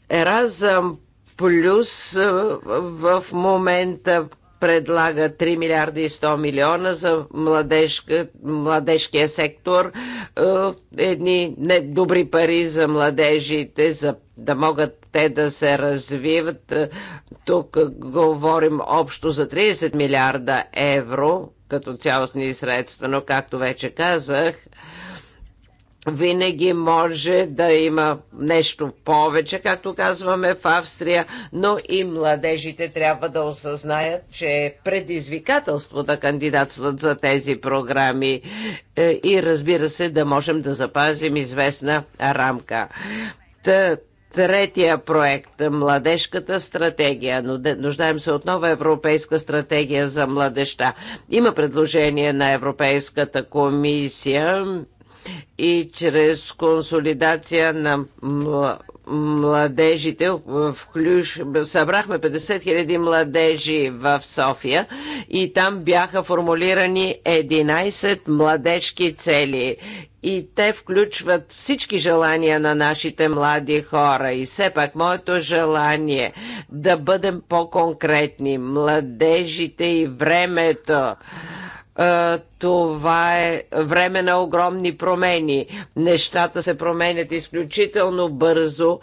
Еразъм Плюс в момента предлага 3 милиарда и 100 милиона за младежка, младежкия сектор, едни не, добри пари за младежите, за да могат те да се развиват. Тук говорим общо за 30 милиарда евро като цялостни средства, но както вече казах, винаги може да има нещо повече, както казваме в Австрия, но и младежите трябва да осъзнаят, че е предизвикателство да кандидатстват за тези програми е, и разбира се да можем да запазим известна рамка. Третия проект – Младежката стратегия. Нуждаем се от нова Европейска стратегия за младеща. Има предложение на Европейската комисия – и чрез консолидация на младежите. Вклюш... Събрахме 50 000 младежи в София и там бяха формулирани 11 младежки цели и те включват всички желания на нашите млади хора. И все пак моето желание да бъдем по-конкретни, младежите и времето е, това е време на огромни промени. Нещата се променят изключително бързо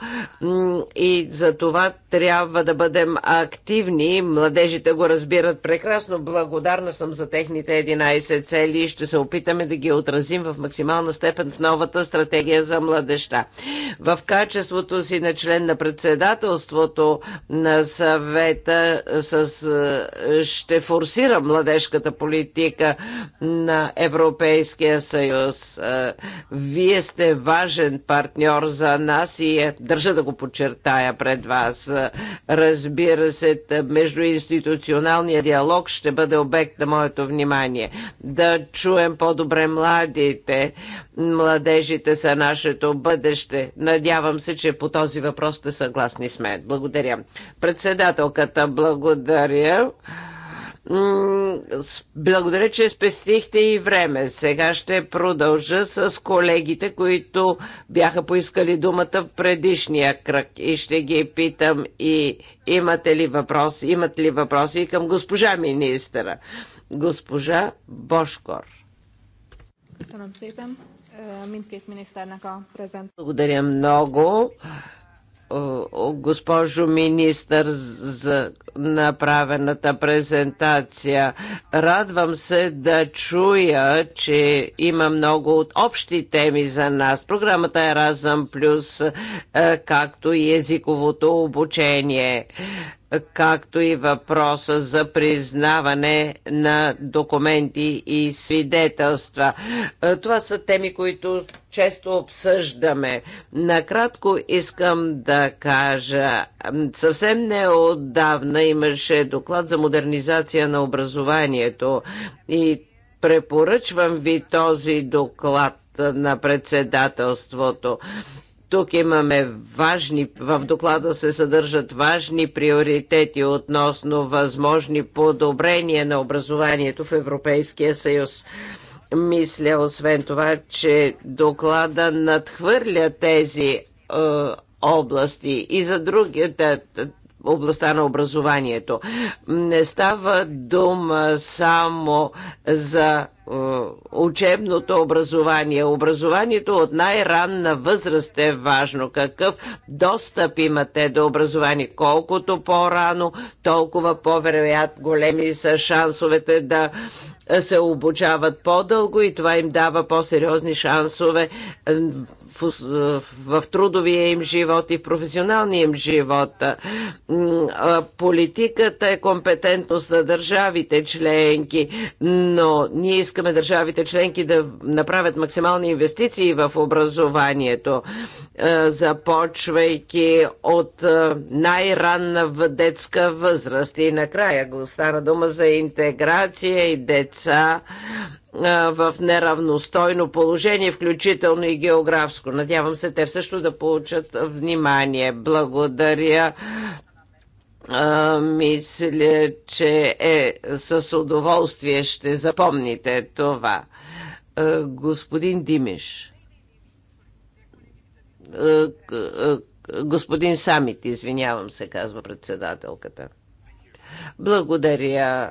и за това трябва да бъдем активни. Младежите го разбират прекрасно. Благодарна съм за техните 11 цели и ще се опитаме да ги отразим в максимална степен в новата стратегия за младеща. В качеството си на член на председателството на съвета с, е, ще форсира младежката политика на Европейския съюз. Вие сте важен партньор за нас и е, държа да го подчертая пред вас. Разбира се, междуинституционалният диалог ще бъде обект на моето внимание. Да чуем по-добре младите. Младежите са нашето бъдеще. Надявам се, че по този въпрос сте съгласни с мен. Благодаря. Председателката, благодаря. Благодаря, че спестихте и време. Сега ще продължа с колегите, които бяха поискали думата в предишния кръг и ще ги питам и имате ли въпроси, имат ли въпроси към госпожа министра. Госпожа Бошкор. Благодаря много госпожо министър, за направената презентация. Радвам се да чуя, че има много от общи теми за нас. Програмата Разъм Плюс, е, както и езиковото обучение както и въпроса за признаване на документи и свидетелства. Е, това са теми, които често обсъждаме. Накратко искам да кажа, Съвсем неотдавна имаше доклад за модернизация на образованието и препоръчвам ви този доклад на председателството. Тук имаме важни, в доклада се съдържат важни приоритети относно възможни подобрения на образованието в Европейския съюз. Мисля, освен това, че доклада надхвърля тези е, области и за другите областта на образованието. Не става дума само за е, учебното образование. Образованието от най-ранна възраст е важно. Какъв достъп имате до образование? Колкото по-рано, толкова по-вероятно големи са шансовете да се обучават по-дълго и това им дава по-сериозни шансове в, в трудовия им живот и в професионалния им живот. Политиката е компетентност на държавите членки, но ние искаме държавите членки да направят максимални инвестиции в образованието, започвайки от най-ранна детска възраст. И накрая го стара дума за интеграция и деца в неравностойно положение, включително и географско. Надявам се те също да получат внимание. Благодаря. А, мисля, че е, с удоволствие ще запомните това. А, господин Димиш. А, господин Самит, извинявам се, казва председателката. Благодаря.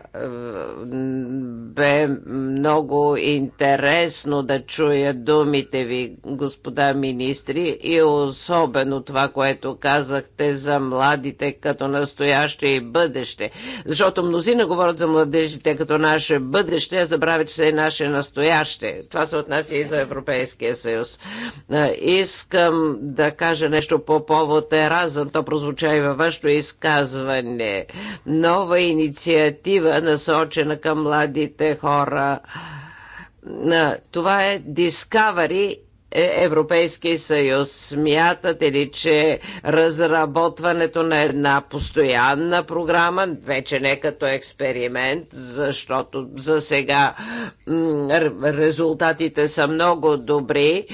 Бе много интересно да чуя думите ви, господа министри, и особено това, което казахте за младите като настояще и бъдеще. Защото мнозина говорят за младежите като наше бъдеще, а забравят, че са и наше настояще. Това се отнася и за Европейския съюз. Искам да кажа нещо по повод Еразъм. То прозвуча и във вашето изказване нова инициатива, насочена към младите хора. Това е Discovery е, Европейския съюз. Смятате ли, че разработването на една постоянна програма, вече не като експеримент, защото за сега резултатите са много добри,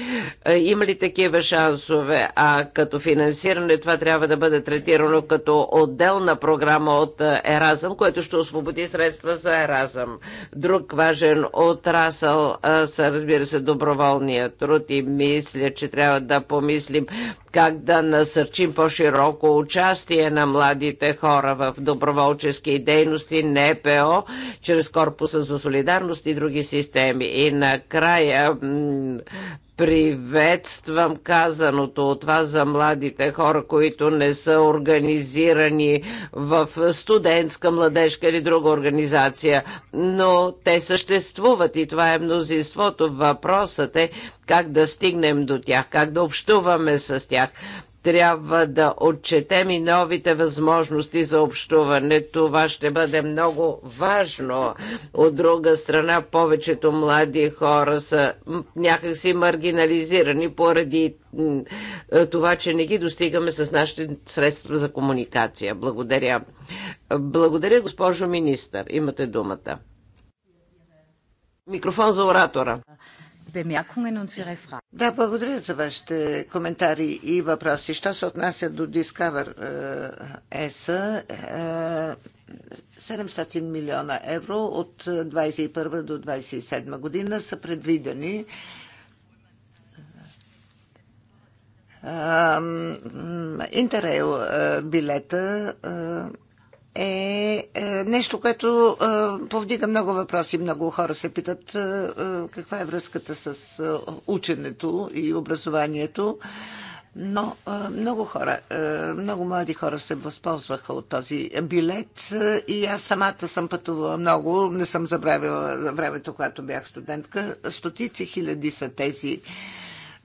е, има ли такива шансове? А като финансиране това трябва да бъде третирано като отделна програма от е, Еразъм, което ще освободи средства за Еразъм. Друг важен отрасъл са, разбира се, доброволният труд и мисля, че трябва да помислим как да насърчим по-широко участие на младите хора в доброволчески дейности, НПО, чрез Корпуса за солидарност и други системи. И накрая Приветствам казаното от вас за младите хора, които не са организирани в студентска, младежка или друга организация, но те съществуват и това е мнозинството. Въпросът е как да стигнем до тях, как да общуваме с тях трябва да отчетем и новите възможности за общуване. Това ще бъде много важно. От друга страна, повечето млади хора са някакси маргинализирани поради това, че не ги достигаме с нашите средства за комуникация. Благодаря. Благодаря, госпожо министър. Имате думата. Микрофон за оратора. Да, благодаря за вашите коментари и въпроси. Що се отнася до Discover S, е, 700 е, милиона евро от 2021 до 2027 година са предвидени Интерейл е, билета е, е нещо, което е, повдига много въпроси. Много хора се питат е, каква е връзката с ученето и образованието. Но много хора, много млади хора се възползваха от този билет и аз самата съм пътувала много. Не съм забравила времето, когато бях студентка. Стотици хиляди са тези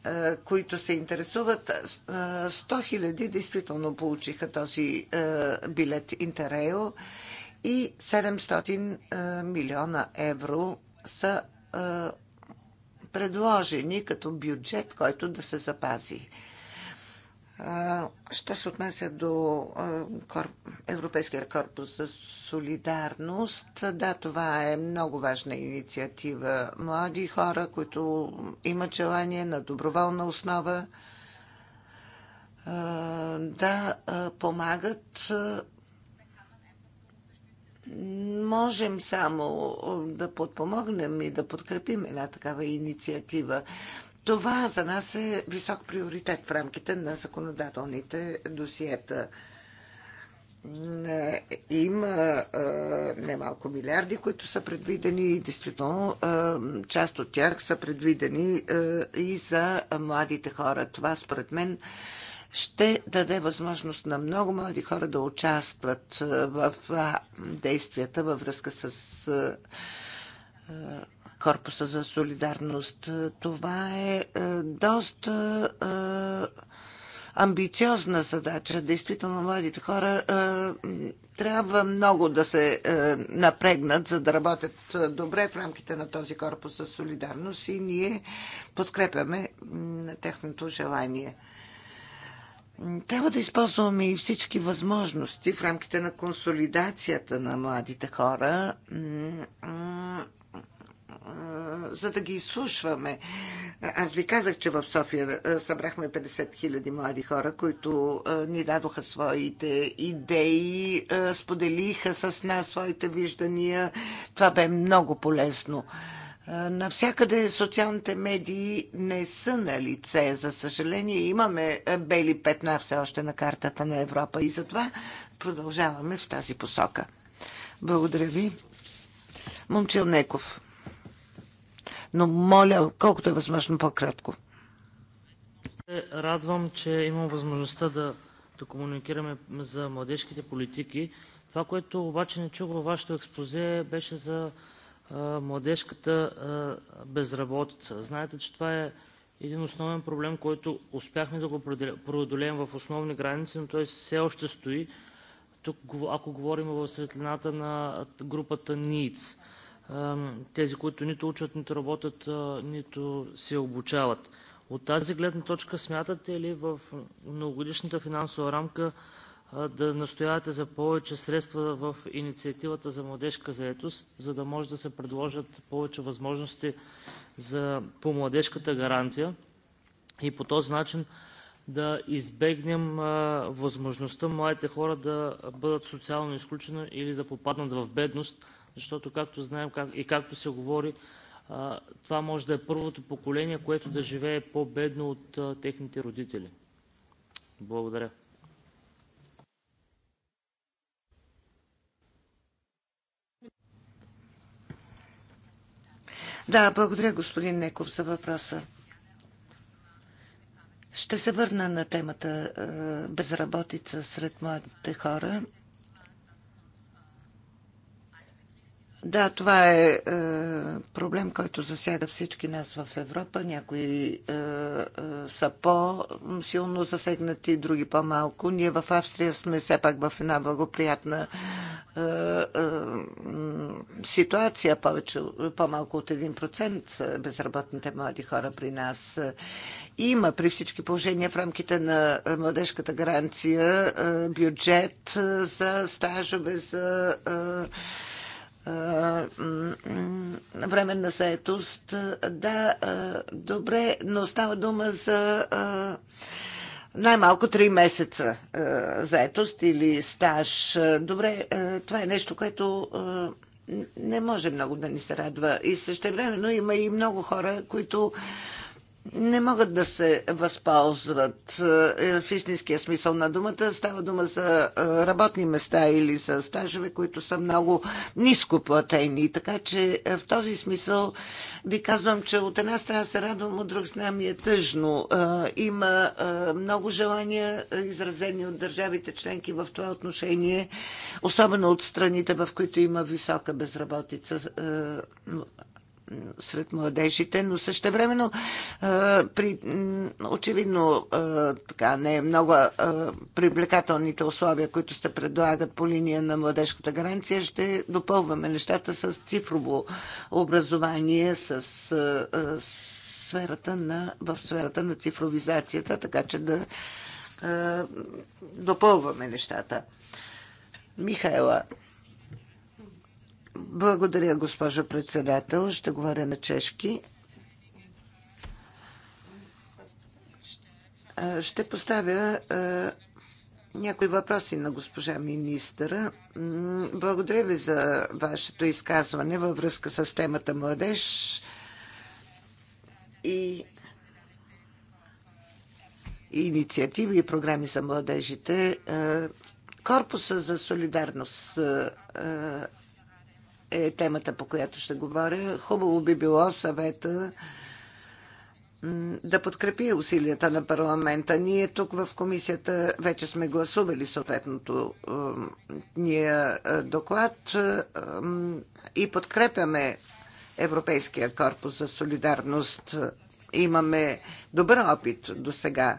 е, които се интересуват, 100 е, 000 действително получиха този е, билет Интерейл и 700 милиона евро са предложени като бюджет, който да се запази Що се отнася до Европейския корпус за солидарност, да, това е много важна инициатива. Млади хора, които имат желание на доброволна основа да помагат. Можем само да подпомогнем и да подкрепим една такава инициатива. Това за нас е висок приоритет в рамките на законодателните досиета. Е, има е, немалко милиарди, които са предвидени и действително е, част от тях са предвидени е, и за младите хора. Това според мен ще даде възможност на много млади хора да участват в действията във връзка с Корпуса за солидарност. Това е, е доста е, амбициозна задача. Действително, младите хора е, трябва много да се напрегнат, за да работят добре в рамките на този корпус за солидарност и ние подкрепяме техното желание. Трябва да използваме и всички възможности в рамките на консолидацията на младите хора за да ги изслушваме. Аз ви казах, че в София събрахме 50 000 млади хора, които ни дадоха своите идеи, споделиха с нас своите виждания. Това бе много полезно. Навсякъде социалните медии не са на лице. За съжаление, имаме бели петна все още на картата на Европа и затова продължаваме в тази посока. Благодаря ви. Момчил Неков но моля, колкото е възможно по-кратко. Радвам, че имам възможността да, да комуникираме за младежките политики. Това, което обаче не чух във вашето експозе, беше за а, младежката а, безработица. Знаете, че това е един основен проблем, който успяхме да го преодолеем в основни граници, но той все още стои. Тук, ако говорим в светлината на групата НИИЦ тези, които нито учат, нито работят, нито се обучават. От тази гледна точка смятате ли в многогодишната финансова рамка да настоявате за повече средства в инициативата за младежка заетост, за да може да се предложат повече възможности за по младежката гаранция и по този начин да избегнем възможността младите хора да бъдат социално изключени или да попаднат в бедност, защото, както знаем и както се говори, това може да е първото поколение, което да живее по-бедно от техните родители. Благодаря. Да, благодаря господин Неков за въпроса. Ще се върна на темата безработица сред младите хора. Да, това е, е проблем, който засяга всички нас в Европа. Някои е, е, са по-силно засегнати, други по-малко. Ние в Австрия сме все пак в една благоприятна е, е, ситуация. Повече, по-малко от 1% безработните млади хора при нас. Има при всички положения в рамките на младежката гаранция е, бюджет е, за стажове, за. Е, временна заетост. Да, добре, но става дума за най-малко 3 месеца заетост или стаж. Добре, това е нещо, което не може много да ни се радва. И също времено има и много хора, които не могат да се възползват е, в истинския смисъл на думата. Става дума за е, работни места или за стажове, които са много ниско платени. Така че е, в този смисъл ви казвам, че от една страна се радвам, от друг страна ми е тъжно. Има много желания, изразени от държавите членки в това отношение, особено от страните, в които има висока безработица сред младежите, но също времено при очевидно така не е много привлекателните условия, които се предлагат по линия на младежката гаранция, ще допълваме нещата с цифрово образование, с, сферата на, в сферата на цифровизацията, така че да допълваме нещата. Михайла, благодаря, госпожо председател. Ще говоря на чешки. Ще поставя някои въпроси на госпожа министъра. Благодаря ви за вашето изказване във връзка с темата младеж и инициативи и програми за младежите. Корпуса за солидарност е темата, по която ще говоря. Хубаво би било съвета да подкрепи усилията на парламента. Ние тук в комисията вече сме гласували съответното ния доклад и подкрепяме Европейския корпус за солидарност. Имаме добър опит до сега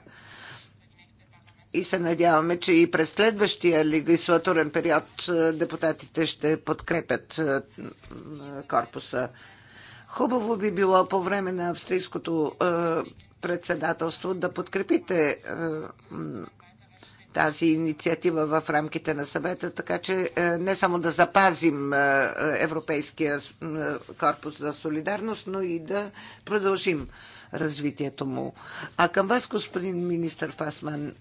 и се надяваме, че и през следващия легислатурен период е, депутатите ще подкрепят е, корпуса. Хубаво би било по време на австрийското е, председателство да подкрепите тази инициатива в рамките на съвета, така че не само да запазим Европейския корпус за солидарност, но и да продължим развитието му. А към вас, господин министър Фасман,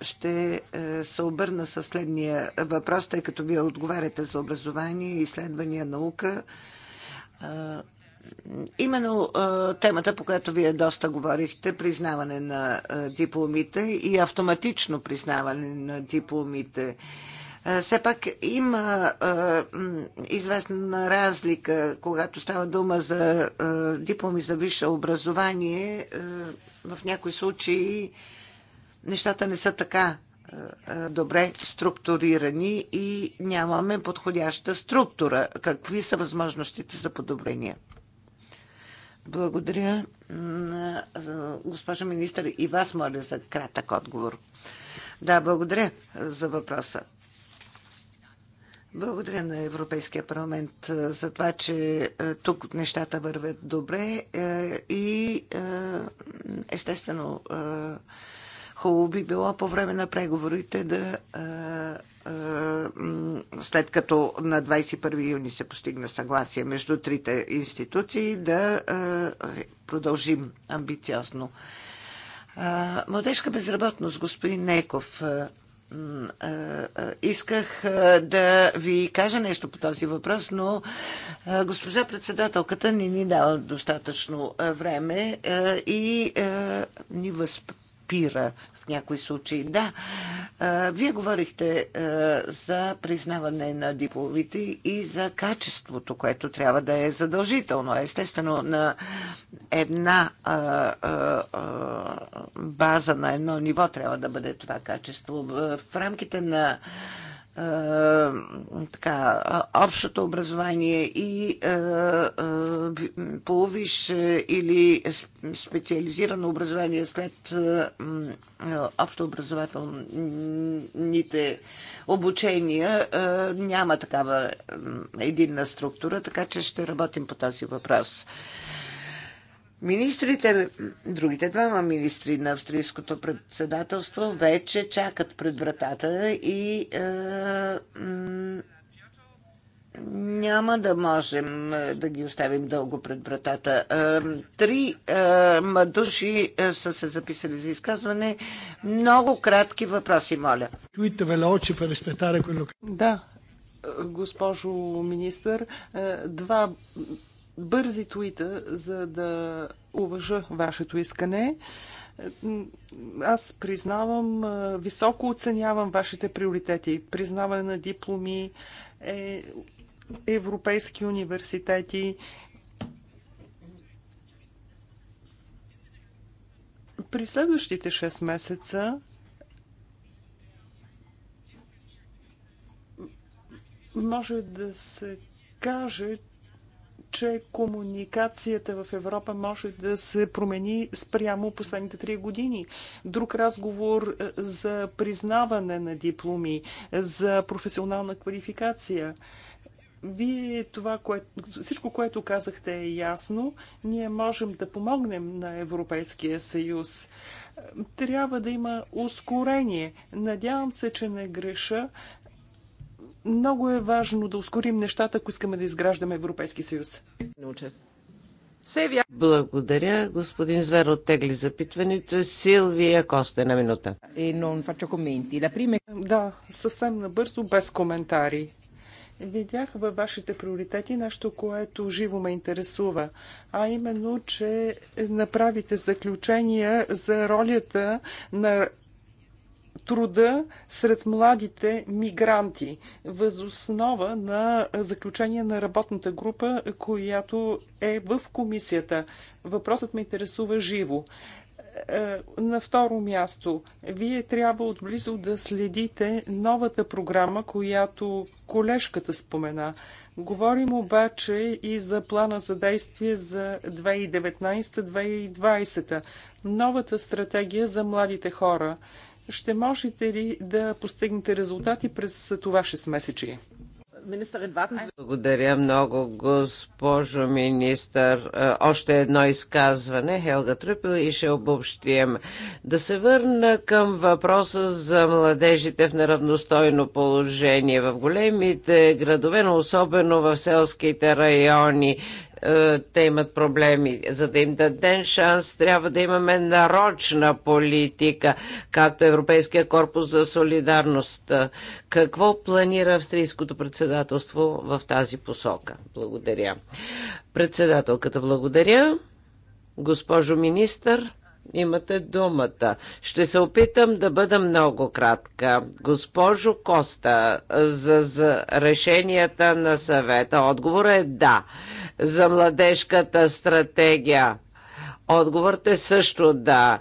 ще е, се обърна със следния въпрос, тъй като вие отговаряте за образование, изследвания, наука. Именно темата, по която вие доста говорихте, признаване на дипломите и автоматично признаване на дипломите все пак има известна разлика, когато става дума за дипломи за висше образование. В някои случаи нещата не са така добре структурирани и нямаме подходяща структура. Какви са възможностите за подобрение? Благодаря, госпожа министър. И вас моля за кратък отговор. Да, благодаря за въпроса. Благодаря на Европейския парламент за това, че тук нещата вървят добре е, и е, естествено е, хубаво би било по време на преговорите да след като на 21 юни се постигна съгласие между трите институции, да продължим амбициозно. Младежка безработност, господин Неков исках да ви кажа нещо по този въпрос, но госпожа председателката не ни дава достатъчно време и ни възпира в някои случаи. Да, вие говорихте за признаване на дипломите и за качеството, което трябва да е задължително. Естествено, на една база, на едно ниво трябва да бъде това качество. В рамките на е, така, общото образование и е, е, е или специализирано образование след общо е, общообразователните обучения няма такава единна структура, така че ще работим по този въпрос. Министрите, другите двама министри на австрийското председателство вече чакат пред вратата и е, няма да можем е, да ги оставим дълго пред вратата. Е, три е, души е, са се записали за изказване. Много кратки въпроси, моля. Да, госпожо министър, два бързи туита, за да уважа вашето искане. Аз признавам, високо оценявам вашите приоритети. Признаване на дипломи, е, европейски университети. При следващите 6 месеца може да се каже, че комуникацията в Европа може да се промени спрямо последните три години. Друг разговор е, за признаване на дипломи, е, за професионална квалификация. Вие това, което, всичко, което казахте е ясно. Ние можем да помогнем на Европейския съюз. Е, трябва да има ускорение. Надявам се, че не греша много е важно да ускорим нещата, ако искаме да изграждаме Европейски съюз. Благодаря. Господин Звер оттегли запитването. Силвия Коста, на минута. Да, съвсем набързо, без коментари. Видях във вашите приоритети нещо, което живо ме интересува, а именно, че направите заключения за ролята на труда сред младите мигранти, възоснова на заключение на работната група, която е в комисията. Въпросът ме интересува живо. Е, на второ място, вие трябва отблизо да следите новата програма, която колежката спомена. Говорим обаче и за плана за действие за 2019-2020, новата стратегия за младите хора. Ще можете ли да постигнете резултати през това 6 месечи? Благодаря много, госпожо министър. Е, още едно изказване, Хелга Трупил, и ще обобщим. Да се върна към въпроса за младежите в неравностойно положение. В големите градове, но особено в селските райони, е, те имат проблеми. За да им дадем шанс, трябва да имаме нарочна политика, както Европейския корпус за солидарност. Е, какво планира австрийското председателство в тази посока? Благодаря. Председателката, благодаря. Госпожо министър, Имате думата. Ще се опитам да бъда много кратка. Госпожо Коста, за, за решенията на съвета, отговорът е да. За младежката стратегия Отговорът е също да.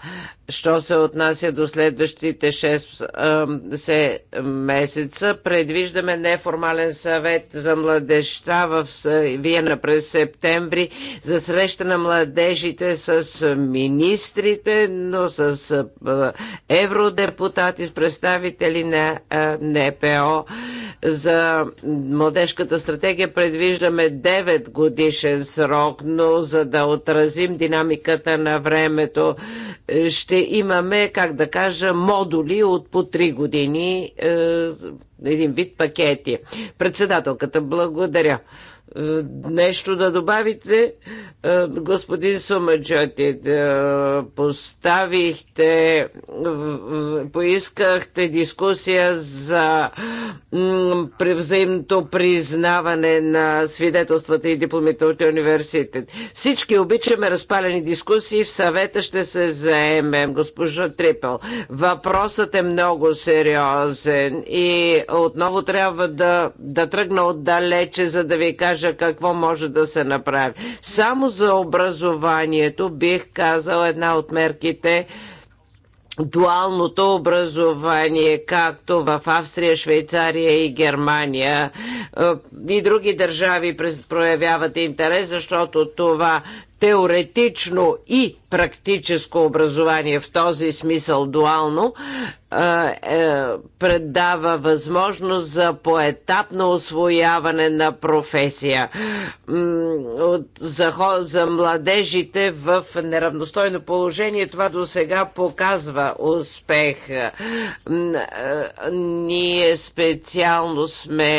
Що се отнася до следващите 6 месеца, предвиждаме неформален съвет за младеща в Виена през септември за среща на младежите с министрите, но с евродепутати, с представители на НПО. За младежката стратегия предвиждаме 9 годишен срок, но за да отразим динамиката на времето, ще имаме, как да кажа, модули от по 3 години, е, един вид пакети. Председателката, благодаря. Е, нещо да добавите, е, господин Сумаджоти, е, поставихте, поискахте дискусия за превзаимното признаване на свидетелствата и дипломите от университет. Всички обичаме разпалени дискусии, в съвета ще се заемем, госпожа Трипел. Въпросът е много сериозен и отново трябва да, да тръгна отдалече, за да ви кажа, кажа какво може да се направи. Само за образованието бих казал една от мерките дуалното образование, както в Австрия, Швейцария и Германия. Е, и други държави проявяват интерес, защото това теоретично и практическо образование в този смисъл дуално е, предава възможност за поетапно освояване на професия за, за младежите в неравностойно положение. Това до сега показва успех. Е, ние специално сме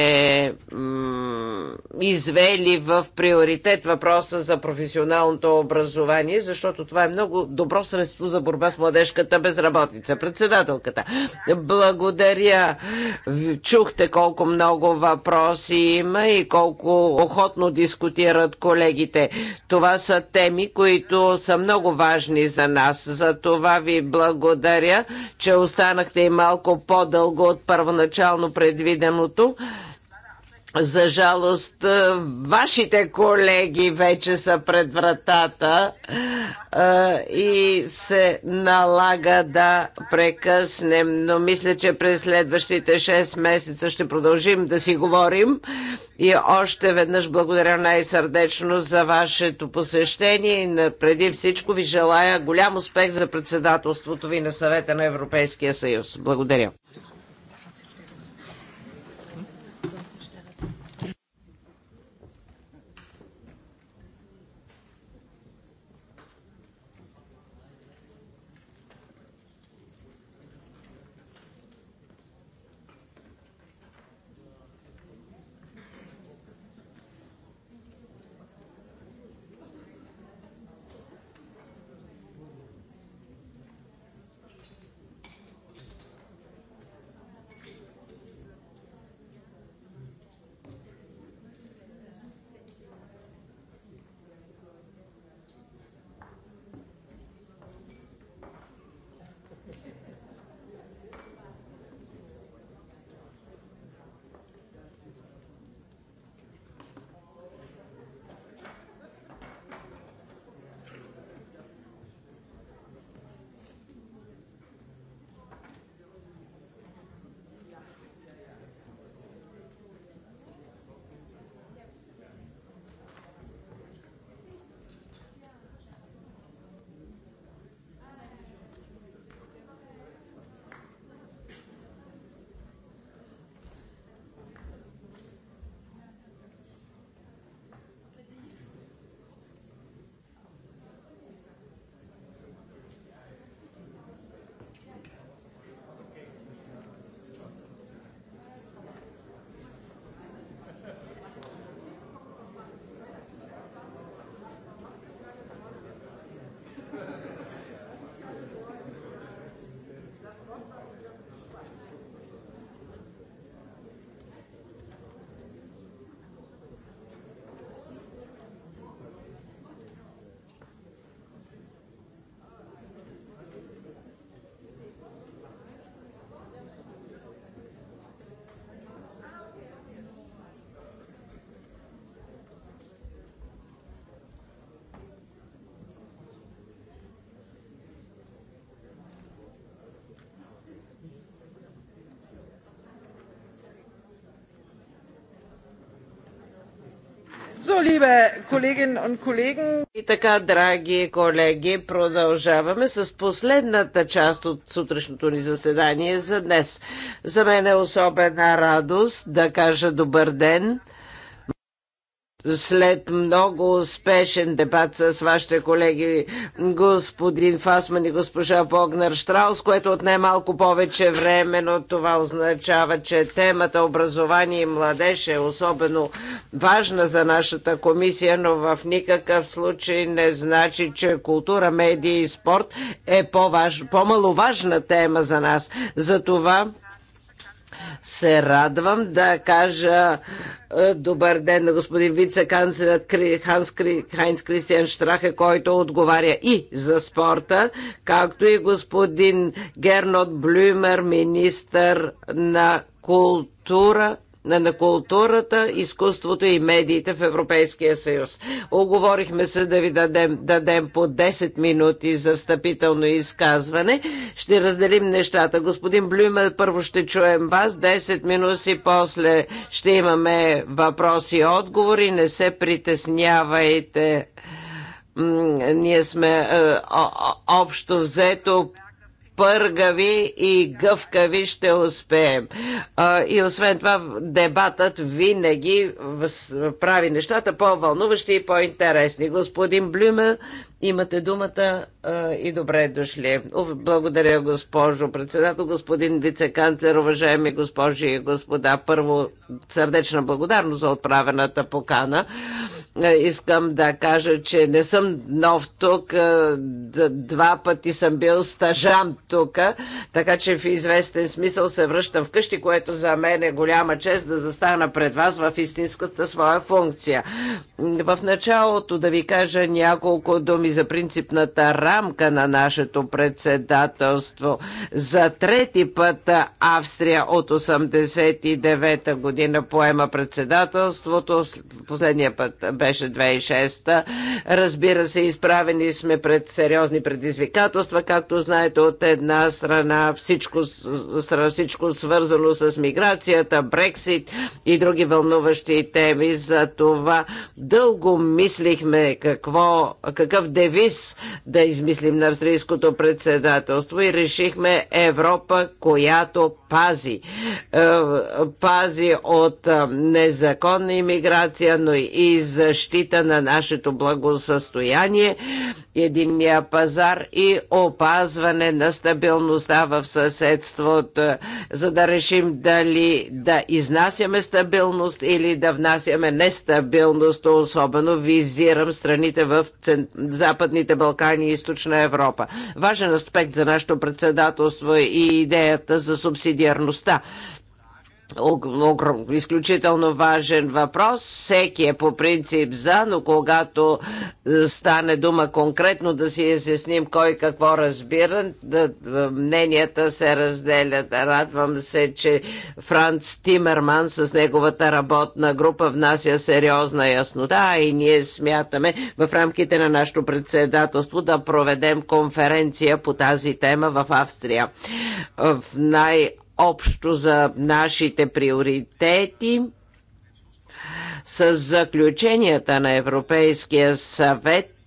извели в приоритет въпроса за професионалното образование, защото това е много добро средство за борба с младежката безработица. Председателката, благодаря. Чухте колко много въпроси има и колко охотно дискутират колегите. Това са теми, които са много важни за нас. За това ви благодаря, че останахте и малко по-дълго от първоначално предвиденото. За жалост, е, вашите колеги вече са пред вратата а, е, и се налага да прекъснем, но мисля, че през следващите 6 месеца ще продължим да си говорим и още веднъж благодаря най-сърдечно за вашето посещение и преди всичко ви желая голям успех за председателството ви на съвета на Европейския съюз. Благодаря. И така, драги колеги, продължаваме с последната част от сутрешното ни заседание за днес. За мен е особена радост да кажа добър ден след много успешен дебат с вашите колеги господин Фасман и госпожа Богнар Штраус, което отне малко повече време, но това означава, че темата образование и младеж е особено важна за нашата комисия, но в никакъв случай не значи, че култура, медии и спорт е по-маловажна по тема за нас. Затова се радвам да кажа е, добър ден на господин вице-канцлерът Хайнс Кристиан Штрахе, който отговаря и за спорта, както и господин Гернот Блюмер, министър на култура на културата, изкуството и медиите в Европейския съюз. Оговорихме се да ви дадем, дадем по 10 минути за встъпително изказване. Ще разделим нещата. Господин Блюмер, първо ще чуем вас 10 минути, после ще имаме въпроси и отговори. Не се притеснявайте ние сме е, общо взето пъргави и гъвкави ще успеем. А, и освен това, дебатът винаги прави нещата по-вълнуващи и по-интересни. Господин Блюме, имате думата а, и добре дошли. Благодаря, госпожо председател, господин вице уважаеми госпожи и господа. Първо, сърдечна благодарност за отправената покана. Е, искам да кажа, че не съм нов тук. Е, два пъти съм бил стажан тук, така че в известен смисъл се връщам вкъщи, което за мен е голяма чест да застана пред вас в истинската своя функция. В началото да ви кажа няколко думи за принципната рамка на нашето председателство. За трети път Австрия от 89-та година поема председателството. Последния път беше 2006. Разбира се, изправени сме пред сериозни предизвикателства, както знаете от една страна всичко, всичко свързано с миграцията, Брексит и други вълнуващи теми. За това дълго мислихме какво, какъв девиз да измислим на австрийското председателство и решихме Европа, която пази. Е, пази от е, незаконна иммиграция, но и за защита на нашето благосъстояние, единния пазар и опазване на стабилността в съседството, е, за да решим дали да изнасяме стабилност или да внасяме нестабилност, особено визирам страните в Западните Балкани и Източна Европа. Важен аспект за нашето председателство е и идеята за субсидиарността изключително важен въпрос. Всеки е по принцип за, но когато е, стане дума конкретно да си изясним кой какво разбира, да, е, мненията се разделят. Радвам се, че Франц Тимерман с неговата работна група внася сериозна яснота и ние смятаме в рамките на нашето председателство да проведем конференция по тази тема в Австрия. Е, в най- общо за нашите приоритети с заключенията на Европейския съвет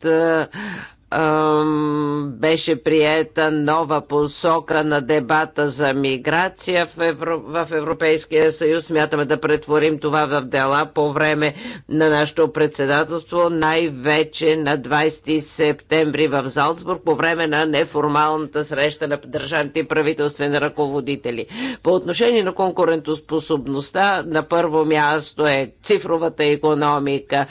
беше приета нова посока на дебата за миграция в, Евро... в Европейския съюз. Смятаме да претворим това в дела по време на нашето председателство, най-вече на 20 септември в Залцбург, по време на неформалната среща на държавните и правителствени ръководители. По отношение на конкурентоспособността, на първо място е цифровата економика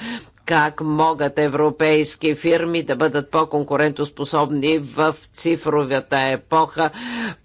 как могат европейски фирми да бъдат по-конкурентоспособни в цифровата епоха,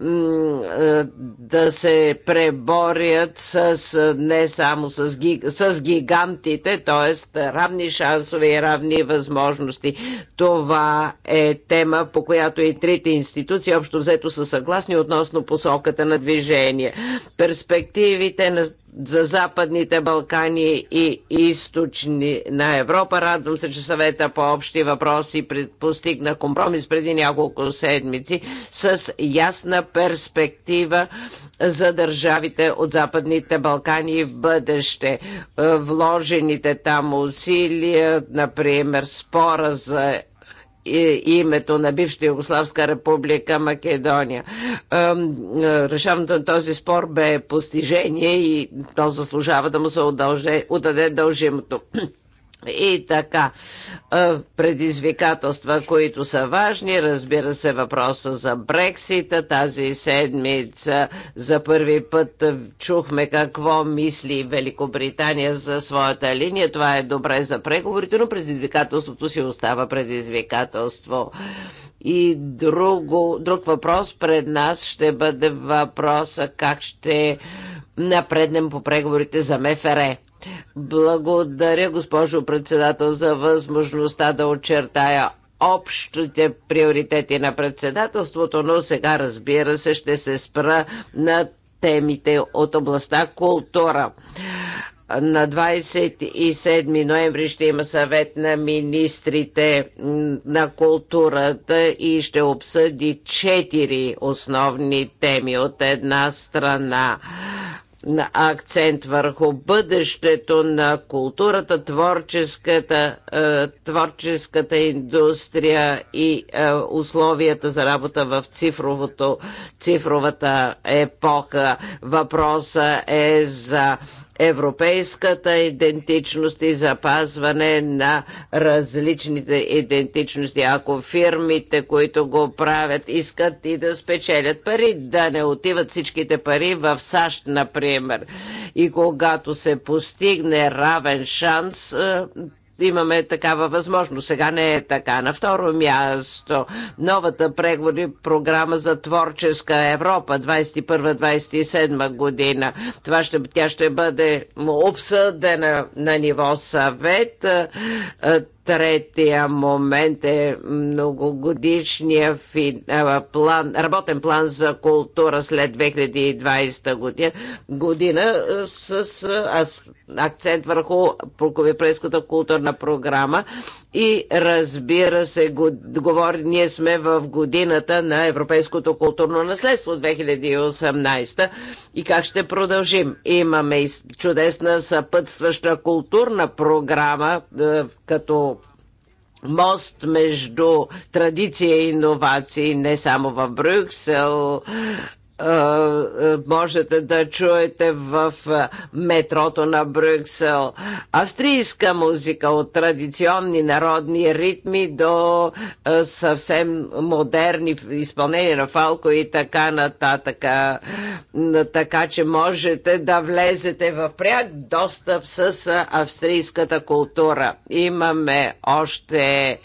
е, да се преборят с, е, не само с, гиг, с гигантите, т.е. равни шансове и равни възможности. Това е тема, по която и трите институции общо взето са съгласни относно посоката на движение. Перспективите на за Западните Балкани и източни на Европа. Радвам се, че съвета по общи въпроси постигна компромис преди няколко седмици с ясна перспектива за държавите от Западните Балкани в бъдеще. Е, вложените там усилия, например спора за името на бившата Югославска република Македония. Решаването на този спор бе постижение и то заслужава да му се удаде отдаде дължимото. И така, предизвикателства, които са важни, разбира се въпроса за Брексита. Тази седмица за първи път чухме какво мисли Великобритания за своята линия. Това е добре за преговорите, но предизвикателството си остава предизвикателство. И друго, друг въпрос пред нас ще бъде въпроса как ще напреднем по преговорите за МФР благодаря, госпожо председател, за възможността да очертая общите приоритети на председателството, но сега, разбира се, ще се спра на темите от областта култура. На 27 ноември ще има съвет на министрите на културата и ще обсъди четири основни теми от една страна на акцент върху бъдещето на културата, творческата, е, творческата индустрия и е, условията за работа в цифровото, цифровата епоха. Въпроса е за европейската идентичност и запазване на различните идентичности. Ако фирмите, които го правят, искат и да спечелят пари, да не отиват всичките пари в САЩ, например. И когато се постигне равен шанс, е, имаме такава възможност. Сега не е така. На второ място, новата преговори програма за творческа Европа 21-27 година. Това ще, тя ще бъде обсъдена на ниво съвет. Е, третия момент е многогодишния е, план, работен план за култура след 2020 година, година е, с аз, акцент върху Европейската културна програма и разбира се, го, говор, ние сме в годината на Европейското културно наследство 2018 и как ще продължим. Имаме и чудесна съпътстваща културна програма е, като мост между традиция и иновации не само в Брюксел, можете да чуете в метрото на Брюксел. Австрийска музика от традиционни народни ритми до съвсем модерни изпълнения на фалко и така нататък. Така че можете да влезете в пряк достъп с австрийската култура. Имаме още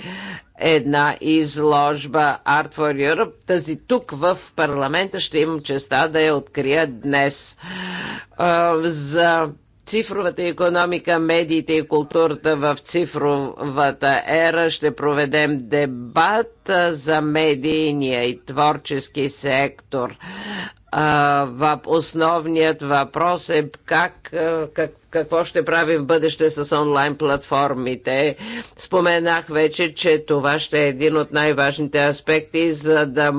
една изложба Art for Europe. Тази тук в парламента ще имам честа да я открия днес. За цифровата економика, медиите и културата в цифровата ера ще проведем дебат за медийния и творчески сектор. В основният въпрос е как, как, какво ще правим в бъдеще с онлайн платформите. Споменах вече, че това ще е един от най-важните аспекти, за да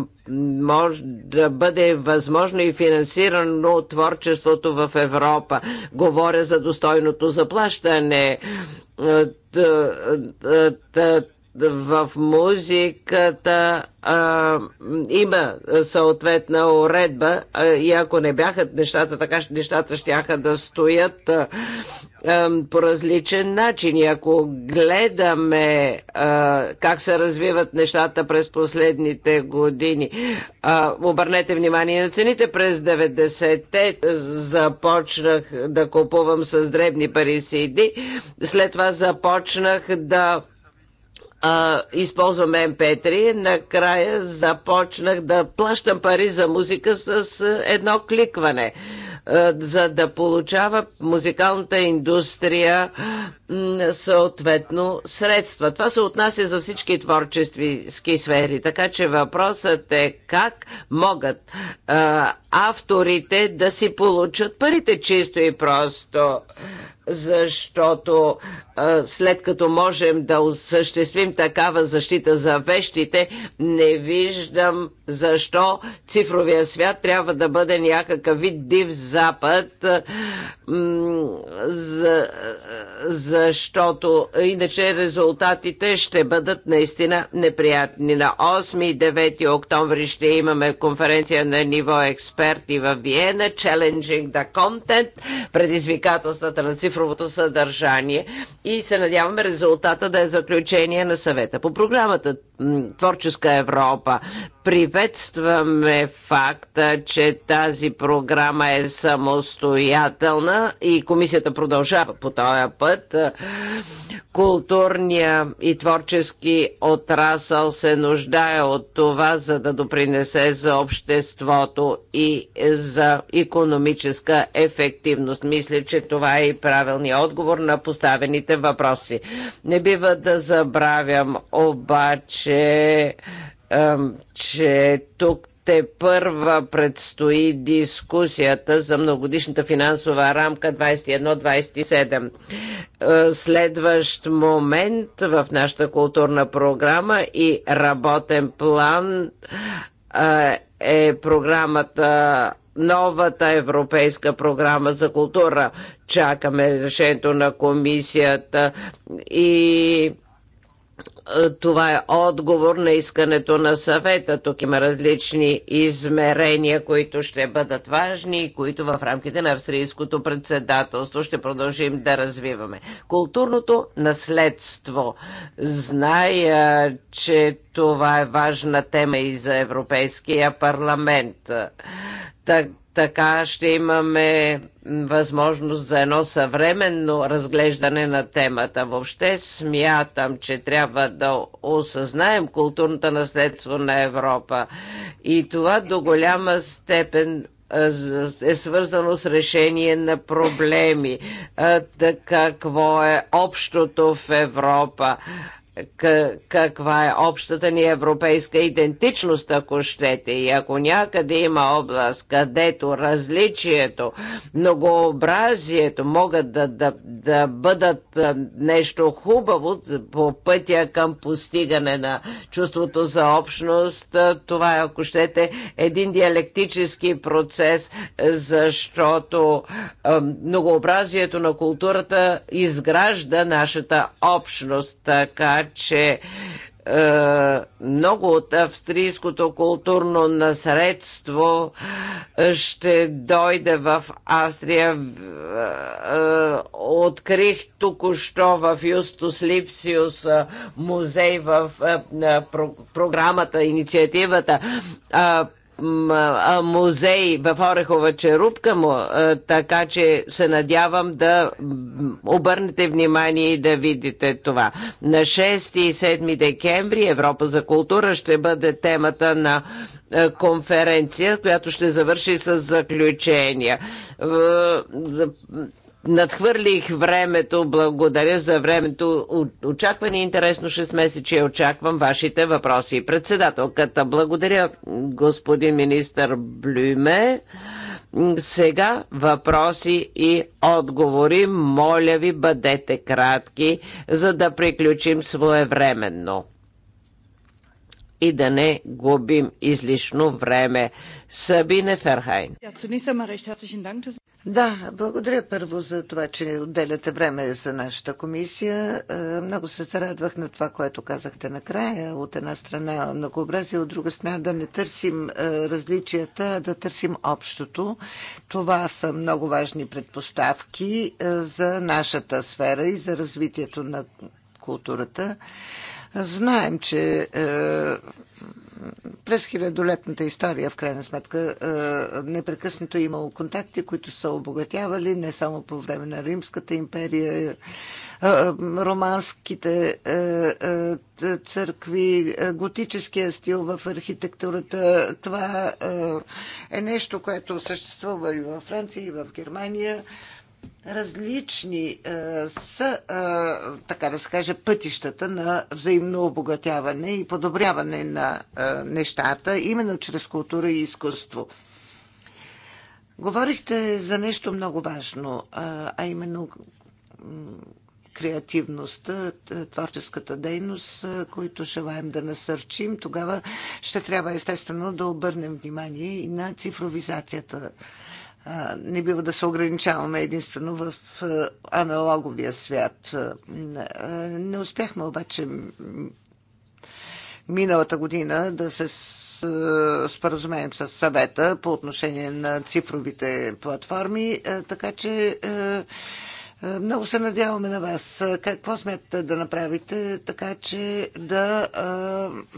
мож, да бъде възможно и финансирано творчеството в Европа. Говоря за достойното заплащане в музиката а, има съответна уредба а, и ако не бяха нещата така, нещата ще да стоят а, а, по различен начин. И ако гледаме а, как се развиват нещата през последните години, а, обърнете внимание на цените. През 90-те започнах да купувам с дребни пари CD, след това започнах да а, използвам MP3, накрая започнах да плащам пари за музика с едно кликване, а, за да получава музикалната индустрия съответно средства. Това се отнася за всички творчески сфери, така че въпросът е как могат а, авторите да си получат парите чисто и просто защото след като можем да осъществим такава защита за вещите, не виждам защо цифровия свят трябва да бъде някакъв вид див запад, защото иначе резултатите ще бъдат наистина неприятни. На 8 и 9 октомври ще имаме конференция на ниво експерти в Виена, Challenging the Content, предизвикателствата на цифровия цифровото съдържание и се надяваме резултата да е заключение на съвета. По програмата Творческа Европа приветстваме факта, че тази програма е самостоятелна и комисията продължава по този път. Културния и творчески отрасъл се нуждае от това, за да допринесе за обществото и за економическа ефективност. Мисля, че това е и правилно правилния отговор на поставените въпроси. Не бива да забравям обаче, че тук те първа предстои дискусията за многодишната финансова рамка 21-27. Е, следващ момент в нашата културна програма и работен план е, е програмата новата европейска програма за култура. Чакаме решението на комисията и е, това е отговор на искането на съвета. Тук има различни измерения, които ще бъдат важни и които в рамките на австрийското председателство ще продължим да развиваме. Културното наследство. Зная, че това е важна тема и за Европейския парламент. Така така ще имаме възможност за едно съвременно разглеждане на темата. Въобще смятам, че трябва да осъзнаем културното наследство на Европа. И това до голяма степен е свързано с решение на проблеми. Какво е общото в Европа? каква е общата ни европейска идентичност, ако щете. И ако някъде има област, където различието, многообразието могат да, да, да бъдат нещо хубаво по пътя към постигане на чувството за общност, това е, ако щете, един диалектически процес, защото многообразието на културата изгражда нашата общност, така че е, много от австрийското културно насредство е, ще дойде в Австрия. Е, открих току-що в Юстус Липсиус музей в програмата, инициативата музей в Орехова черупка му, така че се надявам да обърнете внимание и да видите това. На 6 и 7 декември Европа за култура ще бъде темата на конференция, която ще завърши с заключения. Надхвърлих времето, благодаря за времето. Очакване интересно 6 месече. Очаквам вашите въпроси. Председателката, благодаря господин министър Блюме. Сега въпроси и отговори. Моля ви, бъдете кратки, за да приключим своевременно и да не губим излишно време. Сабине Ферхайн. Да, благодаря първо за това, че отделяте време за нашата комисия. Е, много се зарадвах на това, което казахте накрая. От една страна многообразие, от друга страна да не търсим е, различията, а да търсим общото. Това са много важни предпоставки е, за нашата сфера и за развитието на културата. Знаем, че е, през хилядолетната история, в крайна сметка, е, непрекъснато е имало контакти, които са обогатявали не само по време на Римската империя, е, романските църкви, готическия стил в архитектурата. Това е нещо, което съществува и във Франция, и в Германия. Различни а, е, са, а, е, така да се каже, пътищата на взаимно обогатяване и подобряване на а, е, нещата, именно чрез култура и изкуство. Говорихте за нещо много важно, а, а именно креативността, творческата дейност, които желаем да насърчим, тогава ще трябва естествено да обърнем внимание и на цифровизацията не бива да се ограничаваме единствено в аналоговия свят. Не успяхме обаче миналата година да се споразумеем с съвета по отношение на цифровите платформи, така че е, много се надяваме на вас. Е, какво смятате да направите, така че да а,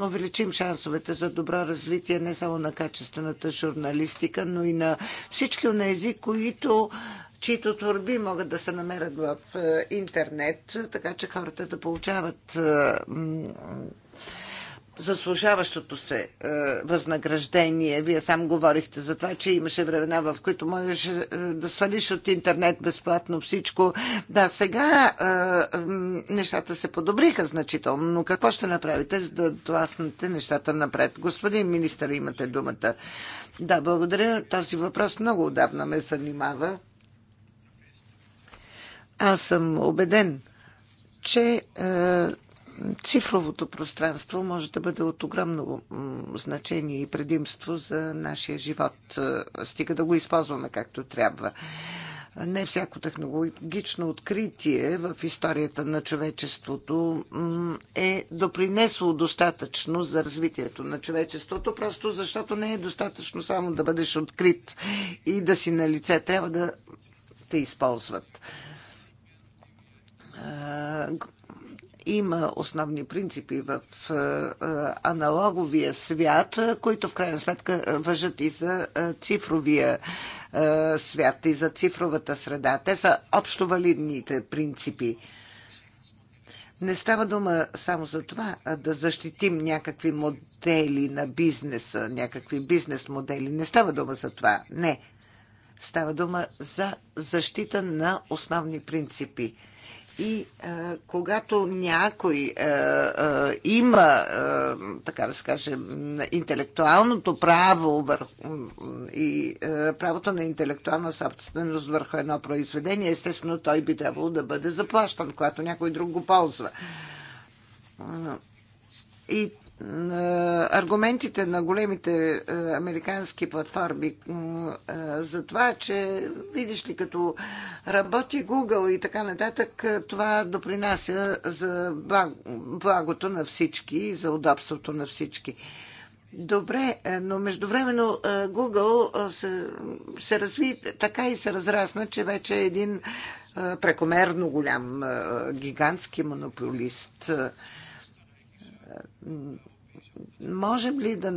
е, увеличим шансовете за добро развитие не само на качествената журналистика, но и на всички от тези, които чието творби могат да се намерят в интернет, така че хората да получават заслужаващото се е, възнаграждение. Вие сам говорихте за това, че имаше времена, в които можеш е, да свалиш от интернет безплатно всичко. Да, сега е, е, нещата се подобриха значително, но какво ще направите, за да тласнете нещата напред? Господин министър, имате думата. Да, благодаря. Този въпрос много отдавна ме занимава. Аз съм убеден, че е, цифровото пространство може да бъде от огромно значение и предимство за нашия живот, е, стига да го използваме както трябва. Не всяко технологично откритие в историята на човечеството е допринесло достатъчно за развитието на човечеството, просто защото не е достатъчно само да бъдеш открит и да си на лице. Трябва да те използват е, има основни принципи в е, е, аналоговия свят, е, които в крайна сметка въжат и за цифровия свят, и за цифровата среда. Те са общо валидните принципи. Не става дума само за това да защитим някакви модели на бизнеса, някакви бизнес модели. Не става дума за това. Не. Става дума за защита на основни принципи и а, когато някой а, а, има, а, така да се интелектуалното право върху, и а, правото на интелектуална собственост върху едно произведение, естествено той би трябвало да бъде заплащан, когато някой друг го ползва. И аргументите на големите е, американски платформи е, за това, че видиш ли като работи Google и така нататък, е, това допринася за благото на всички и за удобството на всички. Добре, но междувременно Google се, се разви така и се разрасна, че вече е един прекомерно голям гигантски монополист можем ли да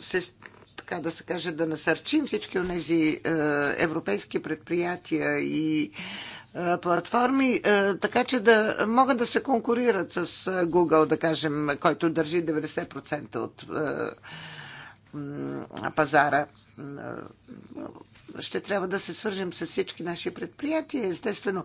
се така да се каже, да насърчим всички от тези е, европейски предприятия и е, платформи, е, така че да могат да се конкурират с Google, да кажем, който държи 90% от пазара ще трябва да се свържем с всички наши предприятия, естествено.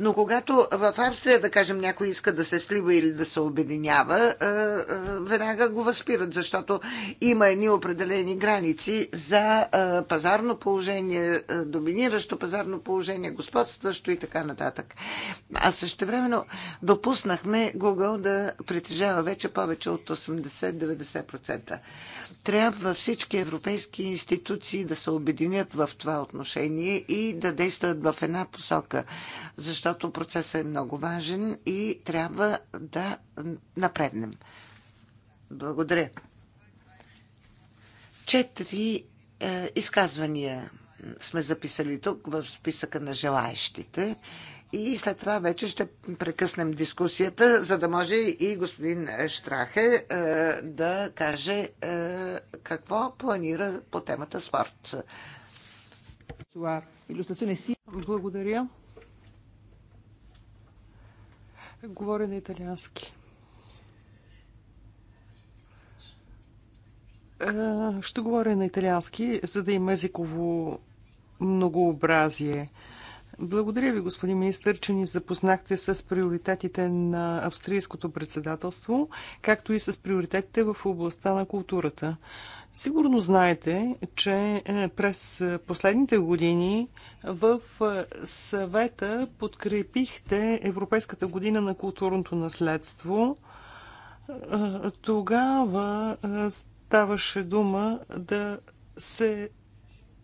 Но когато в Австрия, да кажем, някой иска да се слива или да се обединява, е, е, веднага го възпират, защото има едни определени граници за е, пазарно положение, доминиращо пазарно положение, господстващо и така нататък. А също времено допуснахме Google да притежава вече повече от 80-90%. Трябва всички европейски институции да се обединят в това това отношение и да действат в една посока, защото процесът е много важен и трябва да напреднем. Благодаря. Четири е, изказвания сме записали тук в списъка на желаещите. И след това вече ще прекъснем дискусията, за да може и господин Штрахе е, да каже е, какво планира по темата спорт. Това си. Благодаря. Говоря на италиански. Е, ще говоря на италиански, за да има езиково многообразие. Благодаря ви, господин министр, че ни запознахте с приоритетите на австрийското председателство, както и с приоритетите в областта на културата. Сигурно знаете, че е, през последните години в е, съвета подкрепихте Европейската година на културното наследство. Е, тогава ставаше дума да се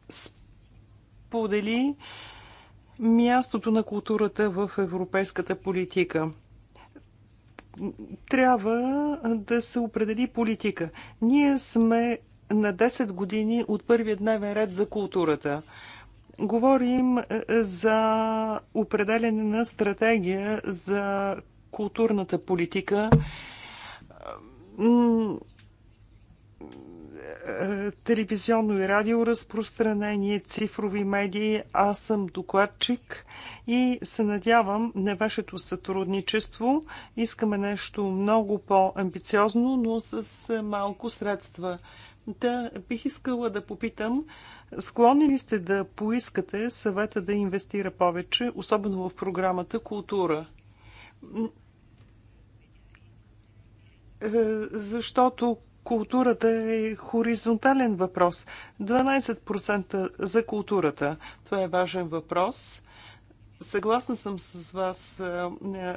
сподели мястото на културата в европейската политика трябва да се определи политика. Ние сме на 10 години от първия дневен ред за културата. Говорим е, за определене на стратегия за културната политика. Е, е, телевизионно и радиоразпространение, цифрови медии. Аз съм докладчик и се надявам на вашето сътрудничество. Искаме нещо много по-амбициозно, но с малко средства. Да, бих искала да попитам, склонни ли сте да поискате съвета да инвестира повече, особено в програмата Култура? Е, защото културата е хоризонтален въпрос. 12% за културата. Това е важен въпрос. Съгласна съм с вас е,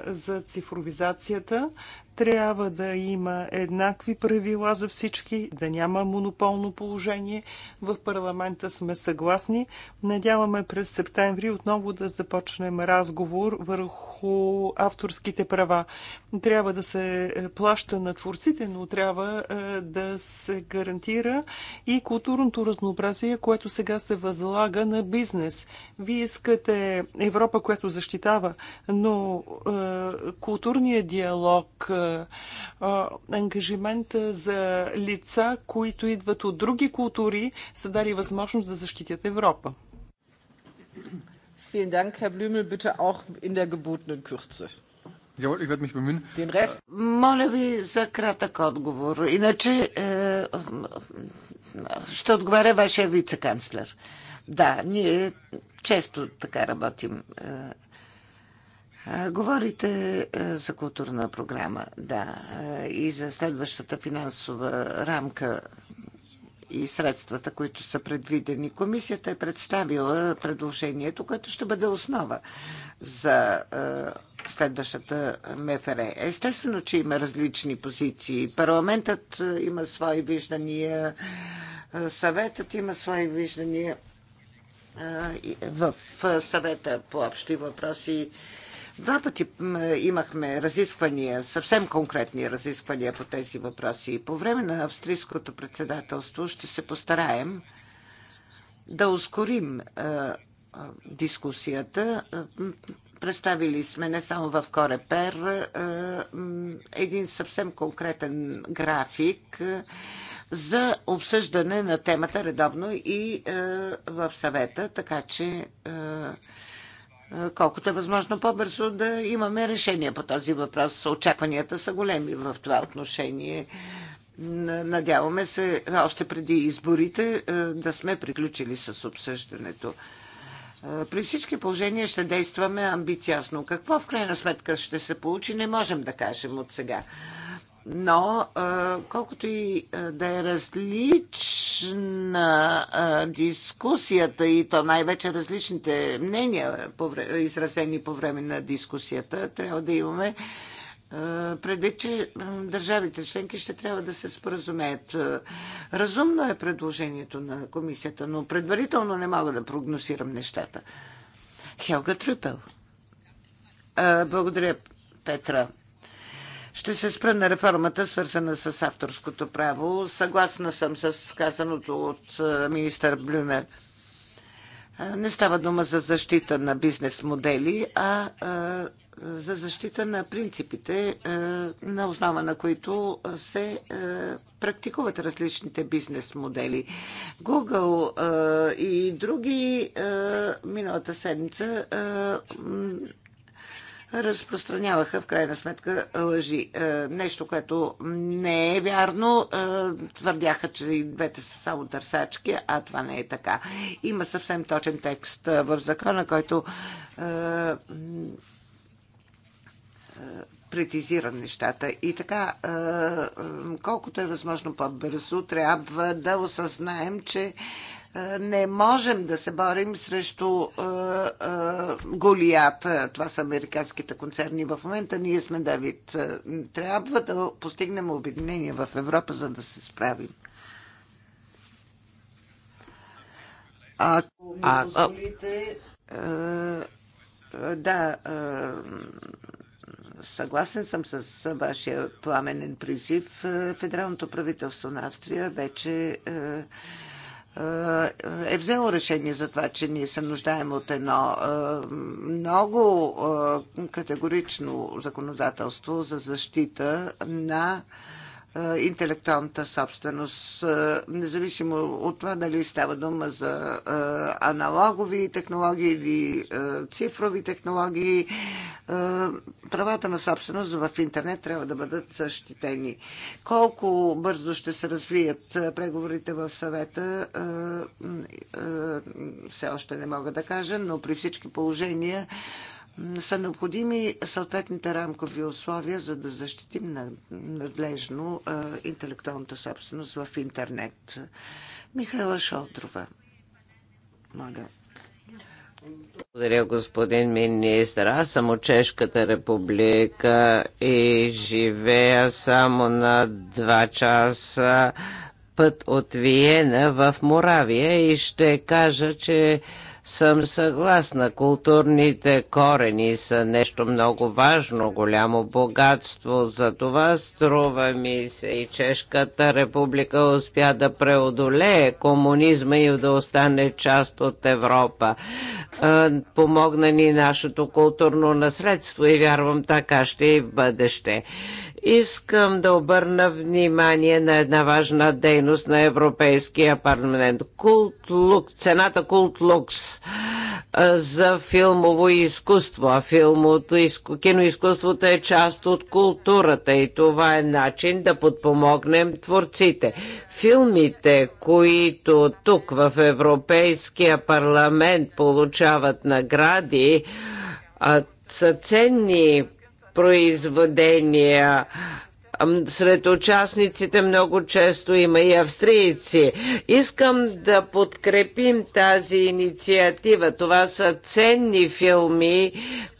за цифровизацията трябва да има еднакви правила за всички, да няма монополно положение. В парламента сме съгласни. Надяваме през септември отново да започнем разговор върху авторските права. Трябва да се плаща на творците, но трябва е, да се гарантира и културното разнообразие, което сега се възлага на бизнес. Вие искате Европа, която защитава, но е, културният диалог, е, ангажимент за лица, които идват от други култури, са дали възможност да защитят Европа. Vielen Dank, Herr Blümel, bitte auch in der gebotenen Kürze. Jawohl, ich werde mich bemühen. Den Rest. Моля ви за кратък отговор. Иначе е, ще отговаря вашия вице-канцлер. Да, ние често така работим. Е, Говорите е, за културна програма, да, е, и за следващата финансова рамка и средствата, които са предвидени. Комисията е представила предложението, което ще бъде основа за е, следващата МФР. Естествено, че има различни позиции. Парламентът има свои виждания, съветът има свои виждания в съвета по общи въпроси Два пъти имахме разисквания, съвсем конкретни разисквания по тези въпроси. По време на австрийското председателство ще се постараем да ускорим дискусията. Представили сме не само в Корепер един съвсем конкретен график за обсъждане на темата редовно и в съвета, така че колкото е възможно по-бързо да имаме решение по този въпрос. Очакванията са големи в това отношение. Надяваме се още преди изборите да сме приключили с обсъждането. При всички положения ще действаме амбициозно. Какво в крайна сметка ще се получи, не можем да кажем от сега но колкото и да е различна дискусията и то най-вече различните мнения, изразени по време на дискусията, трябва да имаме предвид, че държавите членки ще трябва да се споразумеят. Разумно е предложението на комисията, но предварително не мога да прогнозирам нещата. Хелга Трюпел. Благодаря, Петра. Ще се спра на реформата, свързана с авторското право. Съгласна съм с казаното от е, министър Блюмер. Е, не става дума за защита на бизнес модели, а е, за защита на принципите, на основа на които се практикуват различните бизнес модели. Google и други миналата седмица разпространяваха в крайна сметка лъжи. Е, нещо, което не е вярно. Е, твърдяха, че и двете са само търсачки, а това не е така. Има съвсем точен текст е, в закона, който претизира нещата. И така, колкото е възможно по-бързо, трябва да осъзнаем, че е, не можем да се борим срещу е, е, Голият. Това са американските концерни. В момента ние сме Давид. Трябва да постигнем обединение в Европа, за да се справим. Ако ми позволите... Да, съгласен съм с вашия пламенен призив. Федералното правителство на Австрия вече е взело решение за това, че ние се нуждаем от едно е, много е, категорично законодателство за защита на интелектуалната собственост, независимо от това дали става дума за аналогови технологии или цифрови технологии, правата на собственост в интернет трябва да бъдат защитени. Колко бързо ще се развият преговорите в съвета, все още не мога да кажа, но при всички положения са необходими съответните рамкови условия, за да защитим надлежно интелектуалната собственост в интернет. Михайла Шолдрова. Моля. Благодаря, господин министр. Аз съм от Чешката република и живея само на два часа път от Виена в Моравия и ще кажа, че съм съгласна. Културните корени са нещо много важно, голямо богатство. За това струва ми се и Чешката република успя да преодолее комунизма и да остане част от Европа. Помогна ни нашето културно наследство и вярвам така ще и в бъдеще. Искам да обърна внимание на една важна дейност на Европейския парламент. Култ лук, цената Култ Лукс за филмово изкуство, а филмото, киноизкуството е част от културата и това е начин да подпомогнем творците. Филмите, които тук в Европейския парламент получават награди, са ценни произведения. Сред участниците много често има и австрийци. Искам да подкрепим тази инициатива. Това са ценни филми,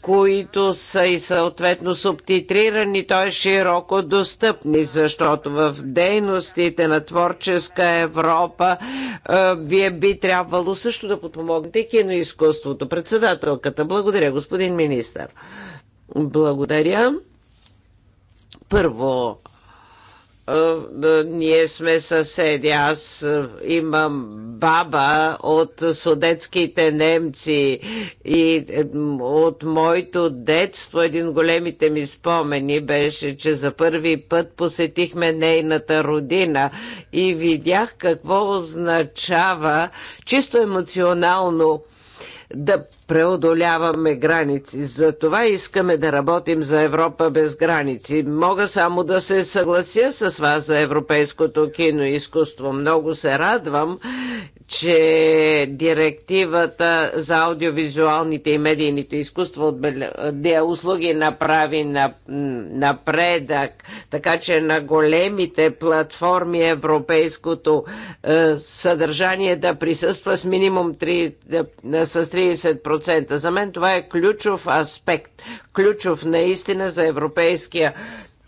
които са и съответно субтитрирани, той е широко достъпни, защото в дейностите на творческа Европа е, вие би трябвало също да подпомогнете киноизкуството. Председателката, благодаря, господин министър. Благодаря. Първо, ние сме съседи. Аз имам баба от судетските немци и е, от моето детство един големите ми спомени беше, че за първи път посетихме нейната родина и видях какво означава чисто емоционално да преодоляваме граници. За това искаме да работим за Европа без граници. Мога само да се съглася с вас за европейското кино и изкуство. Много се радвам, че директивата за аудиовизуалните и медийните изкуства от услуги направи напредък, така че на големите платформи европейското е, съдържание да присъства с минимум 3, с 30% 10%. За мен това е ключов аспект, ключов наистина за европейския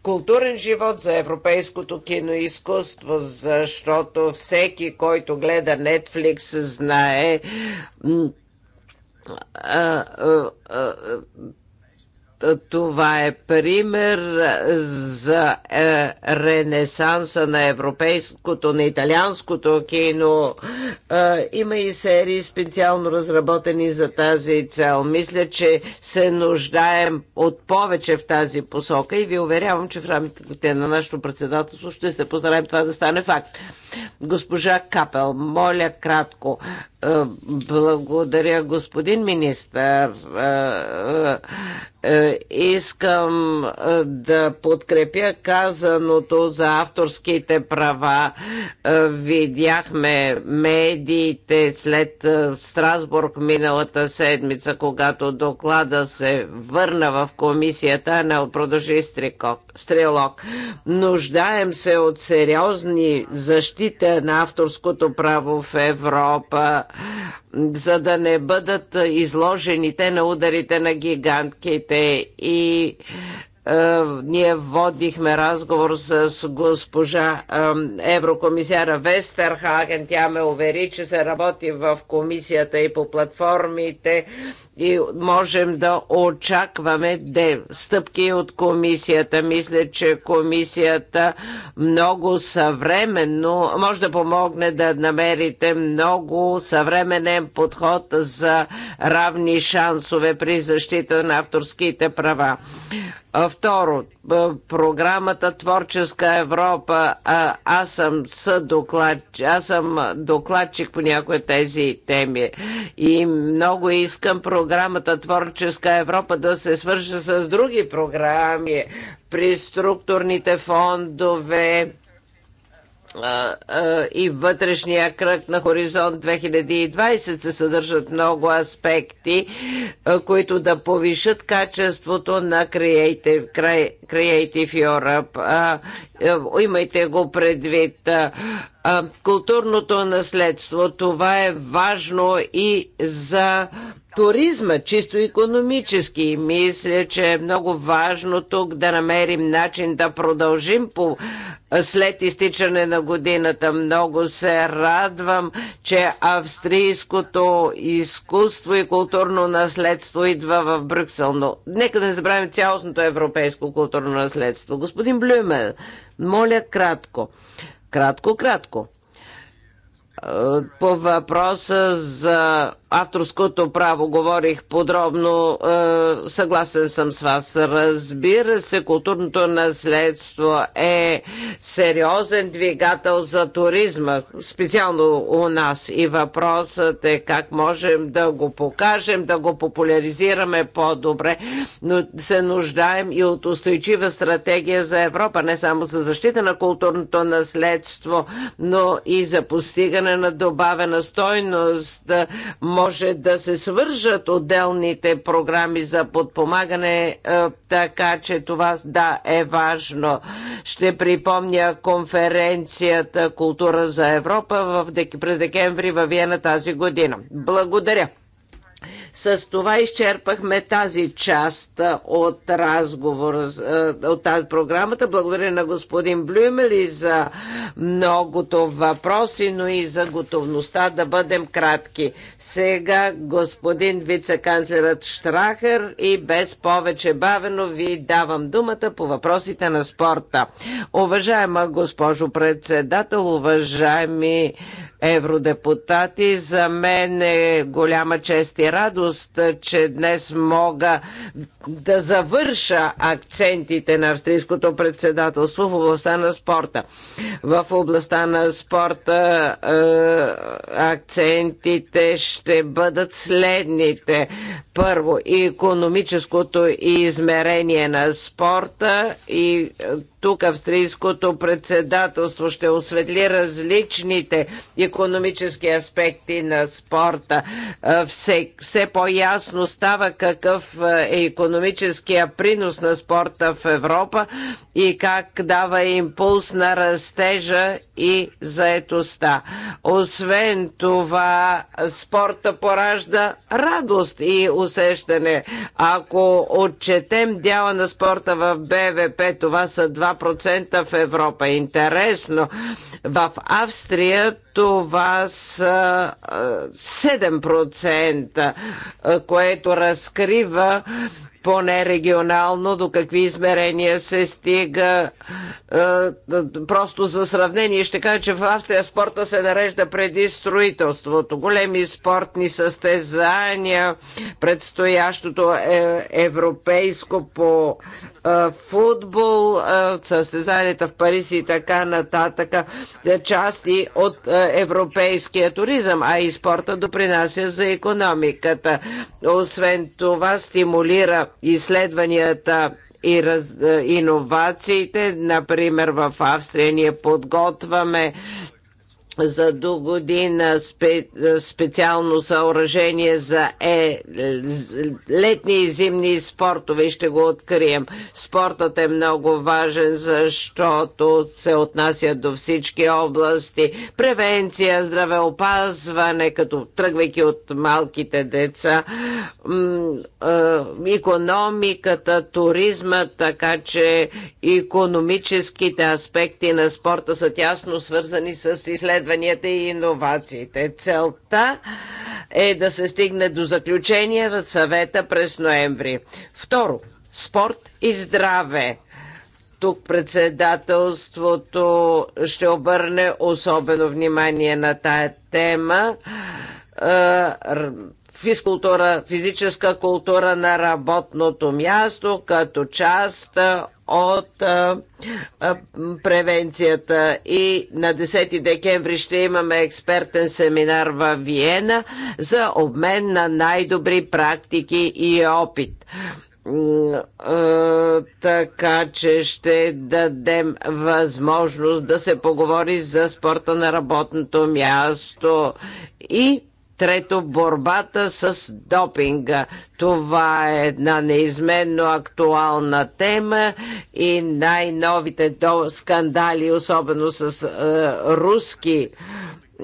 културен живот, за европейското киноизкуство, защото всеки, който гледа Netflix, знае е, това е пример за е, ренесанса на европейското, на италианското кино. Е, има и серии специално разработени за тази цел. Мисля, че се нуждаем от повече в тази посока и ви уверявам, че в рамките на нашето председателство ще се постараем това да стане факт. Госпожа Капел, моля кратко. Е, благодаря, господин министър. Е, е, искам да подкрепя казаното за авторските права. Видяхме медиите след Страсбург миналата седмица, когато доклада се върна в комисията на продължи стрелок. Нуждаем се от сериозни защита на авторското право в Европа за да не бъдат изложени те на ударите на гигантките и е, ние водихме разговор с госпожа е, еврокомисяра Вестерхаген. Тя ме увери, че се работи в комисията и по платформите и можем да очакваме де, стъпки от комисията. Мисля, че комисията много съвременно може да помогне да намерите много съвременен подход за равни шансове при защита на авторските права. Второ, програмата Творческа Европа. А, аз съм съдоклад, аз съм докладчик по някои тези теми и много искам програмата Творческа Европа да се свърши с други програми при структурните фондове, и вътрешния кръг на Хоризонт 2020 се съдържат много аспекти, които да повишат качеството на Creative, Creative Europe. Имайте го предвид. Културното наследство, това е важно и за туризма, чисто економически. И мисля, че е много важно тук да намерим начин да продължим по след изтичане на годината. Много се радвам, че австрийското изкуство и културно наследство идва в Брюксел. Но нека да не забравим цялостното европейско културно наследство. Господин Блюмел, моля кратко. Кратко, кратко. По въпроса за авторското право говорих подробно. Е, съгласен съм с вас. Разбира се, културното наследство е сериозен двигател за туризма, специално у нас. И въпросът е как можем да го покажем, да го популяризираме по-добре, но се нуждаем и от устойчива стратегия за Европа, не само за защита на културното наследство, но и за постигане на добавена стойност. Може може да се свържат отделните програми за подпомагане, е, така че това да е важно. Ще припомня конференцията Култура за Европа в, през декември във Виена тази година. Благодаря. С това изчерпахме тази част от разговора, от тази програмата. Благодаря на господин Блюмели за многото въпроси, но и за готовността да бъдем кратки. Сега господин вице-канцлерът Штрахер и без повече бавено ви давам думата по въпросите на спорта. Уважаема госпожо председател, уважаеми евродепутати, за мен е голяма чест и радост радост, че днес мога да завърша акцентите на австрийското председателство в областта на спорта. В областта на спорта е, акцентите ще бъдат следните. Първо, економическото измерение на спорта и е, тук австрийското председателство ще осветли различните економически аспекти на спорта. Е, все, все по-ясно става какъв е економическия принос на спорта в Европа и как дава импулс на растежа и заетостта. Освен това, спорта поражда радост и усещане. Ако отчетем дяла на спорта в БВП, това са 2% в Европа. Интересно, в Австрия това са 7%, което разкрива поне регионално, до какви измерения се стига. Е, просто за сравнение ще кажа, че в Австрия спорта се нарежда преди строителството. Големи спортни състезания, предстоящото е европейско по футбол, състезанията в Париж и така нататък, е, части от е, европейския туризъм, а и спорта допринася за економиката. Освен това стимулира изследванията и раз, е, иновациите. Например, в Австрия ние подготвяме за до година спе, е, специално съоръжение за е, е, летни и зимни спортове ще го открием. Спортът е много важен, защото се отнася до всички области. Превенция, здравеопазване, като тръгвайки от малките деца, економиката, туризма, така че економическите аспекти на спорта са тясно свързани с изследването изследванията и иновациите. Целта е да се стигне до заключение на съвета през ноември. Второ, спорт и здраве. Тук председателството ще обърне особено внимание на тая тема е, физкултура, физическа култура на работното място като част от превенцията. И на 10 декември ще имаме експертен семинар в Виена за обмен на най-добри практики и опит така че ще дадем възможност да се поговори за спорта на работното място и Трето, борбата с допинга. Това е една неизменно актуална тема и най-новите скандали, особено с е, руски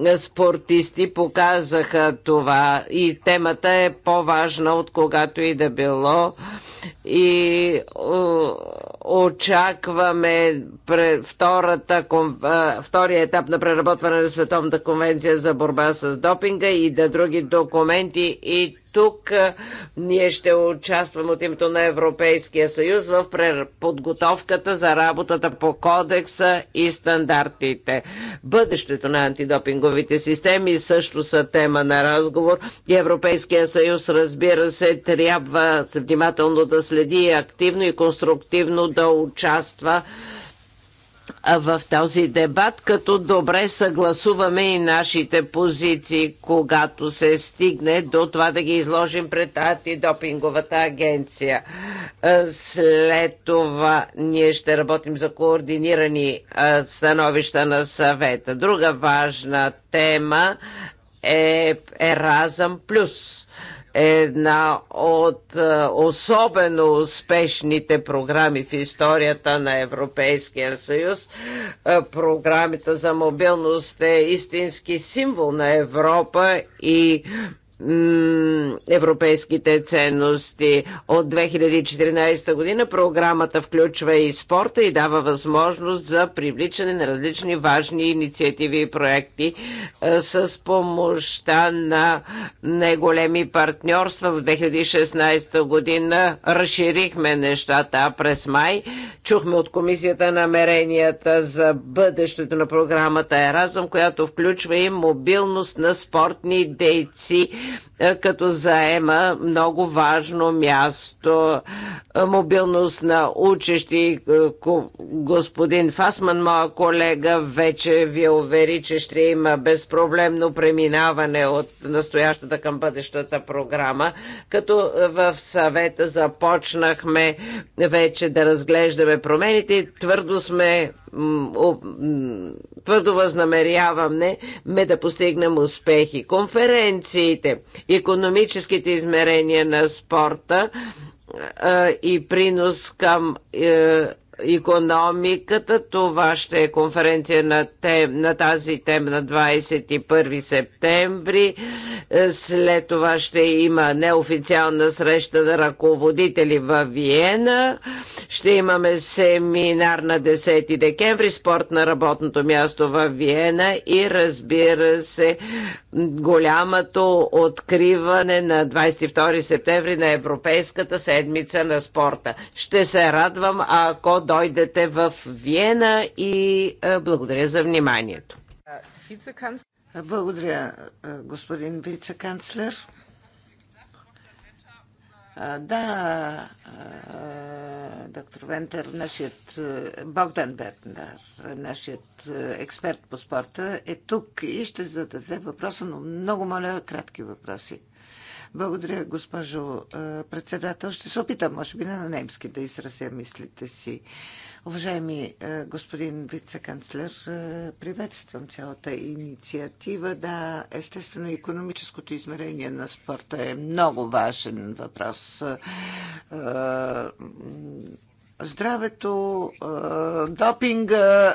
е, спортисти показаха това и темата е по-важна от когато и да било и е, очакваме втората, втория етап на преработване на Световната конвенция за борба с допинга и да други документи и тук ние ще участваме от името на Европейския съюз в подготовката за работата по кодекса и стандартите. Бъдещето на антидопинговите системи също са тема на разговор. Европейския съюз, разбира се, трябва внимателно да следи и активно и конструктивно да участва в този дебат, като добре съгласуваме и нашите позиции, когато се стигне до това да ги изложим пред антидопинговата агенция. След това ние ще работим за координирани становища на съвета. Друга важна тема е Еразъм Плюс една от е, особено успешните програми в историята на Европейския съюз. Е, Програмата за мобилност е истински символ на Европа и европейските ценности. От 2014 година програмата включва и спорта и дава възможност за привличане на различни важни инициативи и проекти е, с помощта на неголеми партньорства. В 2016 година разширихме нещата, през май чухме от комисията намеренията за бъдещето на програмата Еразъм, която включва и мобилност на спортни дейци е, като заема много важно място. Е, мобилност на учещи. Е, господин Фасман, моя колега, вече ви увери, че ще има безпроблемно преминаване от настоящата към бъдещата програма, като в съвета започнахме вече да разглеждаме промените. Твърдо сме твърдо възнамеряваме ме да постигнем успехи. Конференциите економическите измерения на спорта и принос към е, економиката. Това ще е конференция на, тем, на тази тема на 21 септември. Е, след това ще има неофициална среща на ръководители в Виена. Ще имаме семинар на 10 декември, спорт на работното място в Виена и разбира се голямото откриване на 22 септември на Европейската седмица на спорта. Ще се радвам, ако до дойдете в Виена и благодаря за вниманието. Благодаря, господин вице-канцлер. Да, доктор Вентер, нашият Богдан Бертнер, нашият експерт по спорта е тук и ще зададе въпроса, но много моля кратки въпроси. Благодаря, госпожо председател. Ще се опитам, може би, на немски да изразя мислите си. Уважаеми господин вице-канцлер, приветствам цялата инициатива. Да, естествено, економическото измерение на спорта е много важен въпрос здравето, допинга.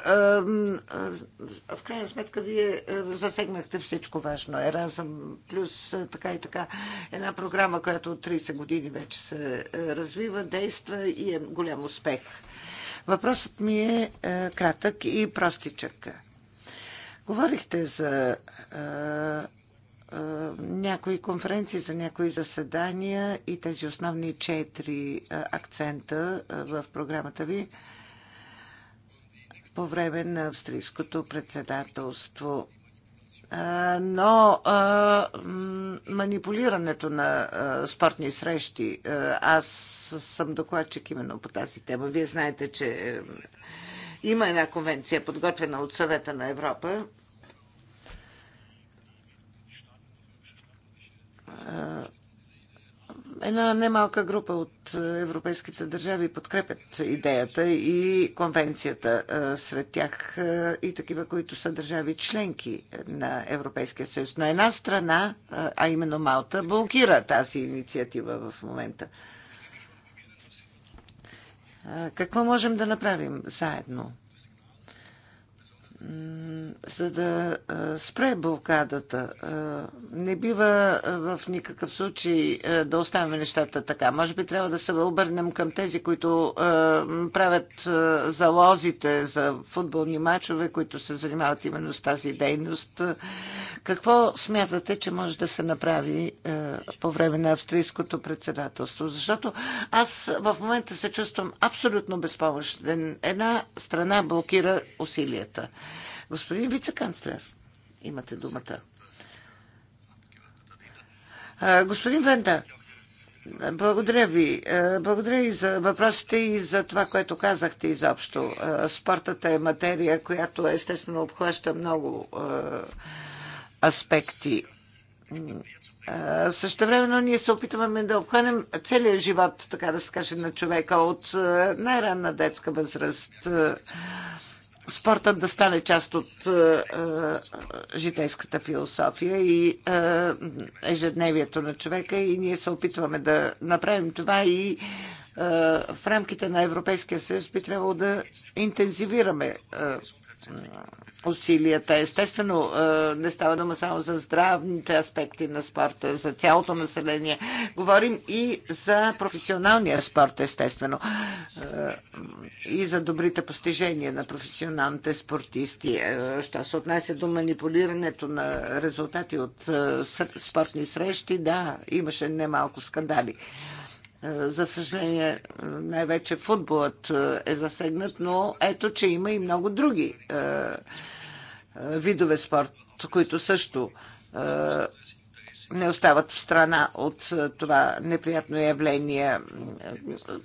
В крайна сметка вие засегнахте всичко важно. Еразъм плюс така и така. Една програма, която от 30 години вече се развива, действа и е голям успех. Въпросът ми е кратък и простичък. Говорихте за някои конференции, за някои заседания и тези основни четири акцента в програмата ви по време на австрийското председателство. Но манипулирането на спортни срещи, аз съм докладчик именно по тази тема. Вие знаете, че има една конвенция, подготвена от съвета на Европа Е, една немалка група от е, европейските държави подкрепят идеята и конвенцията е, сред тях и такива, които са държави членки на Европейския съюз. Но една страна, а именно Малта, блокира тази инициатива в момента. Какво можем да направим заедно? за да спре блокадата. Не бива в никакъв случай да оставяме нещата така. Може би трябва да се обърнем към тези, които правят залозите за футболни матчове, които се занимават именно с тази дейност. Какво смятате, че може да се направи е, по време на австрийското председателство? Защото аз в момента се чувствам абсолютно безпомощен. Една страна блокира усилията. Господин вице-канцлер, имате думата. Е, господин Венда, благодаря ви. Е, благодаря и за въпросите и за това, което казахте изобщо. Спортът е материя, която естествено обхваща много аспекти. Също времено ние се опитваме да обхванем целия живот, така да се каже, на човека от най-ранна детска възраст. Спортът да стане част от житейската философия и ежедневието на човека и ние се опитваме да направим това и в рамките на Европейския съюз би трябвало да интензивираме усилията. Естествено, не става дума само за здравните аспекти на спорта, за цялото население. Говорим и за професионалния спорт, естествено. И за добрите постижения на професионалните спортисти. Що се отнася до манипулирането на резултати от спортни срещи, да, имаше немалко скандали. Е, за съжаление, най-вече футболът е, е засегнат, но ето, че има и много други е, видове спорт, които също не остават в страна от е, това неприятно явление.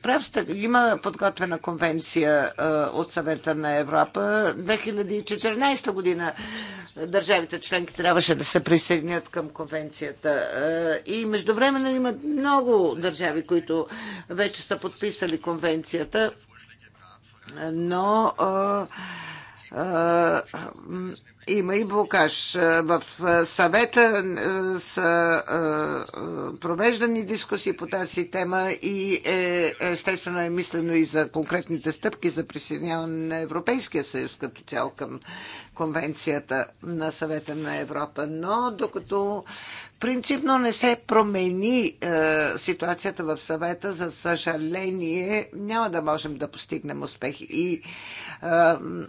Прав сте, има подготвена конвенция е, от съвета на Европа. 2014 година държавите членки трябваше да се присъединят към конвенцията. Е, и междувременно има много държави, които вече са подписали конвенцията, но има и блокаж. В съвета са провеждани дискусии по тази тема и е, естествено е мислено и за конкретните стъпки за присъединяване на Европейския съюз като цяло към Конвенцията на съвета на Европа. Но докато Принципно не се промени е, ситуацията в съвета. За съжаление, няма да можем да постигнем успехи. И е,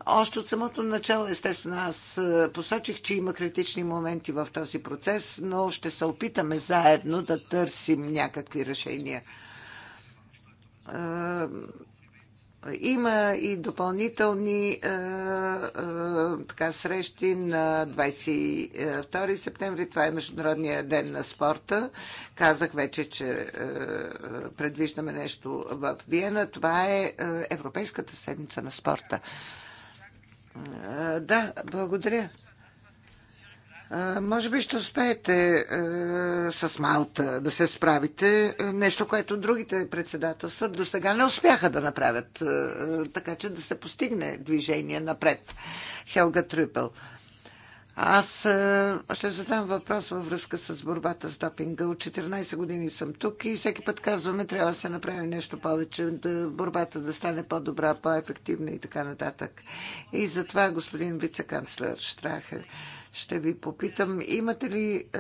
още от самото начало, естествено, аз е, посочих, че има критични моменти в този процес, но ще се опитаме заедно да търсим някакви решения. Е, има и допълнителни е, е, така, срещи на 22 септември. Това е Международния ден на спорта. Казах вече, че е, предвиждаме нещо в Виена. Това е, е Европейската седмица на спорта. Е, да, благодаря. Може би ще успеете е, с Малта да се справите. Е, нещо, което другите председателства до сега не успяха да направят. Е, е, така че да се постигне движение напред. Хелга Трюпел. Аз е, ще задам въпрос във връзка с борбата с допинга. От 14 години съм тук и всеки път казваме, трябва да се направи нещо повече, да, борбата да стане по-добра, по-ефективна и така нататък. И затова, господин вице-канцлер Штрахер, ще ви попитам, имате ли е,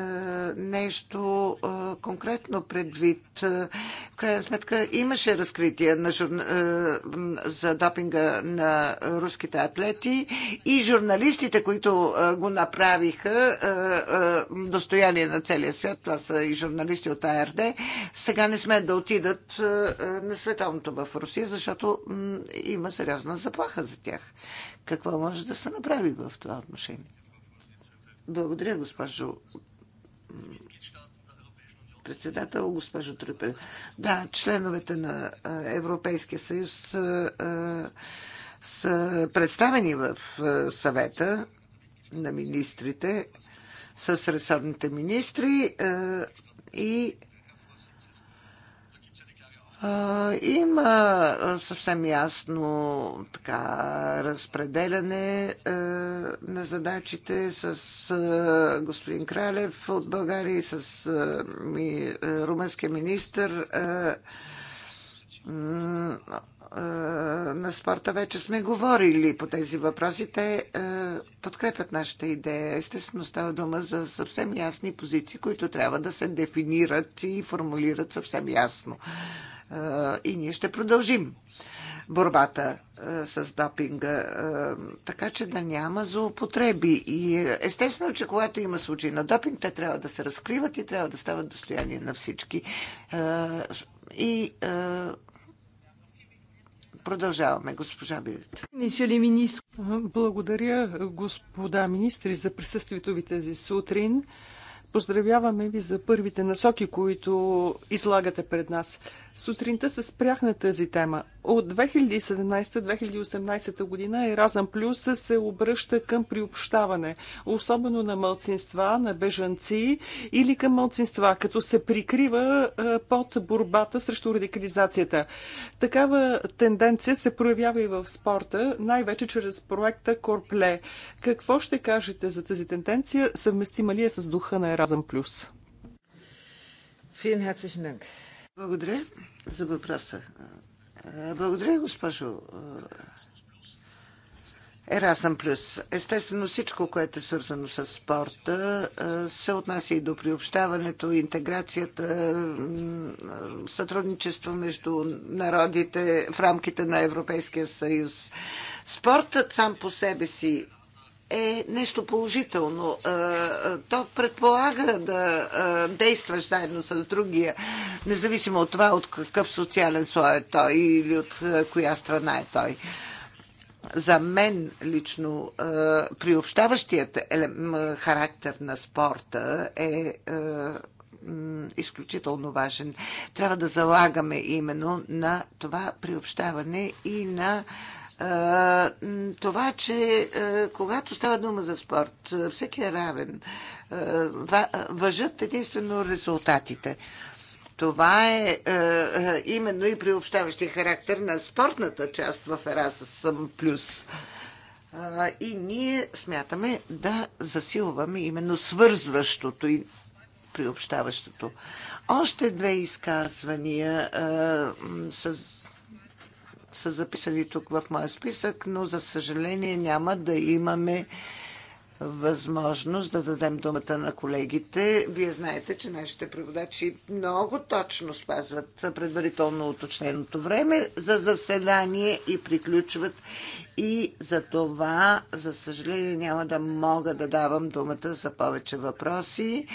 нещо е, конкретно предвид? Е, в крайна сметка имаше разкритие на журна е, за допинга на руските атлети и журналистите, които е, го направиха е, е, достояние на целия свят, това са и журналисти от АРД, сега не сме да отидат е, е на световното в Русия, защото има сериозна заплаха за тях. Какво може да се направи в това отношение? Благодаря, госпожо председател, госпожо Трюпел. Да, членовете на Европейския съюз са представени в съвета на министрите с ресорните министри и има съвсем ясно така, разпределяне е, на задачите с господин Кралев от България и с е, румънския министр е, е, на спорта вече сме говорили по тези въпроси. Те е, подкрепят нашата идея. Естествено става дума за съвсем ясни позиции, които трябва да се дефинират и формулират съвсем ясно. Е, и ние ще продължим борбата с допинга, така че да няма злоупотреби. И естествено, че когато има случаи на допинг, те трябва да се разкриват и трябва да стават достояние на всички. и Продължаваме, госпожа Билет. Благодаря, господа министри, за присъствието ви тези сутрин. Поздравяваме ви за първите насоки, които излагате пред нас. Сутринта се спрях на тази тема. От 2017-2018 година Еразъм Плюс се обръща към приобщаване, особено на мълцинства, на бежанци или към мълцинства, като се прикрива под борбата срещу радикализацията. Такава тенденция се проявява и в спорта, най-вече чрез проекта Корпле. Какво ще кажете за тази тенденция? Съвместима ли е с духа на Еразъм Плюс? Vielen herzlichen Dank. Благодаря за въпроса. Благодаря, госпожо Ерасъм Плюс. Естествено всичко, което е свързано с спорта, е, се отнася и до приобщаването, интеграцията, сътрудничество между народите в рамките на Европейския съюз. Спортът сам по себе си е нещо положително. Е, е, то предполага да е, действаш заедно с другия, независимо от това от какъв социален слой е той или от коя страна е той. За мен лично приобщаващият характер на спорта е изключително важен. Трябва да залагаме именно на това приобщаване и на това, че когато става дума за спорт, всеки е равен. Въжат единствено резултатите. Това е, именно и приобщаващия характер на спортната част в Erasmus+. Плюс. И ние смятаме да засилваме именно свързващото и приобщаващото. Още две изказвания с са записани тук в моя списък, но за съжаление няма да имаме възможност да дадем думата на колегите. Вие знаете, че нашите преводачи много точно спазват предварително уточненото време за заседание и приключват. И за това, за съжаление, няма да мога да давам думата за повече въпроси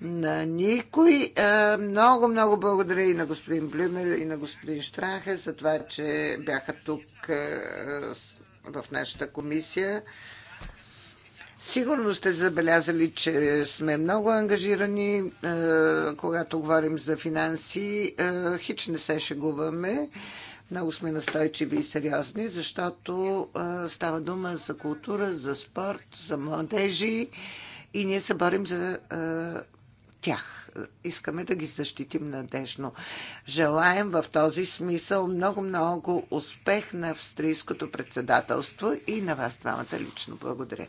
на никой. Е, много, много благодаря и на господин Блюмер и на господин Штрахе за това, че бяха тук е, в нашата комисия. Сигурно сте забелязали, че сме много ангажирани, е, когато говорим за финанси. Хич не се шегуваме. Много сме настойчиви и сериозни, защото става дума за култура, за спорт, за младежи и ние се борим за тях. Искаме да ги защитим надежно. Желаем в този смисъл много-много успех на австрийското председателство и на вас двамата лично. Благодаря.